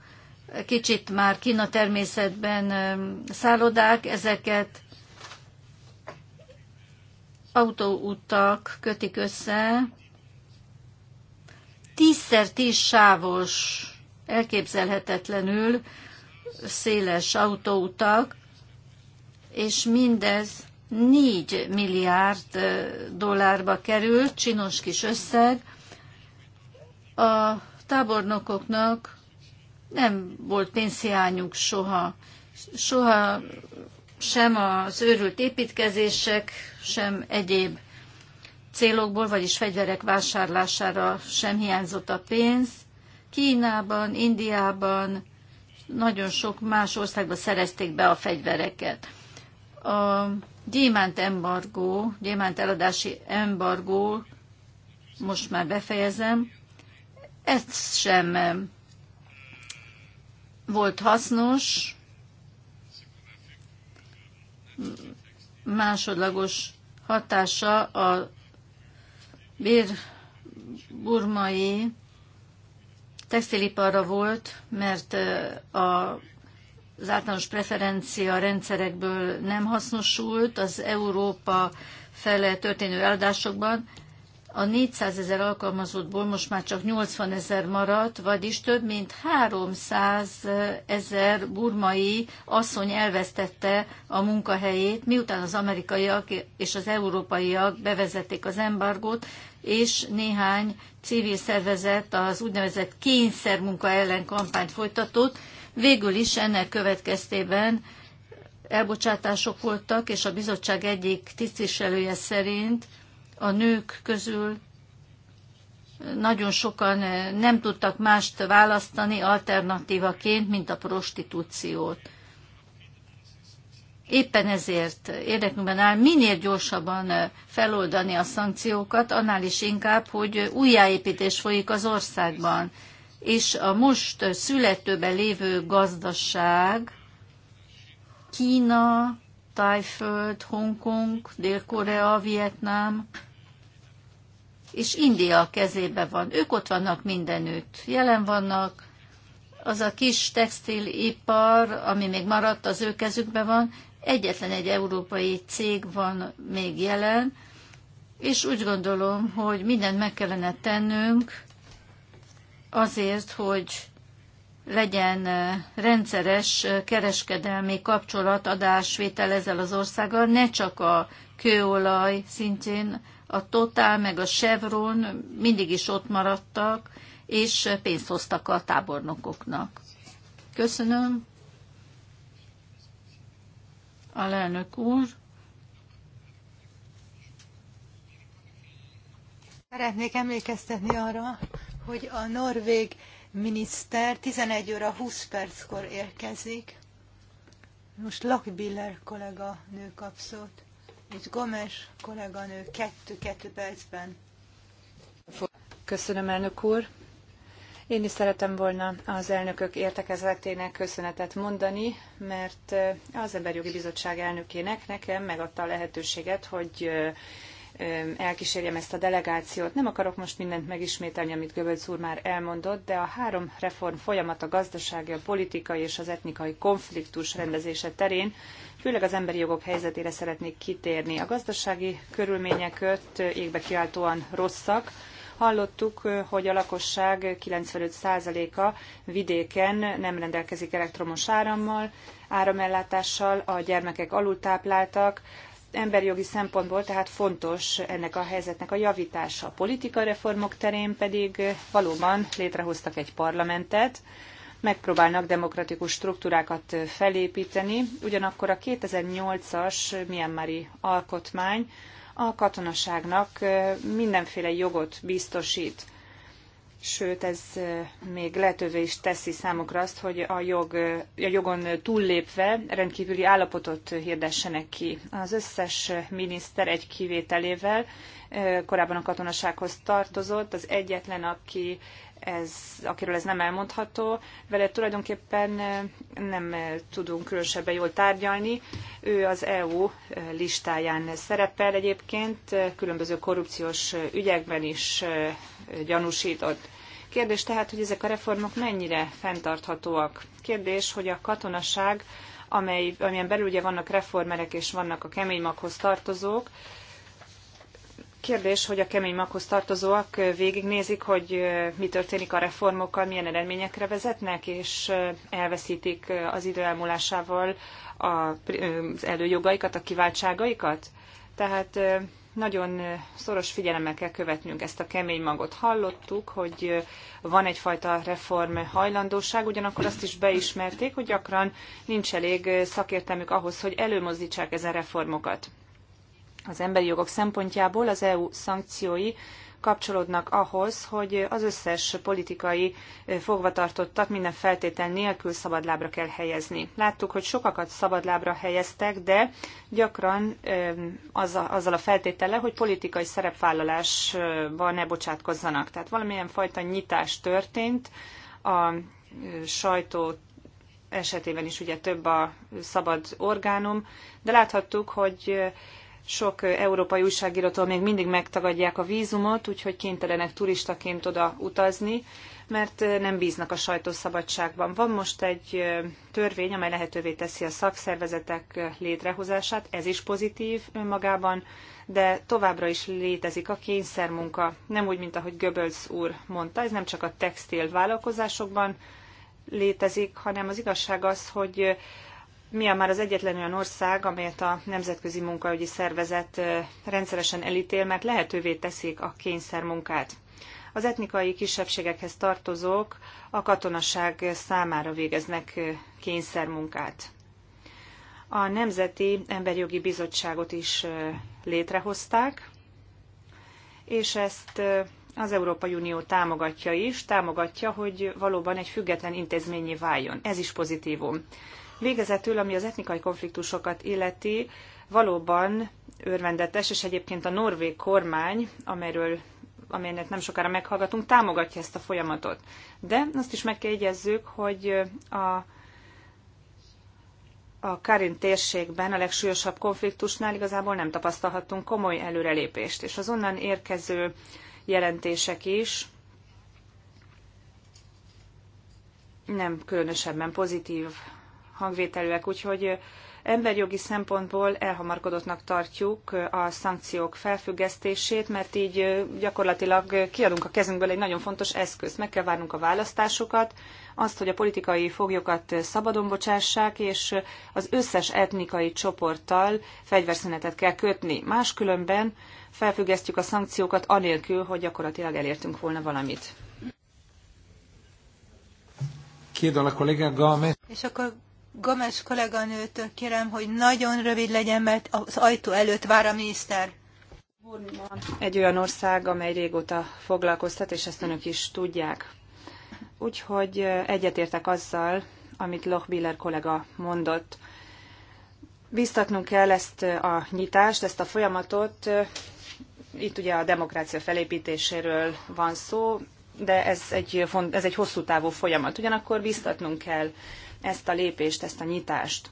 kicsit már Kína természetben szállodák, ezeket autóutak kötik össze, tízszer tíz sávos, elképzelhetetlenül széles autóutak, és mindez 4 milliárd dollárba került, csinos kis összeg. A tábornokoknak nem volt pénzhiányuk soha. Soha sem az őrült építkezések, sem egyéb célokból, vagyis fegyverek vásárlására sem hiányzott a pénz. Kínában, Indiában, nagyon sok más országban szerezték be a fegyvereket. A gyémánt embargó, gyémánt eladási embargó, most már befejezem, ez sem volt hasznos, másodlagos hatása a burmai textiliparra volt, mert a az általános preferencia rendszerekből nem hasznosult az Európa fele történő eladásokban, a 400 ezer alkalmazottból most már csak 80 ezer maradt, vagyis több mint 300 ezer burmai asszony elvesztette a munkahelyét, miután az amerikaiak és az európaiak bevezették az embargót, és néhány civil szervezet az úgynevezett kényszermunka ellen kampányt folytatott. Végül is ennek következtében elbocsátások voltak, és a bizottság egyik tisztviselője szerint a nők közül nagyon sokan eh, nem tudtak mást választani alternatívaként, mint a prostitúciót. Éppen ezért érdekünkben áll minél gyorsabban eh, feloldani a szankciókat, annál is inkább, hogy újjáépítés folyik az országban. És a most születőben lévő gazdaság Kína, Tájföld, Hongkong, Dél-Korea, Vietnám, és India kezébe van. Ők ott vannak mindenütt, jelen vannak, az a kis textilipar, ami még maradt, az ő kezükben van, egyetlen egy európai cég van még jelen, és úgy gondolom, hogy mindent meg kellene tennünk azért, hogy legyen eh, rendszeres eh, kereskedelmi kapcsolat adásvétel ezzel az országgal, ne csak a kőolaj szintjén, a Total meg a Chevron mindig is ott maradtak, és pénzt hoztak a tábornokoknak. Köszönöm. lelnök úr. Szeretnék emlékeztetni arra, hogy a norvég miniszter 11 óra 20 perckor érkezik. Most Lakbiller kollega nő kapszott és Gomes kolléganő kettő-kettő percben. Köszönöm, elnök úr. Én is szeretem volna az elnökök értekezletének köszönetet mondani, mert az Emberjogi Bizottság elnökének nekem megadta a lehetőséget, hogy elkísérjem ezt a delegációt. Nem akarok most mindent megismételni, amit Göbölc úr már elmondott, de a három reform folyamat a gazdasági, a politikai és az etnikai konfliktus rendezése terén főleg az emberi jogok helyzetére szeretnék kitérni. A gazdasági körülmények öt égbe kiáltóan rosszak, Hallottuk, hogy a lakosság 95%-a vidéken nem rendelkezik elektromos árammal, áramellátással, a gyermekek alultápláltak, emberi jogi szempontból tehát fontos ennek a helyzetnek a javítása. A politikareformok terén pedig valóban létrehoztak egy parlamentet, megpróbálnak demokratikus struktúrákat felépíteni, ugyanakkor a 2008-as Myanmari alkotmány a katonaságnak mindenféle jogot biztosít sőt ez még lehetővé is teszi számukra azt, hogy a, jog, a jogon túllépve rendkívüli állapotot hirdessenek ki. Az összes miniszter egy kivételével korábban a katonasághoz tartozott, az egyetlen, aki ez, akiről ez nem elmondható, vele tulajdonképpen nem tudunk különösebben jól tárgyalni. Ő az EU listáján szerepel egyébként, különböző korrupciós ügyekben is gyanúsított. Kérdés tehát, hogy ezek a reformok mennyire fenntarthatóak. Kérdés, hogy a katonaság, amely, amilyen belül ugye vannak reformerek és vannak a kemény maghoz tartozók, Kérdés, hogy a kemény maghoz tartozóak végignézik, hogy mi történik a reformokkal, milyen eredményekre vezetnek, és elveszítik az idő elmúlásával az előjogaikat, a kiváltságaikat. Tehát nagyon szoros figyelemmel kell követnünk ezt a kemény magot. Hallottuk, hogy van egyfajta reform hajlandóság, ugyanakkor azt is beismerték, hogy gyakran nincs elég szakértelmük ahhoz, hogy előmozdítsák ezen reformokat. Az emberi jogok szempontjából az EU szankciói kapcsolódnak ahhoz, hogy az összes politikai fogvatartottat minden feltétel nélkül szabadlábra kell helyezni. Láttuk, hogy sokakat szabadlábra helyeztek, de gyakran azzal a feltétele, hogy politikai szerepvállalásba ne bocsátkozzanak. Tehát valamilyen fajta nyitás történt a sajtó esetében is ugye több a szabad orgánum, de láthattuk, hogy sok európai újságírótól még mindig megtagadják a vízumot, úgyhogy kénytelenek turistaként oda utazni, mert nem bíznak a sajtószabadságban. Van most egy törvény, amely lehetővé teszi a szakszervezetek létrehozását, ez is pozitív önmagában, de továbbra is létezik a kényszermunka. Nem úgy, mint ahogy Göbölsz úr mondta, ez nem csak a textil vállalkozásokban létezik, hanem az igazság az, hogy már az egyetlen olyan ország, amelyet a Nemzetközi Munkaügyi Szervezet rendszeresen elítél, mert lehetővé teszik a kényszermunkát. Az etnikai kisebbségekhez tartozók a katonaság számára végeznek kényszermunkát. A Nemzeti Emberjogi Bizottságot is létrehozták, és ezt az Európai Unió támogatja is, támogatja, hogy valóban egy független intézményé váljon. Ez is pozitívum. Végezetül, ami az etnikai konfliktusokat illeti, valóban örvendetes, és egyébként a norvég kormány, amelyről amelynek nem sokára meghallgatunk, támogatja ezt a folyamatot. De azt is meg kell jegyezzük, hogy a a Karin térségben a legsúlyosabb konfliktusnál igazából nem tapasztalhattunk komoly előrelépést, és az onnan érkező jelentések is nem különösebben pozitív hangvételűek, úgyhogy emberjogi szempontból elhamarkodottnak tartjuk a szankciók felfüggesztését, mert így gyakorlatilag kiadunk a kezünkből egy nagyon fontos eszközt. Meg kell várnunk a választásokat, azt, hogy a politikai foglyokat szabadon bocsássák, és az összes etnikai csoporttal fegyverszünetet kell kötni. Máskülönben felfüggesztjük a szankciókat anélkül, hogy gyakorlatilag elértünk volna valamit. És akkor Gomes kolléganőtől kérem, hogy nagyon rövid legyen, mert az ajtó előtt vár a miniszter. Egy olyan ország, amely régóta foglalkoztat, és ezt önök is tudják. Úgyhogy egyetértek azzal, amit Biller kollega mondott. Biztatnunk kell ezt a nyitást, ezt a folyamatot. Itt ugye a demokrácia felépítéséről van szó, de ez egy, ez egy hosszú távú folyamat. Ugyanakkor biztatnunk kell ezt a lépést, ezt a nyitást.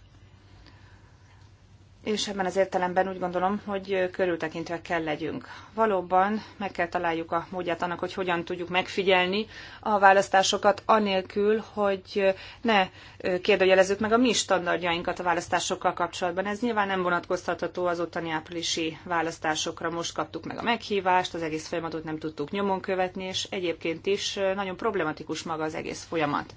És ebben az értelemben úgy gondolom, hogy körültekintve kell legyünk. Valóban meg kell találjuk a módját annak, hogy hogyan tudjuk megfigyelni a választásokat, anélkül, hogy ne kérdőjelezzük meg a mi standardjainkat a választásokkal kapcsolatban. Ez nyilván nem vonatkoztatható az ottani áprilisi választásokra. Most kaptuk meg a meghívást, az egész folyamatot nem tudtuk nyomon követni, és egyébként is nagyon problematikus maga az egész folyamat.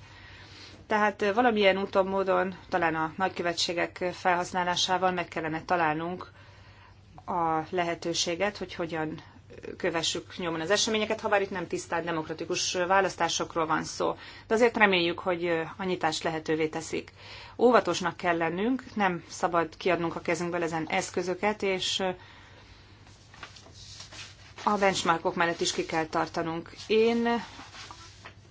Tehát valamilyen úton, módon, talán a nagykövetségek felhasználásával meg kellene találnunk a lehetőséget, hogy hogyan kövessük nyomon az eseményeket, ha bár itt nem tisztán demokratikus választásokról van szó. De azért reméljük, hogy a nyitást lehetővé teszik. Óvatosnak kell lennünk, nem szabad kiadnunk a kezünkből ezen eszközöket, és a benchmarkok mellett is ki kell tartanunk. Én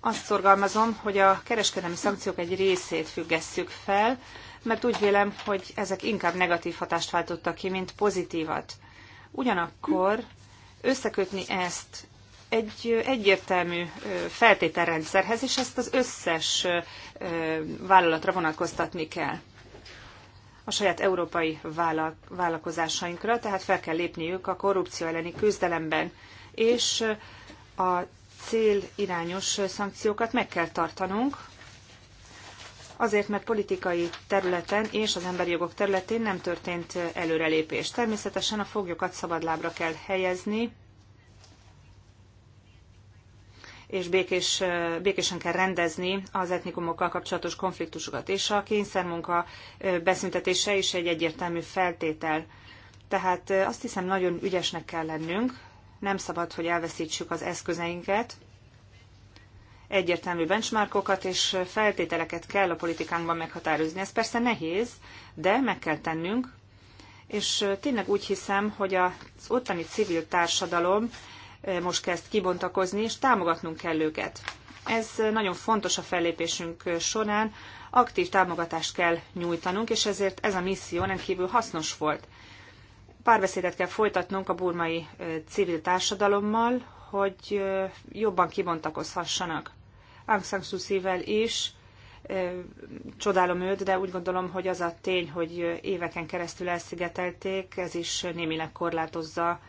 azt szorgalmazom, hogy a kereskedelmi szankciók egy részét függesszük fel, mert úgy vélem, hogy ezek inkább negatív hatást váltottak ki, mint pozitívat. Ugyanakkor összekötni ezt egy egyértelmű feltételrendszerhez, és ezt az összes vállalatra vonatkoztatni kell a saját európai vállalkozásainkra, tehát fel kell lépniük a korrupció elleni küzdelemben, és a célirányos szankciókat meg kell tartanunk, azért, mert politikai területen és az emberi jogok területén nem történt előrelépés. Természetesen a foglyokat szabadlábra kell helyezni, és békés, békésen kell rendezni az etnikumokkal kapcsolatos konfliktusokat. És a kényszermunka beszüntetése is egy egyértelmű feltétel. Tehát azt hiszem, nagyon ügyesnek kell lennünk, nem szabad, hogy elveszítsük az eszközeinket, egyértelmű benchmarkokat és feltételeket kell a politikánkban meghatározni. Ez persze nehéz, de meg kell tennünk, és tényleg úgy hiszem, hogy az ottani civil társadalom most kezd kibontakozni, és támogatnunk kell őket. Ez nagyon fontos a fellépésünk során, aktív támogatást kell nyújtanunk, és ezért ez a misszió rendkívül hasznos volt párbeszédet kell folytatnunk a burmai civil társadalommal, hogy jobban kibontakozhassanak. Aung San Suu Kyi-vel is, csodálom őt, de úgy gondolom, hogy az a tény, hogy éveken keresztül elszigetelték, ez is némileg korlátozza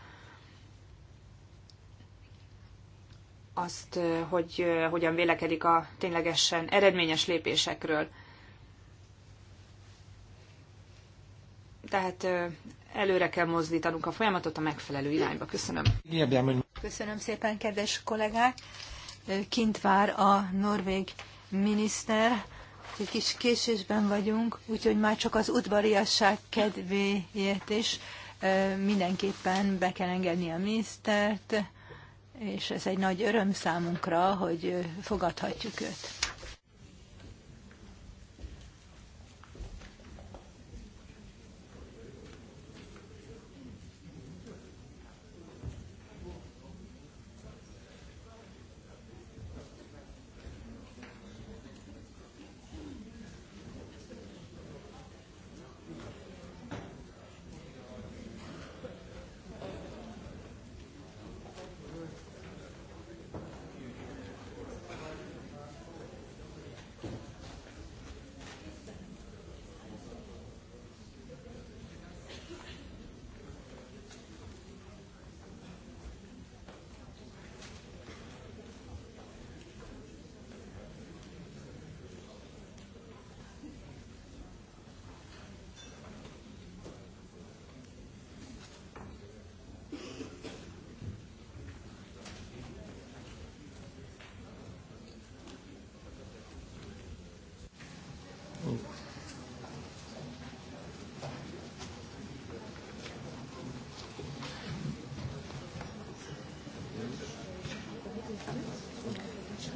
azt, hogy hogyan vélekedik a ténylegesen eredményes lépésekről. Tehát előre kell mozdítanunk a folyamatot a megfelelő irányba. Köszönöm. Köszönöm szépen, kedves kollégák. Kint vár a norvég miniszter. Egy kis késésben vagyunk, úgyhogy már csak az udvariasság kedvéért is mindenképpen be kell engedni a minisztert, és ez egy nagy öröm számunkra, hogy fogadhatjuk őt.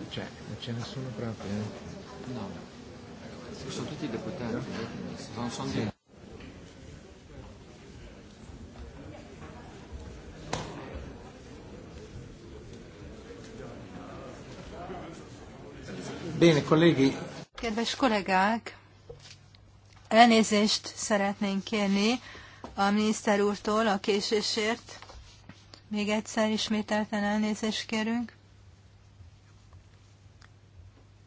Cioè, non c'è nessuno proprio, eh? No, sono tutti deputati, sono eh. sì. Bene, Kedves kollégák, elnézést szeretnénk kérni a miniszter úrtól a késésért. Még egyszer ismételten elnézést kérünk.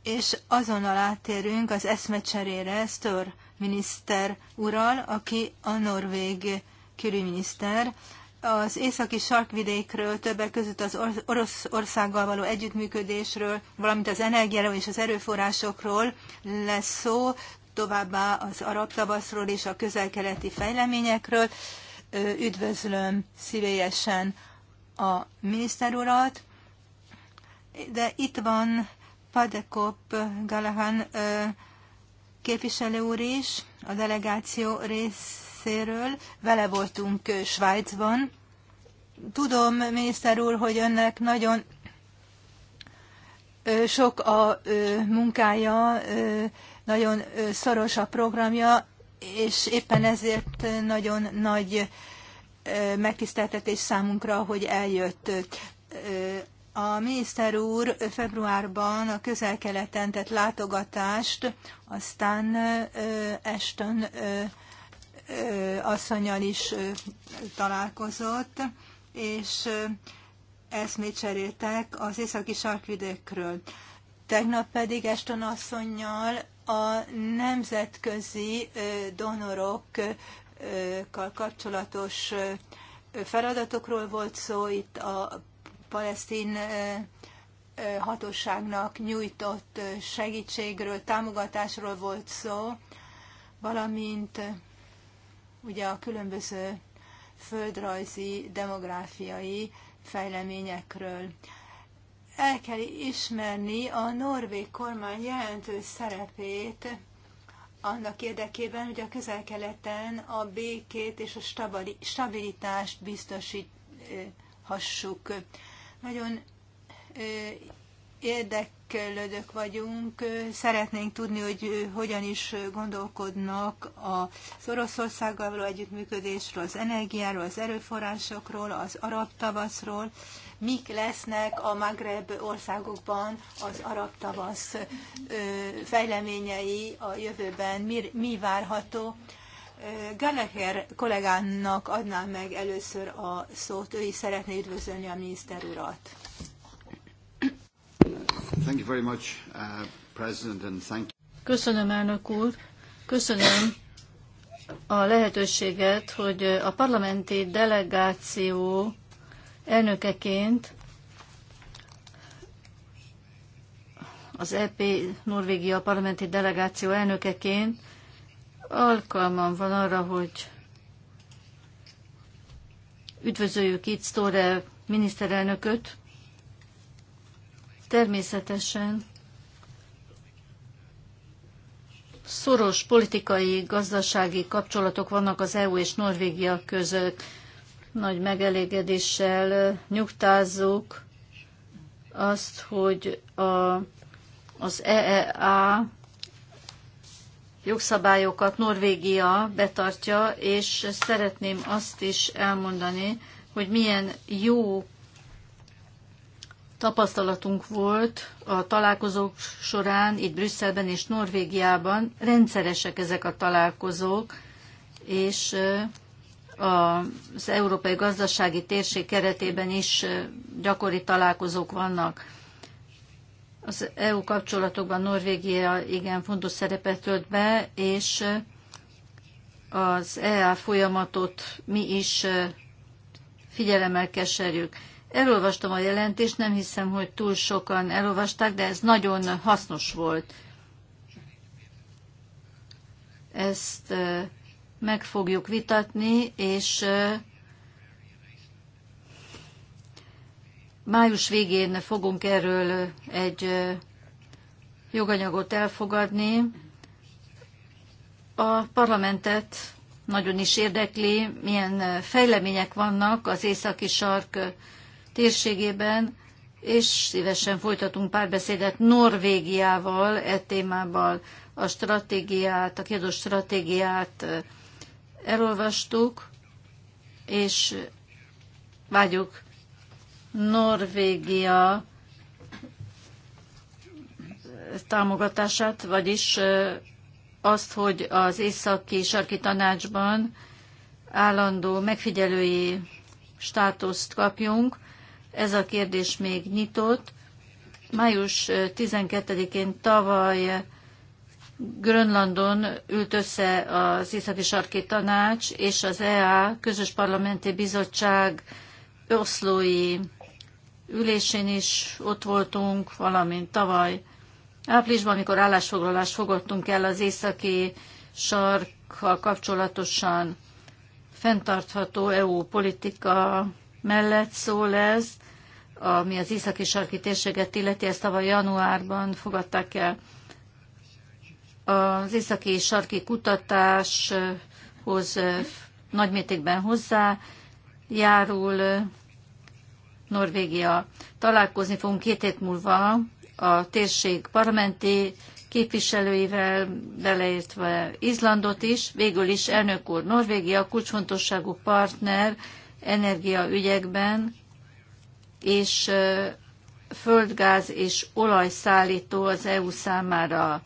És azonnal áttérünk az eszmecserére Sztör miniszter ural, aki a norvég külügyminiszter. Az északi sarkvidékről, többek között az Oroszországgal való együttműködésről, valamint az energiáról és az erőforrásokról lesz szó továbbá az arab tavaszról és a közelkeleti fejleményekről. Üdvözlöm szívélyesen a miniszter urat, de itt van Padekop Galahan képviselő úr is a delegáció részéről. Vele voltunk Svájcban. Tudom, miniszter úr, hogy önnek nagyon sok a munkája, nagyon szoros a programja, és éppen ezért nagyon nagy megtiszteltetés számunkra, hogy eljött. A miniszter úr februárban a közel-keleten tett látogatást, aztán Eston asszonyal is találkozott, és eszmét cseréltek az északi sarkvidékről. Tegnap pedig Eston asszonynal a nemzetközi donorokkal kapcsolatos feladatokról volt szó, itt a palesztin hatóságnak nyújtott segítségről, támogatásról volt szó, valamint ugye a különböző földrajzi, demográfiai fejleményekről el kell ismerni a norvég kormány jelentős szerepét annak érdekében, hogy a közel-keleten a békét és a stabilitást biztosíthassuk. Nagyon érdeklődők vagyunk, szeretnénk tudni, hogy hogyan is gondolkodnak a Oroszországgal való együttműködésről, az energiáról, az erőforrásokról, az arab tavaszról, mik lesznek a Magreb országokban az arab tavasz fejleményei a jövőben, mi, mi várható. Gallagher kollégának adnám meg először a szót, ő is szeretné üdvözölni a miniszter urat. Uh, Köszönöm, elnök úr. Köszönöm a lehetőséget, hogy a parlamenti delegáció elnökeként az EP Norvégia parlamenti delegáció elnökeként alkalmam van arra, hogy üdvözöljük itt Store miniszterelnököt, Természetesen szoros politikai, gazdasági kapcsolatok vannak az EU és Norvégia között. Nagy megelégedéssel nyugtázzuk azt, hogy a, az EEA jogszabályokat Norvégia betartja, és szeretném azt is elmondani, hogy milyen jó tapasztalatunk volt a találkozók során, itt Brüsszelben és Norvégiában, rendszeresek ezek a találkozók, és az Európai Gazdasági Térség keretében is gyakori találkozók vannak. Az EU kapcsolatokban Norvégia igen fontos szerepet tölt be, és az EA folyamatot mi is figyelemmel keserjük. Elolvastam a jelentést, nem hiszem, hogy túl sokan elolvasták, de ez nagyon hasznos volt. Ezt meg fogjuk vitatni, és május végén fogunk erről egy joganyagot elfogadni. A parlamentet nagyon is érdekli, milyen fejlemények vannak az északi sark térségében, és szívesen folytatunk párbeszédet Norvégiával e témában. A stratégiát, a kiadó stratégiát elolvastuk, és vágyuk Norvégia támogatását, vagyis azt, hogy az északi sarki tanácsban állandó megfigyelői státuszt kapjunk, ez a kérdés még nyitott. Május 12-én tavaly Grönlandon ült össze az Északi Sarki Tanács és az EA Közös Parlamenti Bizottság oszlói ülésén is ott voltunk, valamint tavaly áprilisban, amikor állásfoglalást fogadtunk el az északi sarkkal kapcsolatosan fenntartható EU politika mellett szól ez, ami az északi sarki térséget illeti, ezt tavaly januárban fogadták el. Az északi sarki kutatáshoz eh, nagymértékben hozzá járul eh, Norvégia. Találkozni fogunk két hét múlva a térség parlamenti képviselőivel, beleértve Izlandot is. Végül is elnök úr, Norvégia kulcsfontosságú partner energiaügyekben, és földgáz és olajszállító az EU számára.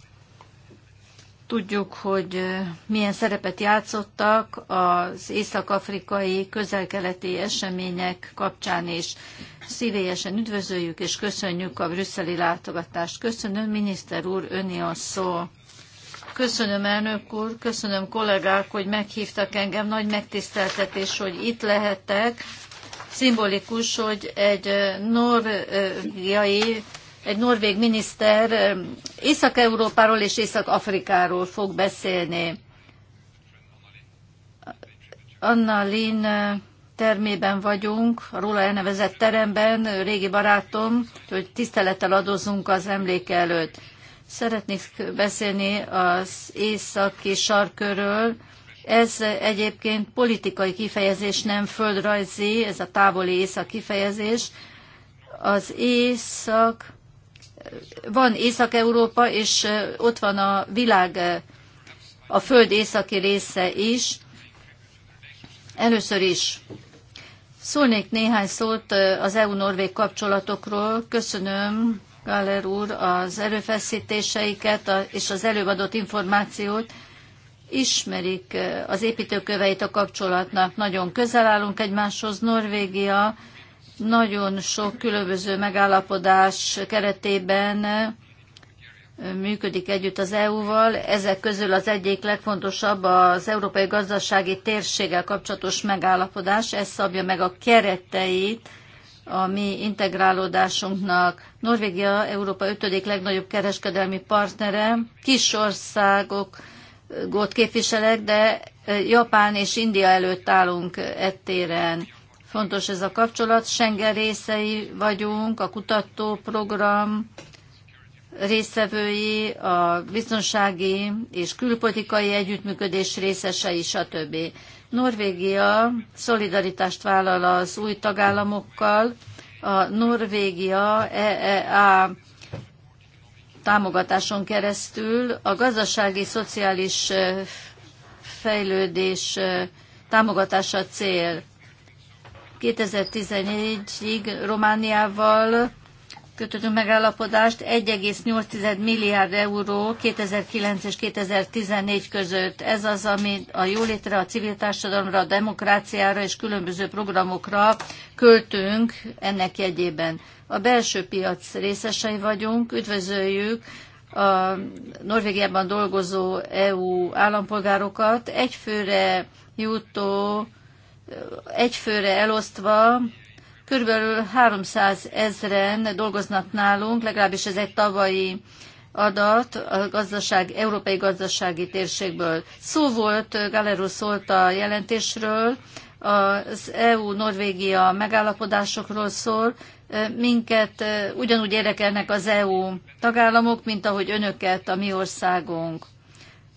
Tudjuk, hogy milyen szerepet játszottak az észak-afrikai közelkeleti események kapcsán és Szívélyesen üdvözöljük és köszönjük a brüsszeli látogatást. Köszönöm, miniszter úr, öné a szó. Köszönöm, elnök úr, köszönöm kollégák, hogy meghívtak engem. Nagy megtiszteltetés, hogy itt lehetek. Szimbolikus, hogy egy norvégiai egy norvég miniszter Észak-Európáról és Észak-Afrikáról fog beszélni. Anna Lin termében vagyunk, a róla elnevezett teremben, régi barátom, hogy tisztelettel adozunk az emléke előtt. Szeretnék beszélni az északi sarkörről. Ez egyébként politikai kifejezés, nem földrajzi, ez a távoli észak kifejezés. Az észak, van Észak-Európa, és ott van a világ, a föld északi része is. Először is szólnék néhány szót az EU-Norvég kapcsolatokról. Köszönöm Galler úr az erőfeszítéseiket és az előadott információt. Ismerik eh, az építőköveit a kapcsolatnak. Nagyon közel állunk egymáshoz. Norvégia nagyon sok különböző megállapodás keretében eh, működik együtt az EU-val. Ezek közül az egyik legfontosabb az Európai Gazdasági Térséggel kapcsolatos megállapodás. Ez szabja meg a kereteit a mi integrálódásunknak. Norvégia Európa ötödik legnagyobb kereskedelmi partnere. Kis országokat képviselek, de Japán és India előtt állunk ettéren. Fontos ez a kapcsolat. Schengen részei vagyunk, a kutatóprogram résztvevői, a biztonsági és külpolitikai együttműködés részesei, stb. Norvégia szolidaritást vállal az új tagállamokkal, a Norvégia EEA támogatáson keresztül a gazdasági szociális fejlődés támogatása cél. 2014-ig Romániával kötöttünk megállapodást 1,8 milliárd euró 2009 és 2014 között. Ez az, ami a jólétre, a civil társadalomra, a demokráciára és különböző programokra költünk ennek jegyében. A belső piac részesei vagyunk, üdvözöljük a Norvégiában dolgozó EU állampolgárokat. Egyfőre jutó, egyfőre elosztva Körülbelül 300 ezeren dolgoznak nálunk, legalábbis ez egy tavalyi adat a gazdaság, európai gazdasági térségből. Szó volt, Galero szólt a jelentésről, az EU-Norvégia megállapodásokról szól, minket eh, ugyanúgy érdekelnek az EU tagállamok, mint ahogy önöket a mi országunk.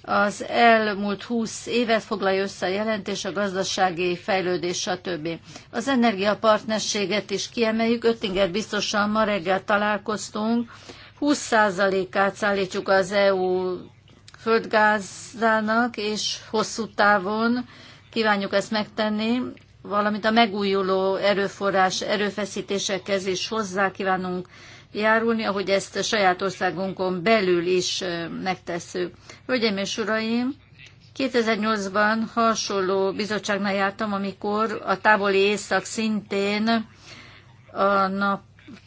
Az elmúlt 20 évet foglalja össze a jelentés, a gazdasági fejlődés, stb. Az energiapartnerséget is kiemeljük. Öttinger biztosan ma reggel találkoztunk. 20%-át szállítjuk az EU földgázának, és hosszú távon kívánjuk ezt megtenni, valamint a megújuló erőforrás erőfeszítésekhez is hozzá kívánunk járulni, ahogy ezt a saját országunkon belül is megtesző. Hölgyeim és uraim, 2008-ban hasonló bizottságnál jártam, amikor a távoli éjszak szintén a nap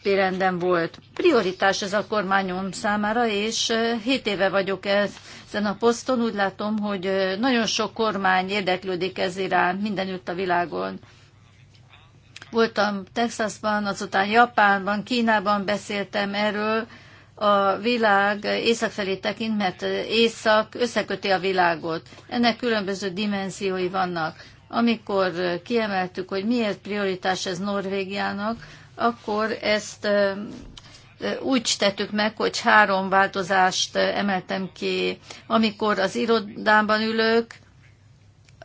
napirenden volt. Prioritás ez a kormányom számára, és 7 éve vagyok ezen a poszton. Úgy látom, hogy nagyon sok kormány érdeklődik ez iránt mindenütt a világon. Voltam Texasban, azután Japánban, Kínában beszéltem erről, a világ észak felé tekint, mert észak összeköti a világot. Ennek különböző dimenziói vannak. Amikor kiemeltük, hogy miért prioritás ez Norvégiának, akkor ezt úgy tettük meg, hogy három változást emeltem ki. Amikor az irodámban ülök,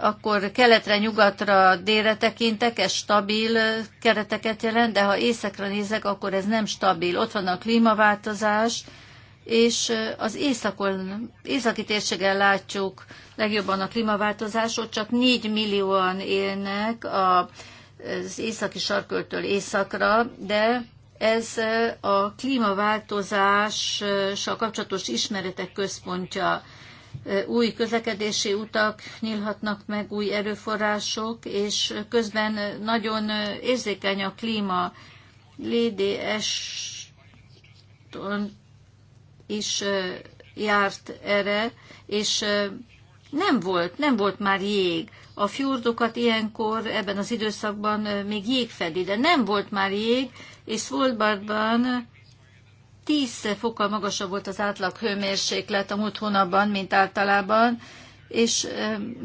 akkor keletre, nyugatra, délre tekintek, ez stabil kereteket jelent, de ha északra nézek, akkor ez nem stabil. Ott van a klímaváltozás, és az északon, északi térségen látjuk legjobban a klímaváltozás, ott csak 4 millióan élnek az északi sarköltől északra, de ez a klímaváltozással kapcsolatos ismeretek központja új közlekedési utak nyílhatnak meg, új erőforrások, és közben nagyon érzékeny a klíma. Ashton is járt erre, és nem volt, nem volt már jég. A fjordokat ilyenkor, ebben az időszakban még jég fedi, de nem volt már jég, és Svoldbardban 10 fokkal magasabb volt az átlag hőmérséklet a múlt hónapban, mint általában, és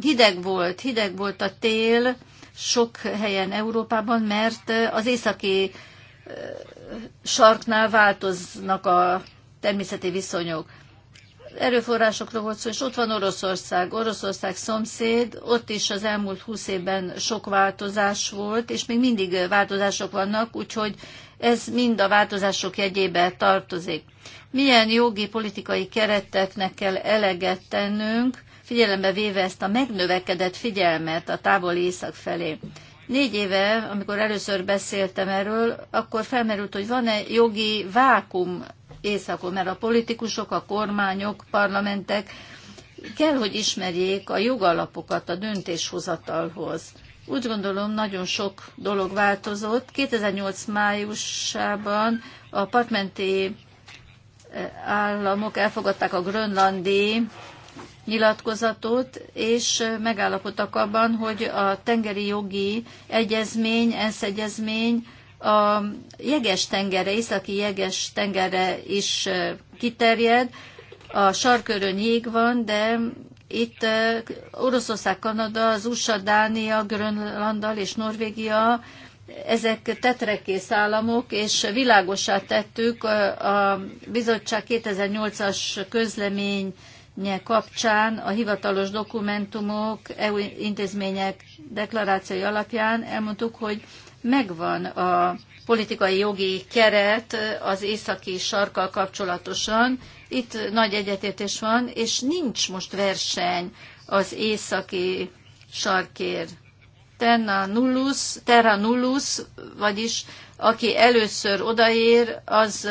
hideg volt, hideg volt a tél sok helyen Európában, mert az északi sarknál változnak a természeti viszonyok. Erőforrásokról volt szó, és ott van Oroszország. Oroszország szomszéd, ott is az elmúlt húsz évben sok változás volt, és még mindig változások vannak, úgyhogy ez mind a változások jegyébe tartozik. Milyen jogi politikai kereteknek kell eleget tennünk, figyelembe véve ezt a megnövekedett figyelmet a távoli észak felé. Négy éve, amikor először beszéltem erről, akkor felmerült, hogy van-e jogi vákum északon, mert a politikusok, a kormányok, parlamentek kell, hogy ismerjék a jogalapokat a döntéshozatalhoz. Úgy gondolom, nagyon sok dolog változott. 2008 májusában a partmenti eh, államok elfogadták a grönlandi nyilatkozatot, és eh, megállapodtak abban, hogy a tengeri jogi egyezmény, ENSZ egyezmény a jeges tengerre, északi jeges tengerre is eh, kiterjed. A sarkörön jég van, de itt Oroszország, Kanada, az USA, Dánia, Grönlandal és Norvégia, ezek tetrekész államok, és világosá tettük a bizottság 2008-as közlemény kapcsán a hivatalos dokumentumok, EU intézmények deklarációi alapján elmondtuk, hogy megvan a politikai jogi keret az északi sarkkal kapcsolatosan. Itt nagy egyetértés van, és nincs most verseny az északi sarkér. Terra nullus, terra nullus, vagyis aki először odaér, az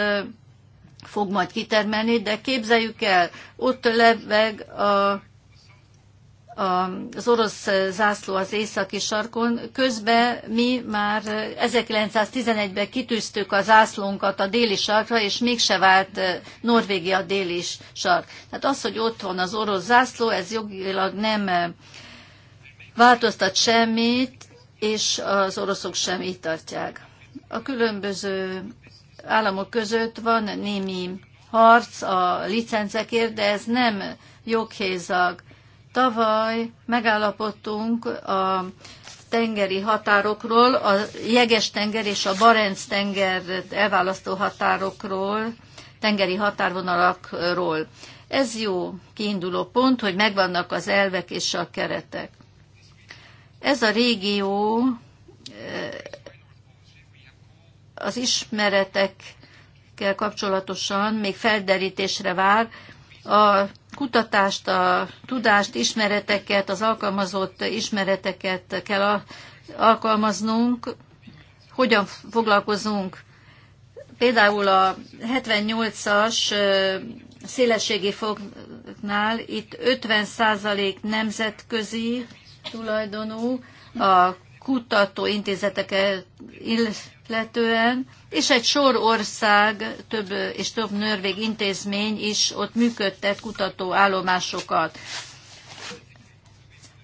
fog majd kitermelni, de képzeljük el, ott leveg a az orosz zászló az északi sarkon, közben mi már 1911-ben kitűztük a zászlónkat a déli sarkra, és mégse vált eh, Norvégia déli sark. Tehát az, hogy ott van az orosz zászló, ez jogilag nem eh, változtat semmit, és az oroszok sem így tartják. A különböző államok között van némi harc a licencekért, de ez nem joghézag Tavaly megállapodtunk a tengeri határokról, a jeges tenger és a Barenc tenger elválasztó határokról, tengeri határvonalakról. Ez jó kiinduló pont, hogy megvannak az elvek és a keretek. Ez a régió eh, az ismeretekkel kapcsolatosan még felderítésre vár. A kutatást, a tudást, ismereteket, az alkalmazott ismereteket kell alkalmaznunk, hogyan foglalkozunk például a 78-as szélességi fognál itt 50% nemzetközi tulajdonú, a kutatóintézeteket illetően, és egy sor ország, több és több nörvég intézmény is ott működtet kutató állomásokat.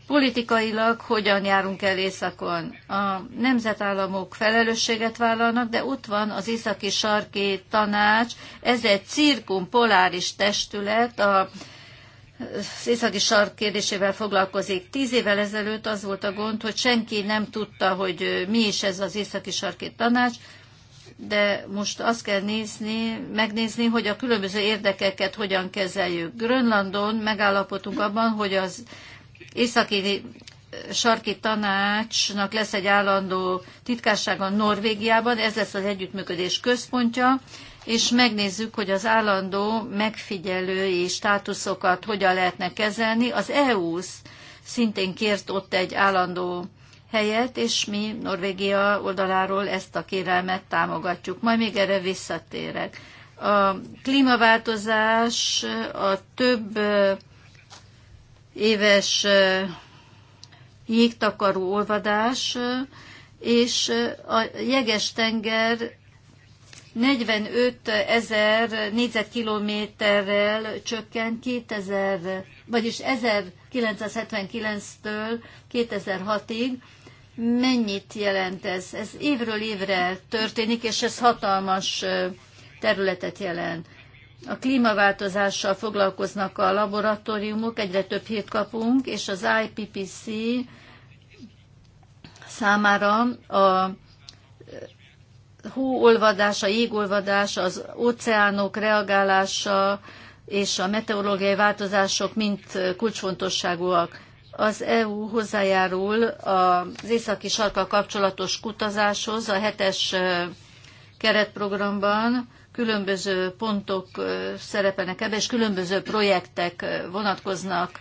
Politikailag hogyan járunk el északon? A nemzetállamok felelősséget vállalnak, de ott van az északi sarki tanács, ez egy cirkumpoláris testület, a az északi sark kérdésével foglalkozik. Tíz évvel ezelőtt az volt a gond, hogy senki nem tudta, hogy mi is ez az északi sarki tanács, de most azt kell nézni, megnézni, hogy a különböző érdekeket hogyan kezeljük. Grönlandon megállapodtunk abban, hogy az északi sarki tanácsnak lesz egy állandó titkársága Norvégiában, ez lesz az együttműködés központja, és megnézzük, hogy az állandó megfigyelői státuszokat hogyan lehetne kezelni. Az EU szintén kért ott egy állandó helyet, és mi Norvégia oldaláról ezt a kérelmet támogatjuk. Majd még erre visszatérek. A klímaváltozás, a több éves jégtakaró olvadás, és a jeges tenger 45 ezer négyzetkilométerrel csökken 2000, vagyis 1979-től 2006-ig. Mennyit jelent ez? Ez évről évre történik, és ez hatalmas területet jelent. A klímaváltozással foglalkoznak a laboratóriumok, egyre több hírt kapunk, és az IPPC számára a hóolvadása, jégolvadása, az óceánok reagálása és a meteorológiai változások mind kulcsfontosságúak. Az EU hozzájárul az északi sarkkal kapcsolatos kutazáshoz a hetes keretprogramban, különböző pontok szerepelnek ebbe, és különböző projektek vonatkoznak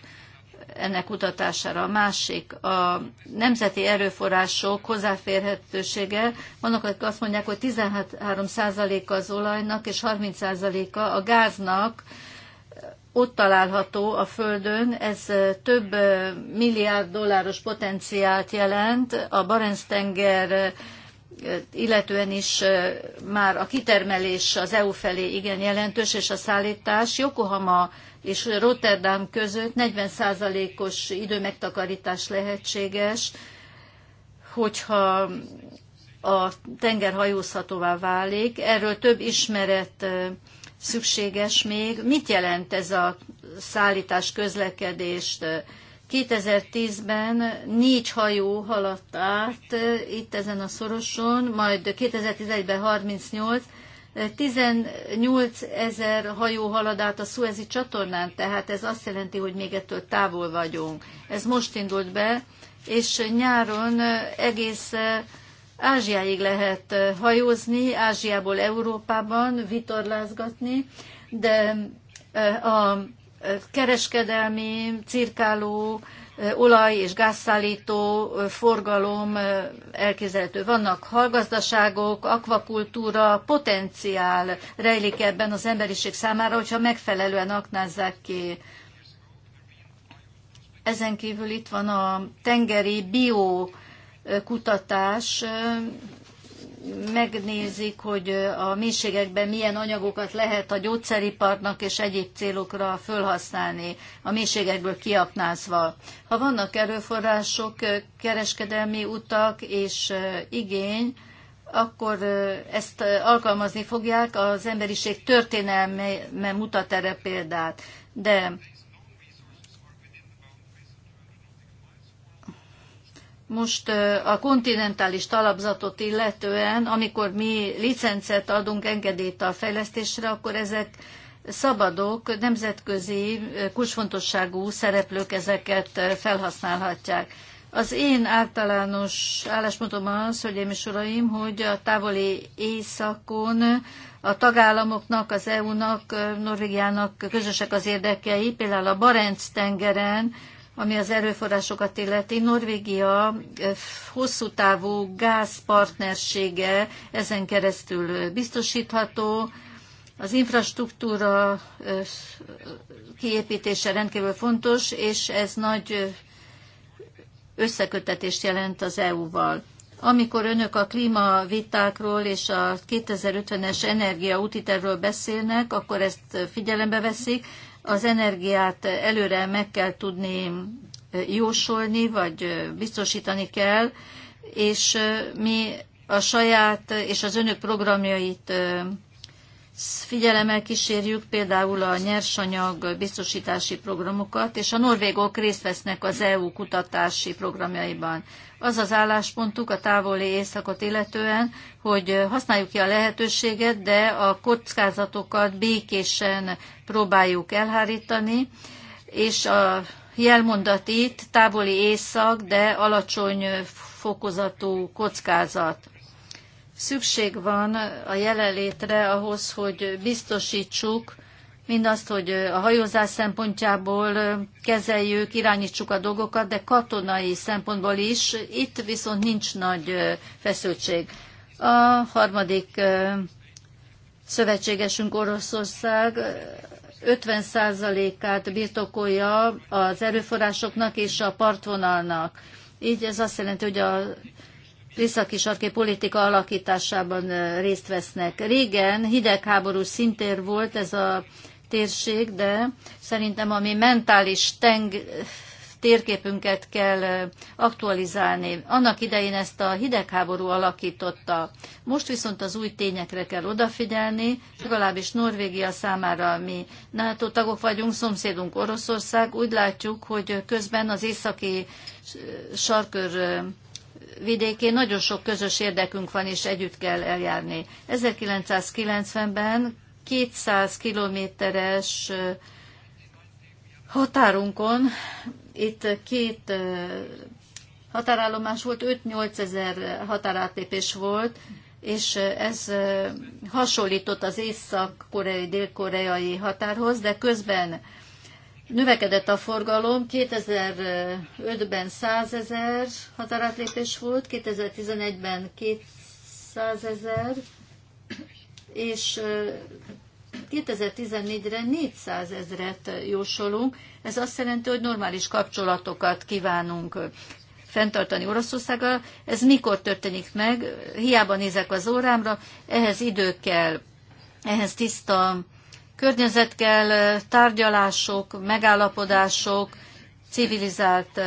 ennek kutatására. A másik, a nemzeti erőforrások hozzáférhetősége. Vannak, akik azt mondják, hogy 13%-a az olajnak és 30%-a a gáznak ott található a Földön, ez több milliárd dolláros potenciált jelent. A Barents-tenger illetően is már a kitermelés az EU felé igen jelentős, és a szállítás. Yokohama és Rotterdam között 40%-os időmegtakarítás lehetséges, hogyha a tenger hajózhatóvá válik. Erről több ismeret szükséges még. Mit jelent ez a szállítás közlekedést? 2010-ben négy hajó haladt át itt ezen a szoroson, majd 2011-ben 38, 18 ezer hajó halad át a Suezi csatornán, tehát ez azt jelenti, hogy még ettől távol vagyunk. Ez most indult be, és nyáron egész Ázsiáig lehet hajózni, Ázsiából Európában vitorlázgatni, de a kereskedelmi, cirkáló, olaj- és gázszállító forgalom elképzelhető. Vannak hallgazdaságok, akvakultúra, potenciál rejlik ebben az emberiség számára, hogyha megfelelően aknázzák ki. Ezen kívül itt van a tengeri biokutatás, megnézik, hogy a mélységekben milyen anyagokat lehet a gyógyszeriparnak és egyéb célokra felhasználni, a mélységekből kiaknázva. Ha vannak erőforrások, kereskedelmi utak és igény, akkor ezt alkalmazni fogják az emberiség történelme mutat erre példát. De Most a kontinentális talapzatot illetően, amikor mi licencet adunk, engedélyt a fejlesztésre, akkor ezek szabadok, nemzetközi kulcsfontosságú szereplők ezeket felhasználhatják. Az én általános álláspontom az, hogy én is uraim, hogy a távoli éjszakon a tagállamoknak, az EU-nak, Norvégiának közösek az érdekei, például a Barents tengeren, ami az erőforrásokat illeti. Norvégia eh, hosszú távú gázpartnersége ezen keresztül biztosítható. Az infrastruktúra eh, kiépítése rendkívül fontos, és ez nagy eh, összekötetést jelent az EU-val. Amikor önök a klímavitákról és a 2050-es energia beszélnek, akkor ezt figyelembe veszik, az energiát előre meg kell tudni jósolni, vagy biztosítani kell, és mi a saját és az önök programjait figyelemmel kísérjük például a nyersanyag biztosítási programokat, és a norvégok részt vesznek az EU kutatási programjaiban. Az az álláspontuk a távoli éjszakot illetően, hogy használjuk ki a lehetőséget, de a kockázatokat békésen próbáljuk elhárítani, és a jelmondat itt távoli éjszak, de alacsony fokozatú kockázat szükség van a jelenlétre ahhoz, hogy biztosítsuk mindazt, hogy a hajózás szempontjából kezeljük, irányítsuk a dolgokat, de katonai szempontból is. Itt viszont nincs nagy feszültség. A harmadik szövetségesünk Oroszország 50%-át birtokolja az erőforrásoknak és a partvonalnak. Így ez azt jelenti, hogy a északi sarki politika alakításában részt vesznek. Régen hidegháború szintér volt ez a térség, de szerintem a mi mentális teng térképünket kell aktualizálni. Annak idején ezt a hidegháború alakította. Most viszont az új tényekre kell odafigyelni, legalábbis Norvégia számára mi NATO tagok vagyunk, szomszédunk Oroszország, úgy látjuk, hogy közben az északi sarkör vidékén nagyon sok közös érdekünk van, és együtt kell eljárni. 1990-ben 200 kilométeres határunkon, itt két határállomás volt, 5-8 ezer határátlépés volt, és ez hasonlított az észak-koreai, dél-koreai határhoz, de közben Növekedett a forgalom, 2005-ben 100 ezer határátlépés volt, 2011-ben 200 ezer, és 2014-re 400 ezeret jósolunk. Ez azt jelenti, hogy normális kapcsolatokat kívánunk fenntartani Oroszországgal. Ez mikor történik meg? Hiába nézek az órámra, ehhez idő kell, ehhez tiszta környezet kell, tárgyalások, megállapodások, civilizált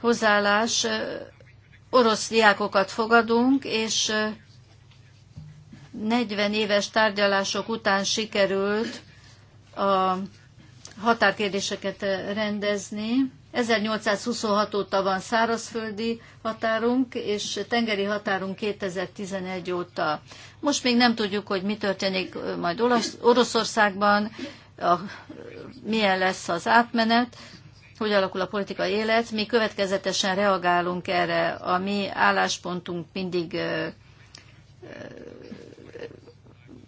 hozzáállás. Orosz diákokat fogadunk, és 40 éves tárgyalások után sikerült a határkérdéseket rendezni 1826 óta van szárazföldi határunk, és tengeri határunk 2011 óta. Most még nem tudjuk, hogy mi történik majd Oroszországban, a, milyen lesz az átmenet, hogy alakul a politikai élet. Mi következetesen reagálunk erre. A mi álláspontunk mindig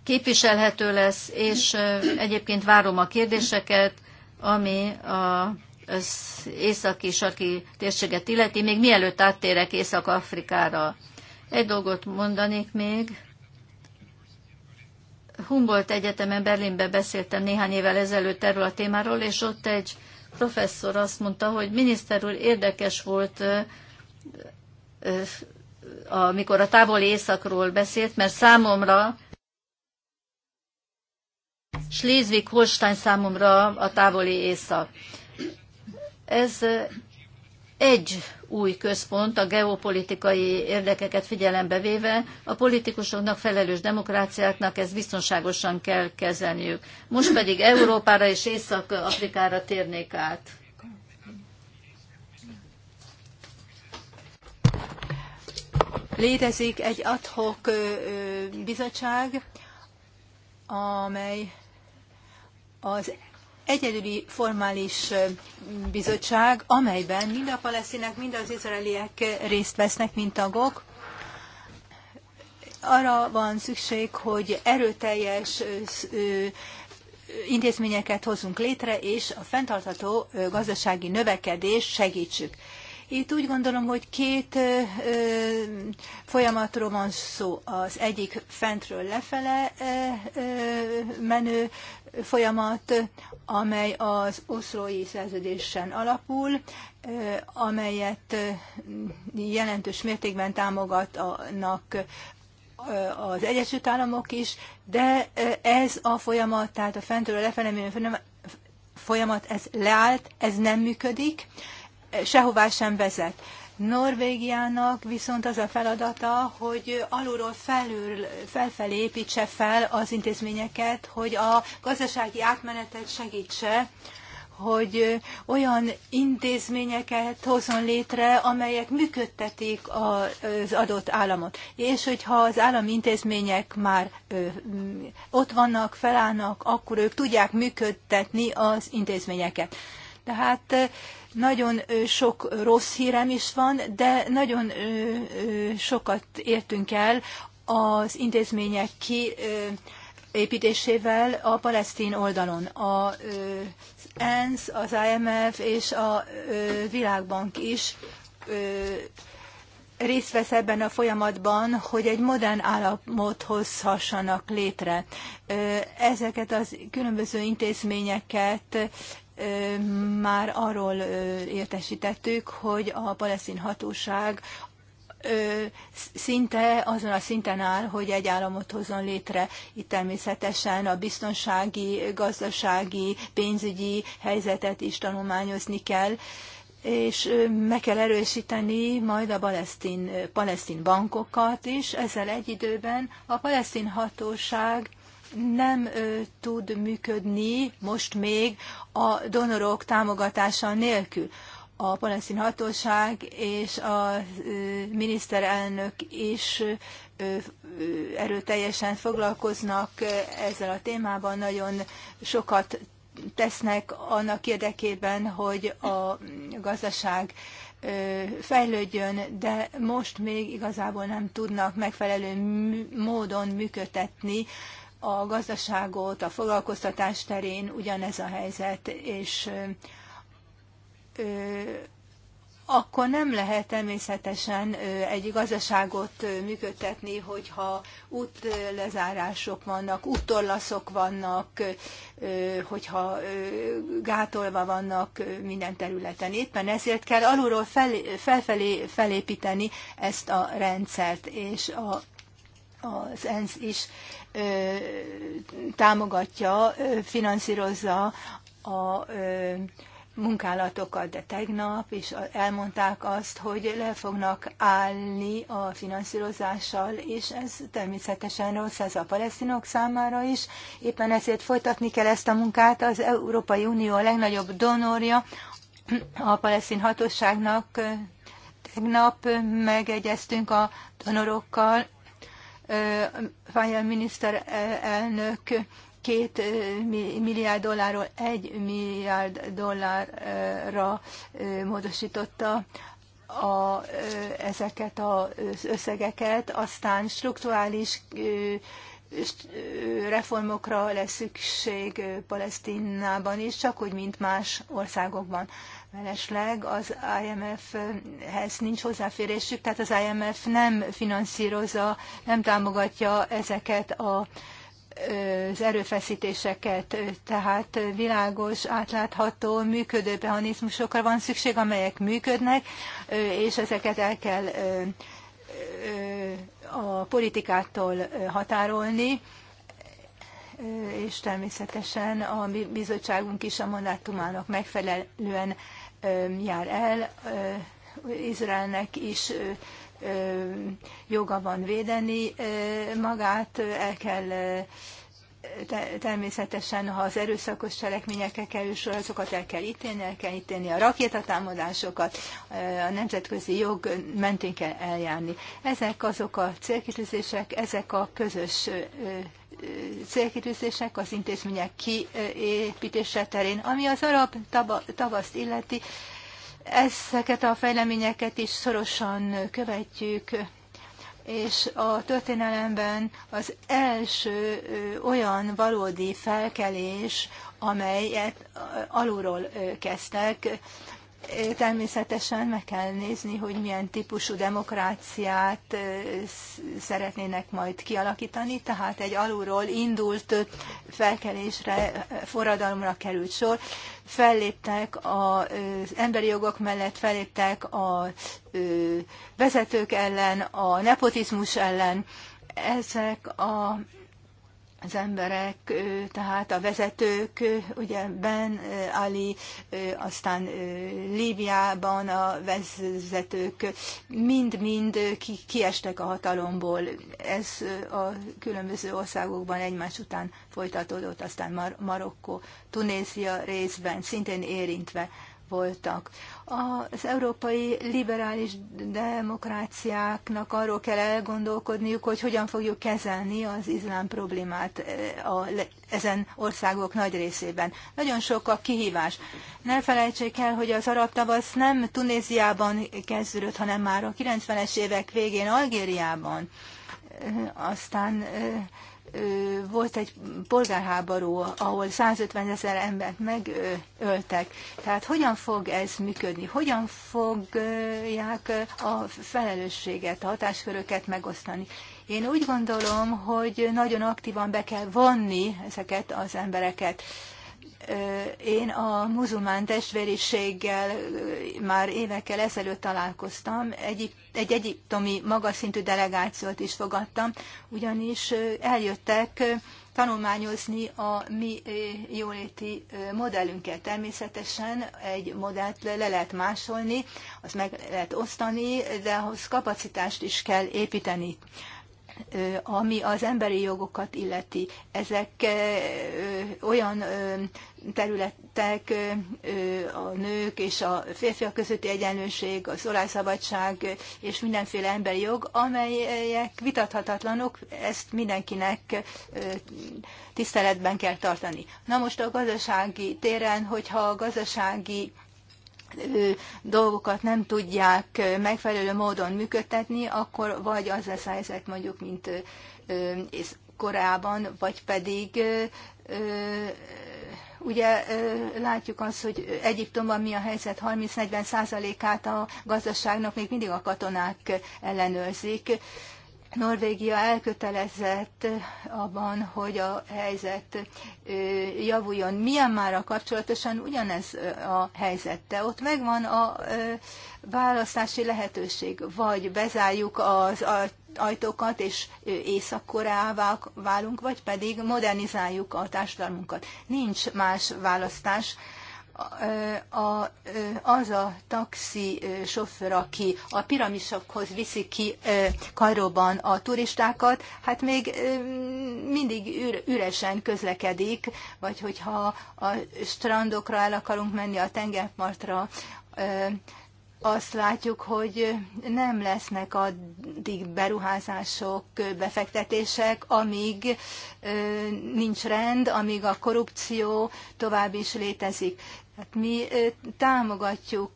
képviselhető lesz, és egyébként várom a kérdéseket, ami a az északi sarki térséget illeti, még mielőtt áttérek Észak-Afrikára. Egy dolgot mondanék még. Humboldt Egyetemen Berlinben beszéltem néhány évvel ezelőtt erről a témáról, és ott egy professzor azt mondta, hogy miniszter úr érdekes volt, amikor a távoli északról beszélt, mert számomra Schleswig-Holstein számomra a távoli észak. Ez egy új központ a geopolitikai érdekeket figyelembe véve, a politikusoknak, felelős demokráciáknak ezt biztonságosan kell kezelniük. Most pedig Európára és Észak-Afrikára térnék át. Létezik egy adhok bizottság, amely az egyedüli formális bizottság, amelyben mind a palesztinek, mind az izraeliek részt vesznek, mint tagok. Arra van szükség, hogy erőteljes intézményeket hozunk létre, és a fenntartható gazdasági növekedést segítsük. Itt úgy gondolom, hogy két ö, folyamatról van szó. Az egyik fentről lefele ö, ö, menő folyamat, amely az oszlói szerződésen alapul, amelyet jelentős mértékben támogatnak az Egyesült Államok is, de ez a folyamat, tehát a fentről lefelé folyamat, ez leállt, ez nem működik, sehová sem vezet. Norvégiának viszont az a feladata, hogy alulról felül, felfelé építse fel az intézményeket, hogy a gazdasági átmenetet segítse, hogy olyan intézményeket hozzon létre, amelyek működtetik az adott államot. És hogyha az állami intézmények már ott vannak, felállnak, akkor ők tudják működtetni az intézményeket. Tehát nagyon sok rossz hírem is van, de nagyon sokat értünk el az intézmények építésével a palesztin oldalon. A ENSZ, az IMF és a Világbank is részt vesz ebben a folyamatban, hogy egy modern államot hozhassanak létre. Ezeket az különböző intézményeket már arról értesítettük, hogy a palesztin hatóság szinte azon a szinten áll, hogy egy államot hozzon létre. Itt természetesen a biztonsági, gazdasági, pénzügyi helyzetet is tanulmányozni kell, és meg kell erősíteni majd a palesztin, palesztin bankokat is. Ezzel egy időben a palesztin hatóság nem tud működni most még a donorok támogatása nélkül. A palesztin hatóság és a miniszterelnök is erőteljesen foglalkoznak ezzel a témában, nagyon sokat tesznek annak érdekében, hogy a gazdaság fejlődjön, de most még igazából nem tudnak megfelelő módon működtetni a gazdaságot, a foglalkoztatás terén ugyanez a helyzet, és akkor nem lehet természetesen egy gazdaságot működtetni, hogyha útlezárások vannak, úttorlaszok vannak, hogyha gátolva vannak minden területen. Éppen ezért kell alulról fel, felfelé felépíteni ezt a rendszert, és a az ENSZ is ö, támogatja, ö, finanszírozza a ö, munkálatokat, de tegnap is elmondták azt, hogy le fognak állni a finanszírozással, és ez természetesen rossz ez a palesztinok számára is. Éppen ezért folytatni kell ezt a munkát. Az Európai Unió a legnagyobb donorja a palesztin hatóságnak. Tegnap megegyeztünk a donorokkal, Fájel elnök két milliárd dollárról egy milliárd dollárra módosította a, ezeket az összegeket, aztán struktúrális reformokra lesz szükség Palesztinában is, csak úgy, mint más országokban felesleg, az IMF-hez nincs hozzáférésük, tehát az IMF nem finanszírozza, nem támogatja ezeket a az erőfeszítéseket, tehát világos, átlátható, működő mechanizmusokra van szükség, amelyek működnek, és ezeket el kell a politikától határolni, és természetesen a bizottságunk is a mandátumának megfelelően jár el, Izraelnek is joga van védeni magát, el kell természetesen, ha az erőszakos cselekményekkel kerül sor, azokat el kell ítélni, el kell ítélni a rakétatámadásokat, a nemzetközi jog mentén kell eljárni. Ezek azok a célkitűzések, ezek a közös célkitűzések az intézmények kiépítése terén. Ami az arab tavaszt illeti, ezeket a fejleményeket is szorosan követjük, és a történelemben az első olyan valódi felkelés, amelyet alulról kezdtek, Természetesen meg kell nézni, hogy milyen típusú demokráciát szeretnének majd kialakítani, tehát egy alulról indult felkelésre, forradalomra került sor. Felléptek az emberi jogok mellett, felléptek a vezetők ellen, a nepotizmus ellen. Ezek a az emberek, tehát a vezetők, ugye Ben Ali, aztán Líbiában a vezetők mind-mind kiestek a hatalomból. Ez a különböző országokban egymás után folytatódott, aztán Mar- Marokkó, Tunézia részben szintén érintve voltak. Az európai liberális demokráciáknak arról kell elgondolkodniuk, hogy hogyan fogjuk kezelni az izlám problémát eh, a, ezen országok nagy részében. Nagyon sok a kihívás. Ne felejtsék el, hogy az arab tavasz nem Tunéziában kezdődött, hanem már a 90-es évek végén Algériában. Eh, aztán eh, volt egy polgárháború, ahol 150 ezer embert megöltek. Tehát hogyan fog ez működni? Hogyan fogják a felelősséget, a hatásköröket megosztani? Én úgy gondolom, hogy nagyon aktívan be kell vonni ezeket az embereket én a muzulmán testvériséggel már évekkel ezelőtt találkoztam, egy, egy egyiptomi magas szintű delegációt is fogadtam, ugyanis eljöttek tanulmányozni a mi jóléti modellünket. Természetesen egy modellt le lehet másolni, azt meg lehet osztani, de ahhoz kapacitást is kell építeni ami az emberi jogokat illeti. Ezek olyan területek, a nők és a férfiak közötti egyenlőség, a szólásszabadság és mindenféle emberi jog, amelyek vitathatatlanok, ezt mindenkinek tiszteletben kell tartani. Na most a gazdasági téren, hogyha a gazdasági dolgokat nem tudják megfelelő módon működtetni, akkor vagy az lesz a helyzet mondjuk, mint korábban, vagy pedig ugye látjuk azt, hogy Egyiptomban mi a helyzet, 30-40 százalékát a gazdaságnak még mindig a katonák ellenőrzik. Norvégia elkötelezett abban, hogy a helyzet javuljon. Milyen már a kapcsolatosan ugyanez a helyzette. Ott megvan a választási lehetőség. Vagy bezárjuk az ajtókat, és északkorává válunk, vagy pedig modernizáljuk a társadalmunkat. Nincs más választás a, az a taxi sofőr, aki a piramisokhoz viszi ki Kairóban a turistákat, hát még mindig üresen közlekedik, vagy hogyha a strandokra el akarunk menni, a tengerpartra, azt látjuk, hogy nem lesznek addig beruházások, befektetések, amíg nincs rend, amíg a korrupció tovább is létezik. Hát mi támogatjuk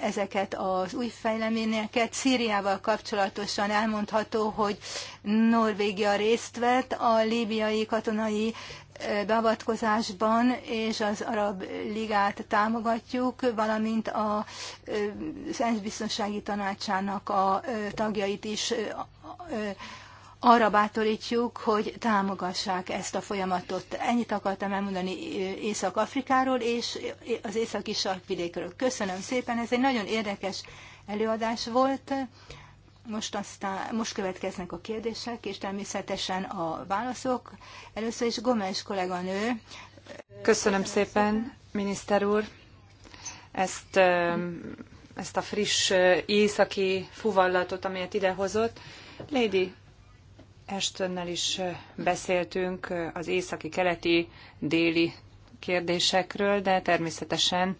ezeket az új fejleményeket. Szíriával kapcsolatosan elmondható, hogy Norvégia részt vett a líbiai katonai beavatkozásban, és az Arab Ligát támogatjuk, valamint a, az biztonsági tanácsának a tagjait is arra bátorítjuk, hogy támogassák ezt a folyamatot. Ennyit akartam elmondani Észak-Afrikáról és az északi sarkvidékről. Köszönöm szépen, ez egy nagyon érdekes előadás volt. Most, aztán, most következnek a kérdések, és természetesen a válaszok. Először is Gomes kolléganő. Köszönöm szépen, miniszter úr, ezt, ezt a friss északi fuvallatot, amelyet idehozott. Lady Estönnel is beszéltünk az északi-keleti déli kérdésekről, de természetesen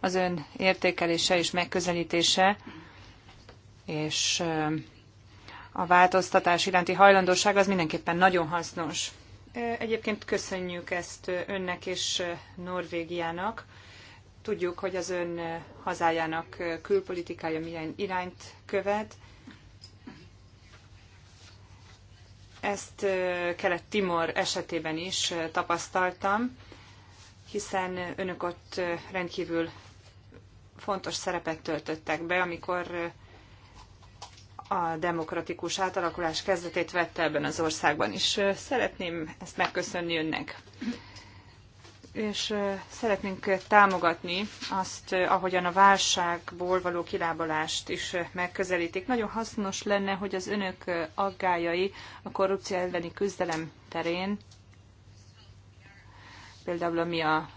az ön értékelése és megközelítése és a változtatás iránti hajlandóság az mindenképpen nagyon hasznos. Egyébként köszönjük ezt önnek és Norvégiának. Tudjuk, hogy az ön hazájának külpolitikája milyen irányt követ, Ezt Kelet-Timor esetében is tapasztaltam, hiszen önök ott rendkívül fontos szerepet töltöttek be, amikor a demokratikus átalakulás kezdetét vette ebben az országban is. Szeretném ezt megköszönni önnek és szeretnénk támogatni azt, ahogyan a válságból való kilábalást is megközelítik. Nagyon hasznos lenne, hogy az önök aggájai a korrupció elleni küzdelem terén, például ami a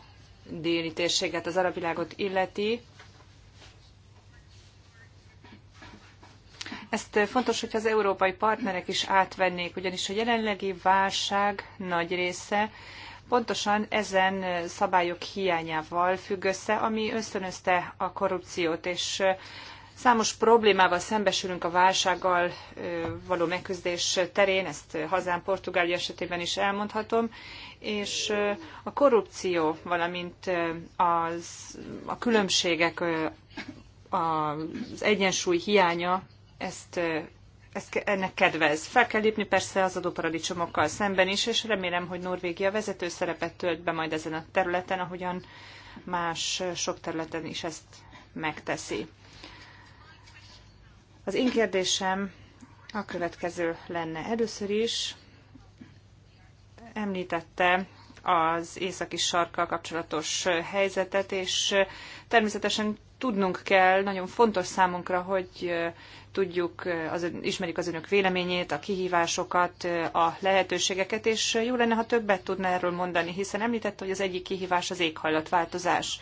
déli térséget, az arab világot illeti, Ezt fontos, hogy az európai partnerek is átvennék, ugyanis a jelenlegi válság nagy része pontosan ezen szabályok hiányával függ össze, ami ösztönözte a korrupciót, és Számos problémával szembesülünk a válsággal való megküzdés terén, ezt hazám Portugália esetében is elmondhatom, és a korrupció, valamint az, a különbségek, az egyensúly hiánya ezt ez, ennek kedvez. Fel kell lépni persze az adóparadicsomokkal szemben is, és remélem, hogy Norvégia vezető szerepet tölt be majd ezen a területen, ahogyan más eh, sok területen is ezt megteszi. Az én kérdésem a következő lenne. Először is említette az északi sarkkal kapcsolatos helyzetet, és eh, természetesen tudnunk kell, nagyon fontos számunkra, hogy tudjuk, az, ismerjük az önök véleményét, a kihívásokat, a lehetőségeket, és jó lenne, ha többet tudna erről mondani, hiszen említette, hogy az egyik kihívás az éghajlatváltozás.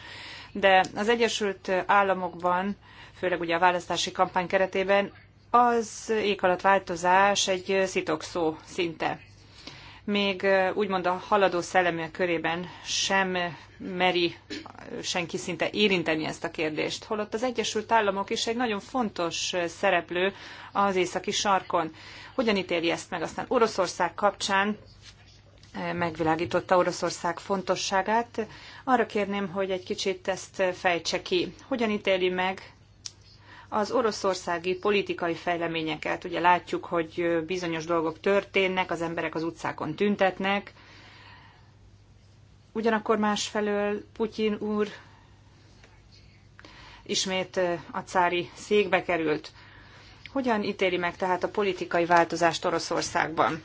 De az Egyesült Államokban, főleg ugye a választási kampány keretében, az éghajlatváltozás egy szitokszó szinte még úgymond a haladó szelleműek körében sem meri senki szinte érinteni ezt a kérdést. Holott az Egyesült Államok is egy nagyon fontos szereplő az északi sarkon. Hogyan ítéli ezt meg aztán Oroszország kapcsán? megvilágította Oroszország fontosságát. Arra kérném, hogy egy kicsit ezt fejtse ki. Hogyan ítéli meg az oroszországi politikai fejleményeket. Ugye látjuk, hogy bizonyos dolgok történnek, az emberek az utcákon tüntetnek. Ugyanakkor másfelől Putyin úr ismét a cári székbe került. Hogyan ítéli meg tehát a politikai változást Oroszországban?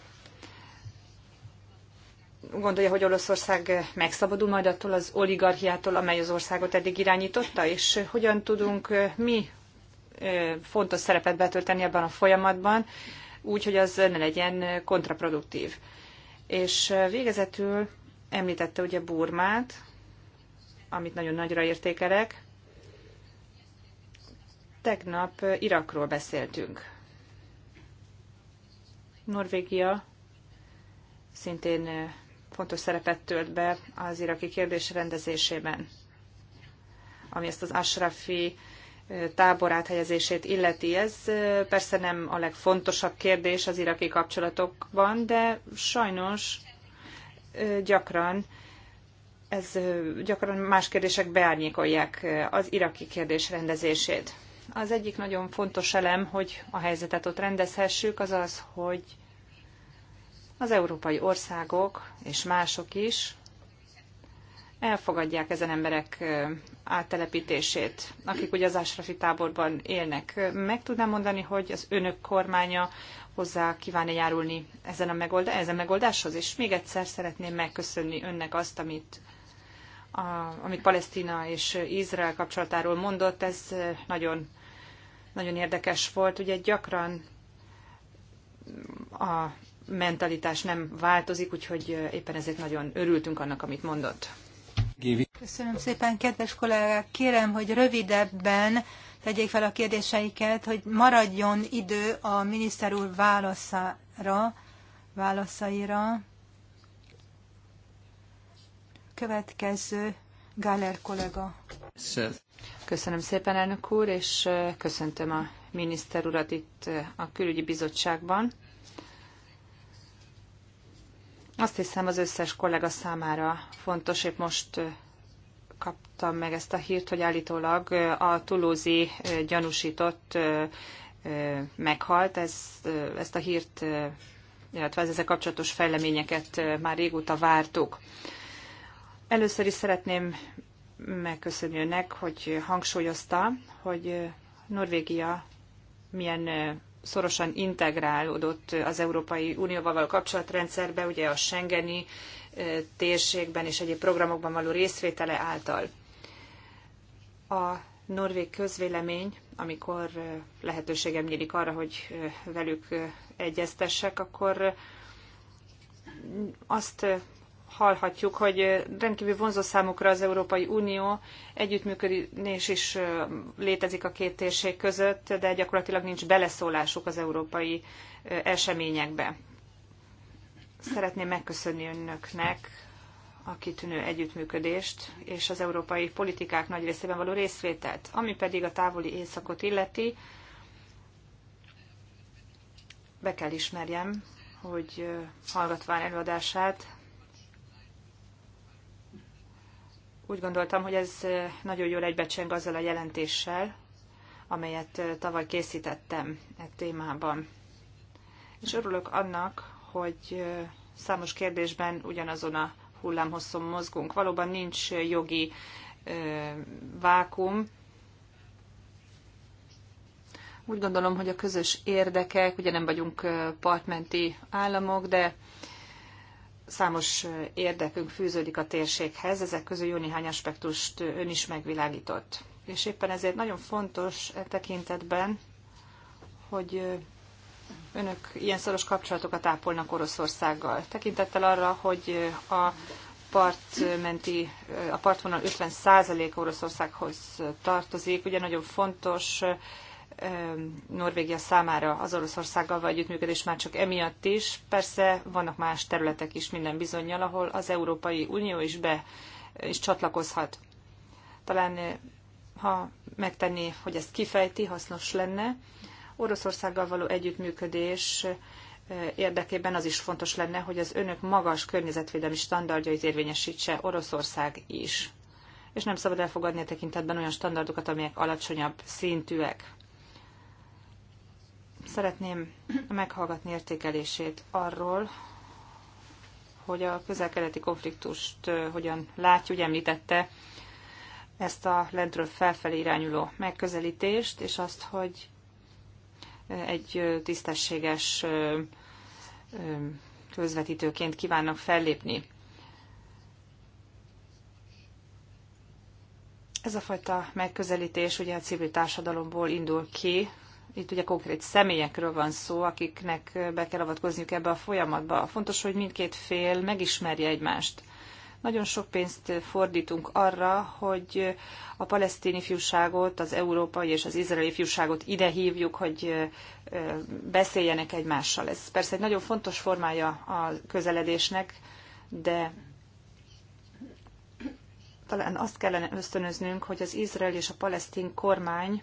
Gondolja, hogy Oroszország megszabadul majd attól az oligarchiától, amely az országot eddig irányította, és hogyan tudunk mi fontos szerepet betölteni ebben a folyamatban, úgy, hogy az ne legyen kontraproduktív. És végezetül említette ugye Burmát, amit nagyon nagyra értékelek. Tegnap Irakról beszéltünk. Norvégia szintén fontos szerepet tölt be az iraki kérdés rendezésében, ami ezt az Ashrafi tábor áthelyezését illeti. Ez persze nem a legfontosabb kérdés az iraki kapcsolatokban, de sajnos gyakran ez gyakran más kérdések beárnyékolják az iraki kérdés rendezését. Az egyik nagyon fontos elem, hogy a helyzetet ott rendezhessük, az az, hogy az európai országok és mások is elfogadják ezen emberek áttelepítését, akik ugye az ásrafi táborban élnek. Meg tudnám mondani, hogy az önök kormánya hozzá kívánja járulni ezen a, megolda, ezen a megoldáshoz, és még egyszer szeretném megköszönni önnek azt, amit a, amit Palesztina és Izrael kapcsolatáról mondott, ez nagyon, nagyon érdekes volt. Ugye gyakran a mentalitás nem változik, úgyhogy éppen ezért nagyon örültünk annak, amit mondott. Köszönöm szépen, kedves kollégák! Kérem, hogy rövidebben tegyék fel a kérdéseiket, hogy maradjon idő a miniszter úr válaszára, válaszaira. Következő Gáler kollega. Köszönöm szépen, elnök úr, és köszöntöm a miniszter urat itt a külügyi bizottságban. Azt hiszem az összes kollega számára fontos, épp most kaptam meg ezt a hírt, hogy állítólag a tulózi gyanúsított meghalt. Ez, ezt a hírt, illetve az ezzel kapcsolatos fejleményeket már régóta vártuk. Először is szeretném megköszönni önnek, hogy hangsúlyozta, hogy Norvégia milyen szorosan integrálódott az Európai Unióval való kapcsolatrendszerbe, ugye a Schengeni eh, térségben és egyéb programokban való részvétele által. A norvég közvélemény, amikor eh, lehetőségem nyílik arra, hogy eh, velük egyeztessek, akkor mm, azt hallhatjuk, hogy rendkívül vonzó számukra az Európai Unió együttműködés is létezik a két térség között, de gyakorlatilag nincs beleszólásuk az európai eseményekbe. Szeretném megköszönni önöknek a kitűnő együttműködést és az európai politikák nagy részében való részvételt, ami pedig a távoli éjszakot illeti. Be kell ismerjem, hogy hallgatván előadását Úgy gondoltam, hogy ez eh, nagyon jól egybecseng azzal a jelentéssel, amelyet eh, tavaly készítettem e témában. És örülök annak, hogy eh, számos kérdésben ugyanazon a hullámhosszon mozgunk. Valóban nincs jogi vákum. Úgy gondolom, hogy a közös érdekek, ugye nem vagyunk partmenti államok, de Számos érdekünk fűződik a térséghez, ezek közül jó néhány aspektust ön is megvilágított. És éppen ezért nagyon fontos e tekintetben, hogy önök ilyen szoros kapcsolatokat ápolnak Oroszországgal. Tekintettel arra, hogy a partmenti, a partvonal 50% Oroszországhoz tartozik, ugye nagyon fontos Norvégia számára az Oroszországgal való együttműködés már csak emiatt is. Persze vannak más területek is minden bizonyal, ahol az Európai Unió is be is csatlakozhat. Talán eh, ha megtenné, hogy ezt kifejti, hasznos lenne. Oroszországgal való együttműködés eh, érdekében az is fontos lenne, hogy az önök magas környezetvédelmi standardjait érvényesítse Oroszország is. És nem szabad elfogadni a tekintetben olyan standardokat, amelyek alacsonyabb szintűek. Szeretném meghallgatni értékelését arról, hogy a közel-keleti konfliktust hogyan látja, úgy említette ezt a lentről felfelé irányuló megközelítést, és azt, hogy egy tisztességes közvetítőként kívánnak fellépni. Ez a fajta megközelítés ugye a civil társadalomból indul ki, itt ugye konkrét személyekről van szó, akiknek be kell avatkozniuk ebbe a folyamatba. Fontos, hogy mindkét fél megismerje egymást. Nagyon sok pénzt fordítunk arra, hogy a palesztini fiúságot, az európai és az izraeli fiúságot ide hívjuk, hogy beszéljenek egymással. Ez persze egy nagyon fontos formája a közeledésnek, de talán azt kellene ösztönöznünk, hogy az izrael és a palesztin kormány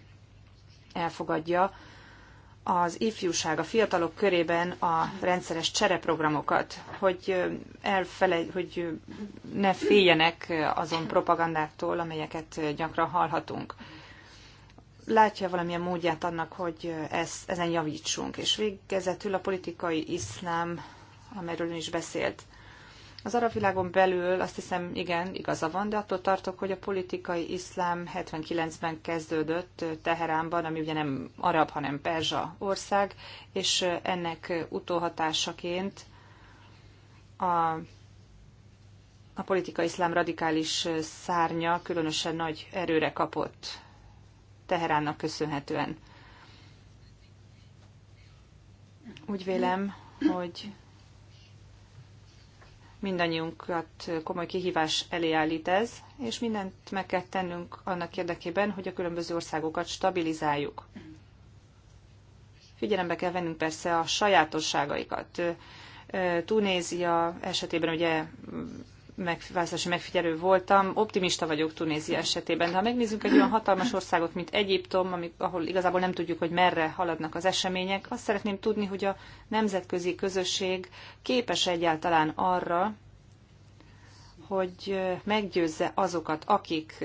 elfogadja az ifjúság a fiatalok körében a rendszeres csereprogramokat, hogy, elfele, hogy ne féljenek azon propagandáktól, amelyeket gyakran hallhatunk. Látja valamilyen módját annak, hogy ez, ezen javítsunk. És végezetül a politikai iszlám, amelyről ön is beszélt. Az arab világon belül azt hiszem, igen, igaza van, de attól tartok, hogy a politikai iszlám 79-ben kezdődött Teheránban, ami ugye nem arab, hanem perzsa ország, és ennek utóhatásaként a, a politikai iszlám radikális szárnya különösen nagy erőre kapott Teheránnak köszönhetően. Úgy vélem, hogy mindannyiunkat komoly kihívás elé állít ez, és mindent meg kell tennünk annak érdekében, hogy a különböző országokat stabilizáljuk. Figyelembe kell vennünk persze a sajátosságaikat. Tunézia esetében ugye meg, választási megfigyelő voltam, optimista vagyok Tunézia esetében, de ha megnézzük egy olyan hatalmas országot, mint Egyiptom, amik, ahol igazából nem tudjuk, hogy merre haladnak az események, azt szeretném tudni, hogy a nemzetközi közösség képes egyáltalán arra, hogy meggyőzze azokat, akik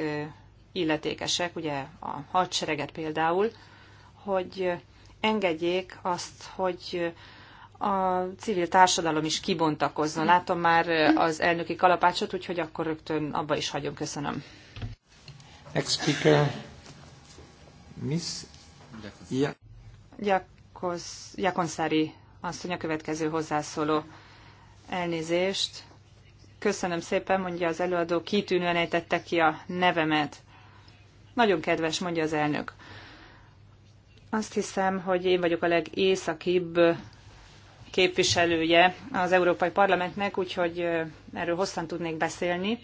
illetékesek, ugye a hadsereget például, hogy engedjék azt, hogy a civil társadalom is kibontakozzon. Látom már az elnöki kalapácsot, úgyhogy akkor rögtön abba is hagyom. Köszönöm. Next speaker, Miss ja. Jakonszári asszony a következő hozzászóló. Elnézést. Köszönöm szépen, mondja az előadó, kitűnően ejtette ki a nevemet. Nagyon kedves, mondja az elnök. Azt hiszem, hogy én vagyok a legészakibb képviselője az Európai Parlamentnek, úgyhogy erről hosszan tudnék beszélni.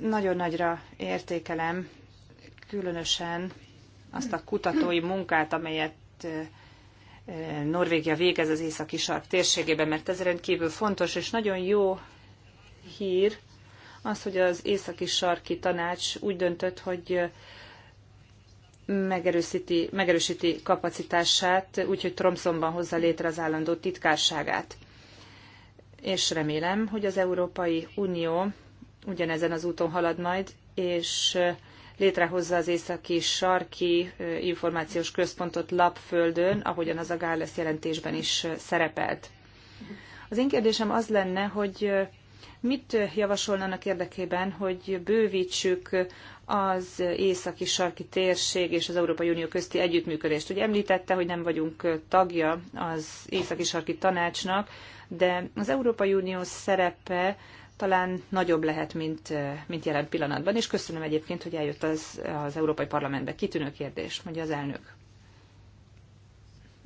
Nagyon nagyra értékelem különösen azt a kutatói munkát, amelyet Norvégia végez az északi sark térségében, mert ez rendkívül fontos, és nagyon jó hír az, hogy az északi sarki tanács úgy döntött, hogy megerősíti, megerősíti kapacitását, úgyhogy Tromszonban hozza létre az állandó titkárságát. És remélem, hogy az Európai Unió ugyanezen az úton halad majd, és létrehozza az északi sarki információs központot Lapföldön, ahogyan az a Gálesz jelentésben is szerepelt. Az én kérdésem az lenne, hogy mit javasolna annak érdekében, hogy bővítsük az északi sarki térség és az Európai Unió közti együttműködést. Ugye említette, hogy nem vagyunk tagja az északi sarki tanácsnak, de az Európai Unió szerepe talán nagyobb lehet, mint, mint jelen pillanatban, és köszönöm egyébként, hogy eljött az, az Európai Parlamentbe. Kitűnő kérdés, mondja az elnök.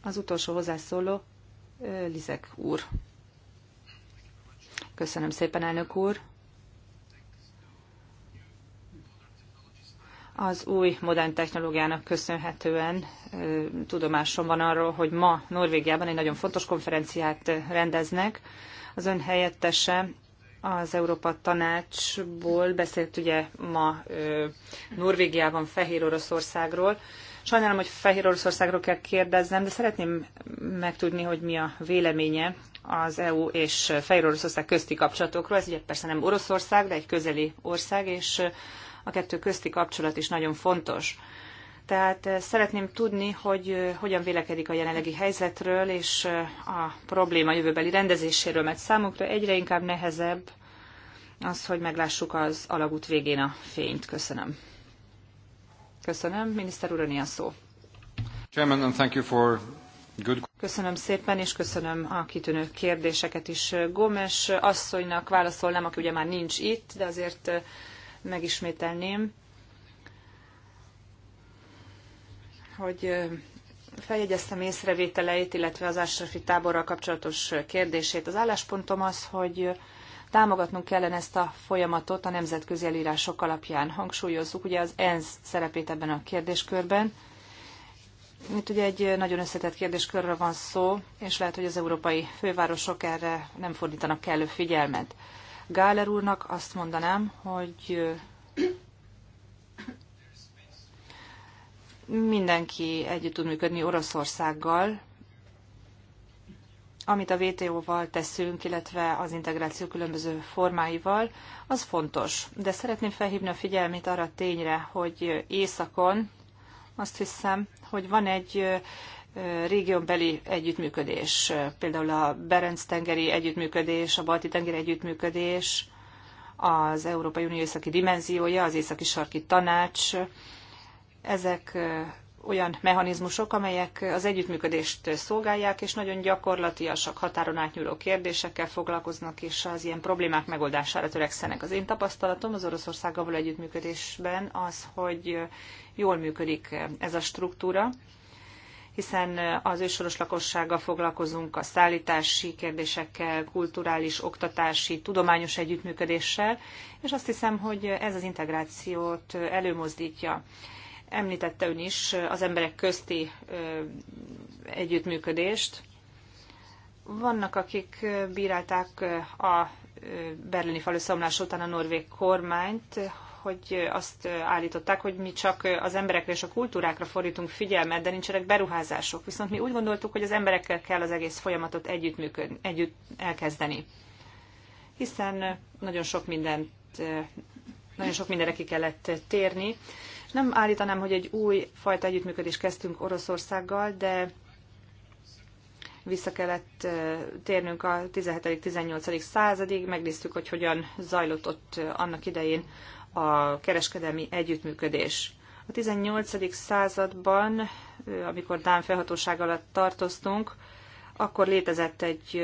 Az utolsó hozzászóló, Lizek úr. Köszönöm szépen, elnök úr. Az új modern technológiának köszönhetően tudomásom van arról, hogy ma Norvégiában egy nagyon fontos konferenciát rendeznek. Az ön helyettese az Európa Tanácsból beszélt ugye ma Norvégiában Fehér Oroszországról. Sajnálom, hogy Fehér Oroszországról kell kérdeznem, de szeretném megtudni, hogy mi a véleménye az EU és Fehér Oroszország közti kapcsolatokról. Ez ugye persze nem Oroszország, de egy közeli ország, és a kettő közti kapcsolat is nagyon fontos. Tehát eh, szeretném tudni, hogy eh, hogyan vélekedik a jelenlegi helyzetről és eh, a probléma jövőbeli rendezéséről, mert számunkra egyre inkább nehezebb az, hogy meglássuk az alagút végén a fényt. Köszönöm. Köszönöm. Miniszter úr, a szó. Köszönöm szépen, és köszönöm a kitűnő kérdéseket is. Gomes asszonynak válaszolnám, aki ugye már nincs itt, de azért megismételném, hogy feljegyeztem észrevételeit, illetve az Ásrafi táborral kapcsolatos kérdését. Az álláspontom az, hogy támogatnunk kellene ezt a folyamatot a nemzetközi elírások alapján. Hangsúlyozzuk ugye az ENSZ szerepét ebben a kérdéskörben. Itt ugye egy nagyon összetett kérdéskörről van szó, és lehet, hogy az európai fővárosok erre nem fordítanak kellő figyelmet. Gáler úrnak azt mondanám, hogy mindenki együtt tud működni Oroszországgal, amit a WTO-val teszünk, illetve az integráció különböző formáival, az fontos. De szeretném felhívni a figyelmét arra a tényre, hogy északon azt hiszem, hogy van egy régiónbeli együttműködés, például a Berenc-tengeri együttműködés, a Balti-tengeri együttműködés, az Európai Unió északi dimenziója, az északi-sarki tanács, ezek olyan mechanizmusok, amelyek az együttműködést szolgálják, és nagyon gyakorlatiasak, határon átnyúló kérdésekkel foglalkoznak, és az ilyen problémák megoldására törekszenek. Az én tapasztalatom az Oroszországgal való együttműködésben az, hogy jól működik ez a struktúra, hiszen az ősoros lakossággal foglalkozunk, a szállítási kérdésekkel, kulturális, oktatási, tudományos együttműködéssel, és azt hiszem, hogy ez az integrációt előmozdítja. Említette ön is az emberek közti együttműködést. Vannak, akik bírálták a berlini fal összeomlás után a norvég kormányt, hogy azt állították, hogy mi csak az emberekre és a kultúrákra fordítunk figyelmet, de nincsenek beruházások. Viszont mi úgy gondoltuk, hogy az emberekkel kell az egész folyamatot együttműködni, együtt elkezdeni. Hiszen nagyon sok mindent, nagyon sok mindenre ki kellett térni. Nem állítanám, hogy egy új fajta együttműködést kezdtünk Oroszországgal, de vissza kellett térnünk a 17.-18. századig, megnéztük, hogy hogyan zajlott ott annak idején a kereskedelmi együttműködés. A 18. században, amikor Dán felhatóság alatt tartoztunk, akkor létezett egy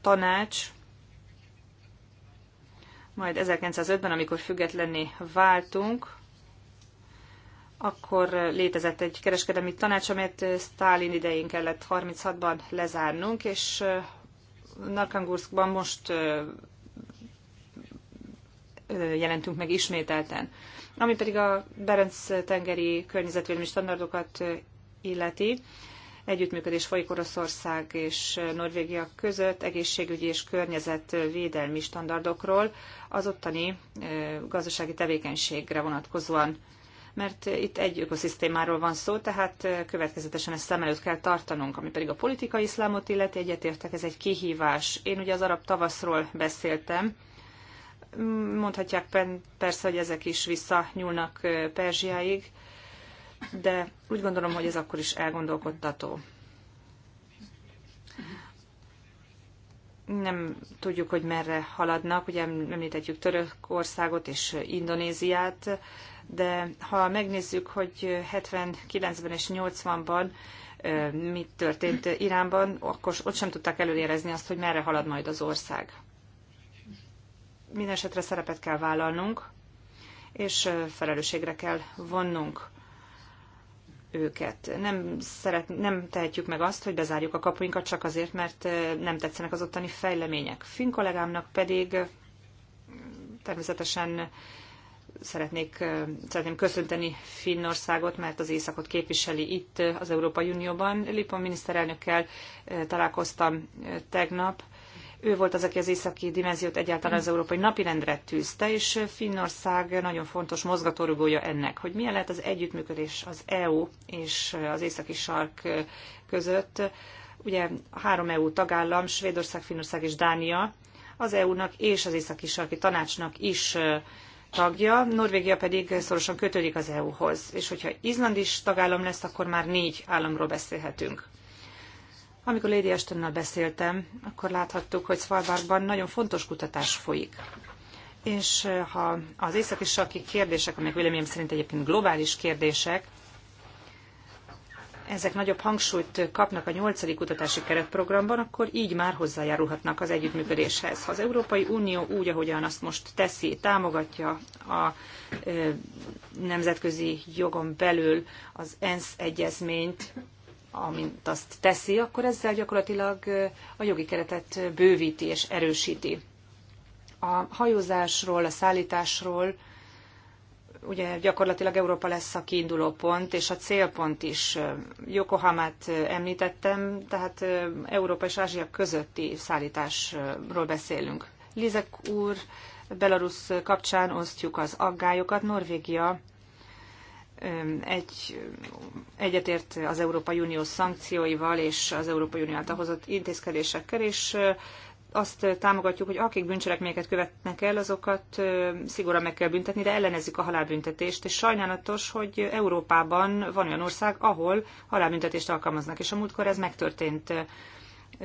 tanács, majd 1905-ben, amikor függetlenné váltunk, akkor létezett egy kereskedelmi tanács, amelyet Stálin idején kellett 36-ban lezárnunk, és Narkangurskban most jelentünk meg ismételten. Ami pedig a Berenc tengeri környezetvédelmi standardokat illeti, együttműködés folyik Oroszország és Norvégia között egészségügyi és környezetvédelmi standardokról az ottani gazdasági tevékenységre vonatkozóan. Mert itt egy ökoszisztémáról van szó, tehát következetesen ezt szem előtt kell tartanunk, ami pedig a politikai iszlámot illeti egyetértek, ez egy kihívás. Én ugye az arab tavaszról beszéltem, Mondhatják persze, hogy ezek is visszanyúlnak Perzsiáig, de úgy gondolom, hogy ez akkor is elgondolkodtató. nem tudjuk, hogy merre haladnak, ugye említhetjük Törökországot és Indonéziát, de ha megnézzük, hogy 79-ben és 80-ban mit történt Iránban, akkor ott sem tudták előérezni azt, hogy merre halad majd az ország. Mindenesetre szerepet kell vállalnunk, és felelősségre kell vonnunk őket. Nem, szeret, nem tehetjük meg azt, hogy bezárjuk a kapuinkat csak azért, mert nem tetszenek az ottani fejlemények. Finn kollégámnak pedig természetesen szeretnék, szeretném köszönteni Finnországot, mert az északot képviseli itt az Európai Unióban. Lipon miniszterelnökkel találkoztam tegnap, ő volt az, aki az északi dimenziót egyáltalán az európai napirendre tűzte, és Finnország nagyon fontos mozgatórugója ennek, hogy milyen lehet az együttműködés az EU és az északi sark között. Ugye három EU tagállam, Svédország, Finnország és Dánia, az EU-nak és az északi sarki tanácsnak is tagja, Norvégia pedig szorosan kötődik az EU-hoz. És hogyha Izland is tagállam lesz, akkor már négy államról beszélhetünk. Amikor Lady Ashtonnal beszéltem, akkor láthattuk, hogy Svalbardban nagyon fontos kutatás folyik. És eh, ha az északi sarki kérdések, amelyek véleményem szerint egyébként globális kérdések, ezek nagyobb hangsúlyt kapnak a nyolcadik kutatási keretprogramban, akkor így már hozzájárulhatnak az együttműködéshez. Ha az Európai Unió úgy, ahogyan azt most teszi, támogatja a eh, nemzetközi jogon belül az ENSZ egyezményt, amint azt teszi, akkor ezzel gyakorlatilag a jogi keretet bővíti és erősíti. A hajózásról, a szállításról ugye gyakorlatilag Európa lesz a kiinduló pont, és a célpont is. Jokohamát említettem, tehát Európa és Ázsia közötti szállításról beszélünk. Lizek úr, Belarus kapcsán osztjuk az aggályokat. Norvégia egy, egyetért az Európai Unió szankcióival és az Európai Unió által hozott intézkedésekkel, és azt támogatjuk, hogy akik bűncselekményeket követnek el, azokat szigorúan meg kell büntetni, de ellenezzük a halálbüntetést. És sajnálatos, hogy Európában van olyan ország, ahol halálbüntetést alkalmaznak, és a múltkor ez megtörtént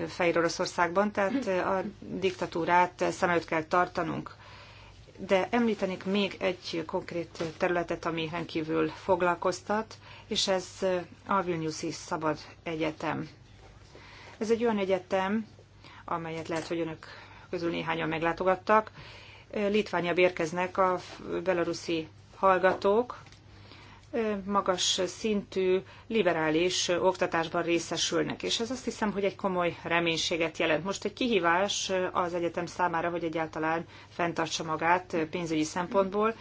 Fehér Oroszországban, tehát a diktatúrát szem előtt kell tartanunk de említenék még egy konkrét területet, ami rendkívül foglalkoztat, és ez a Vilniuszi Szabad Egyetem. Ez egy olyan egyetem, amelyet lehet, hogy önök közül néhányan meglátogattak. Litványább érkeznek a belaruszi hallgatók, magas szintű liberális oktatásban részesülnek, és ez azt hiszem, hogy egy komoly reménységet jelent. Most egy kihívás az egyetem számára, hogy egyáltalán fenntartsa magát pénzügyi szempontból,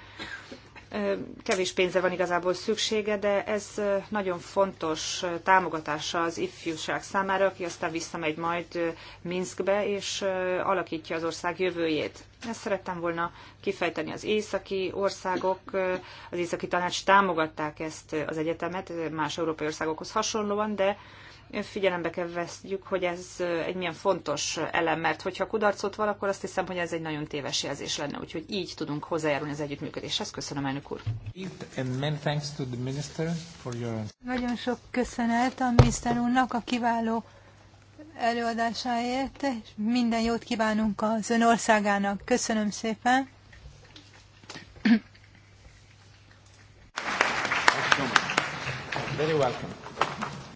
Kevés pénze van igazából szüksége, de ez nagyon fontos támogatása az ifjúság számára, aki aztán visszamegy majd Minskbe, és alakítja az ország jövőjét. Ezt szerettem volna kifejteni az északi országok, az északi tanács támogatták ezt az egyetemet más európai országokhoz hasonlóan, de figyelembe kell vesztjük, hogy ez egy milyen fontos elem, mert hogyha kudarcot van, akkor azt hiszem, hogy ez egy nagyon téves jelzés lenne, úgyhogy így tudunk hozzájárulni az együttműködéshez. Köszönöm, elnök úr. Nagyon sok köszönet a miniszter úrnak a kiváló előadásáért, és minden jót kívánunk az ön országának. Köszönöm szépen. Very welcome.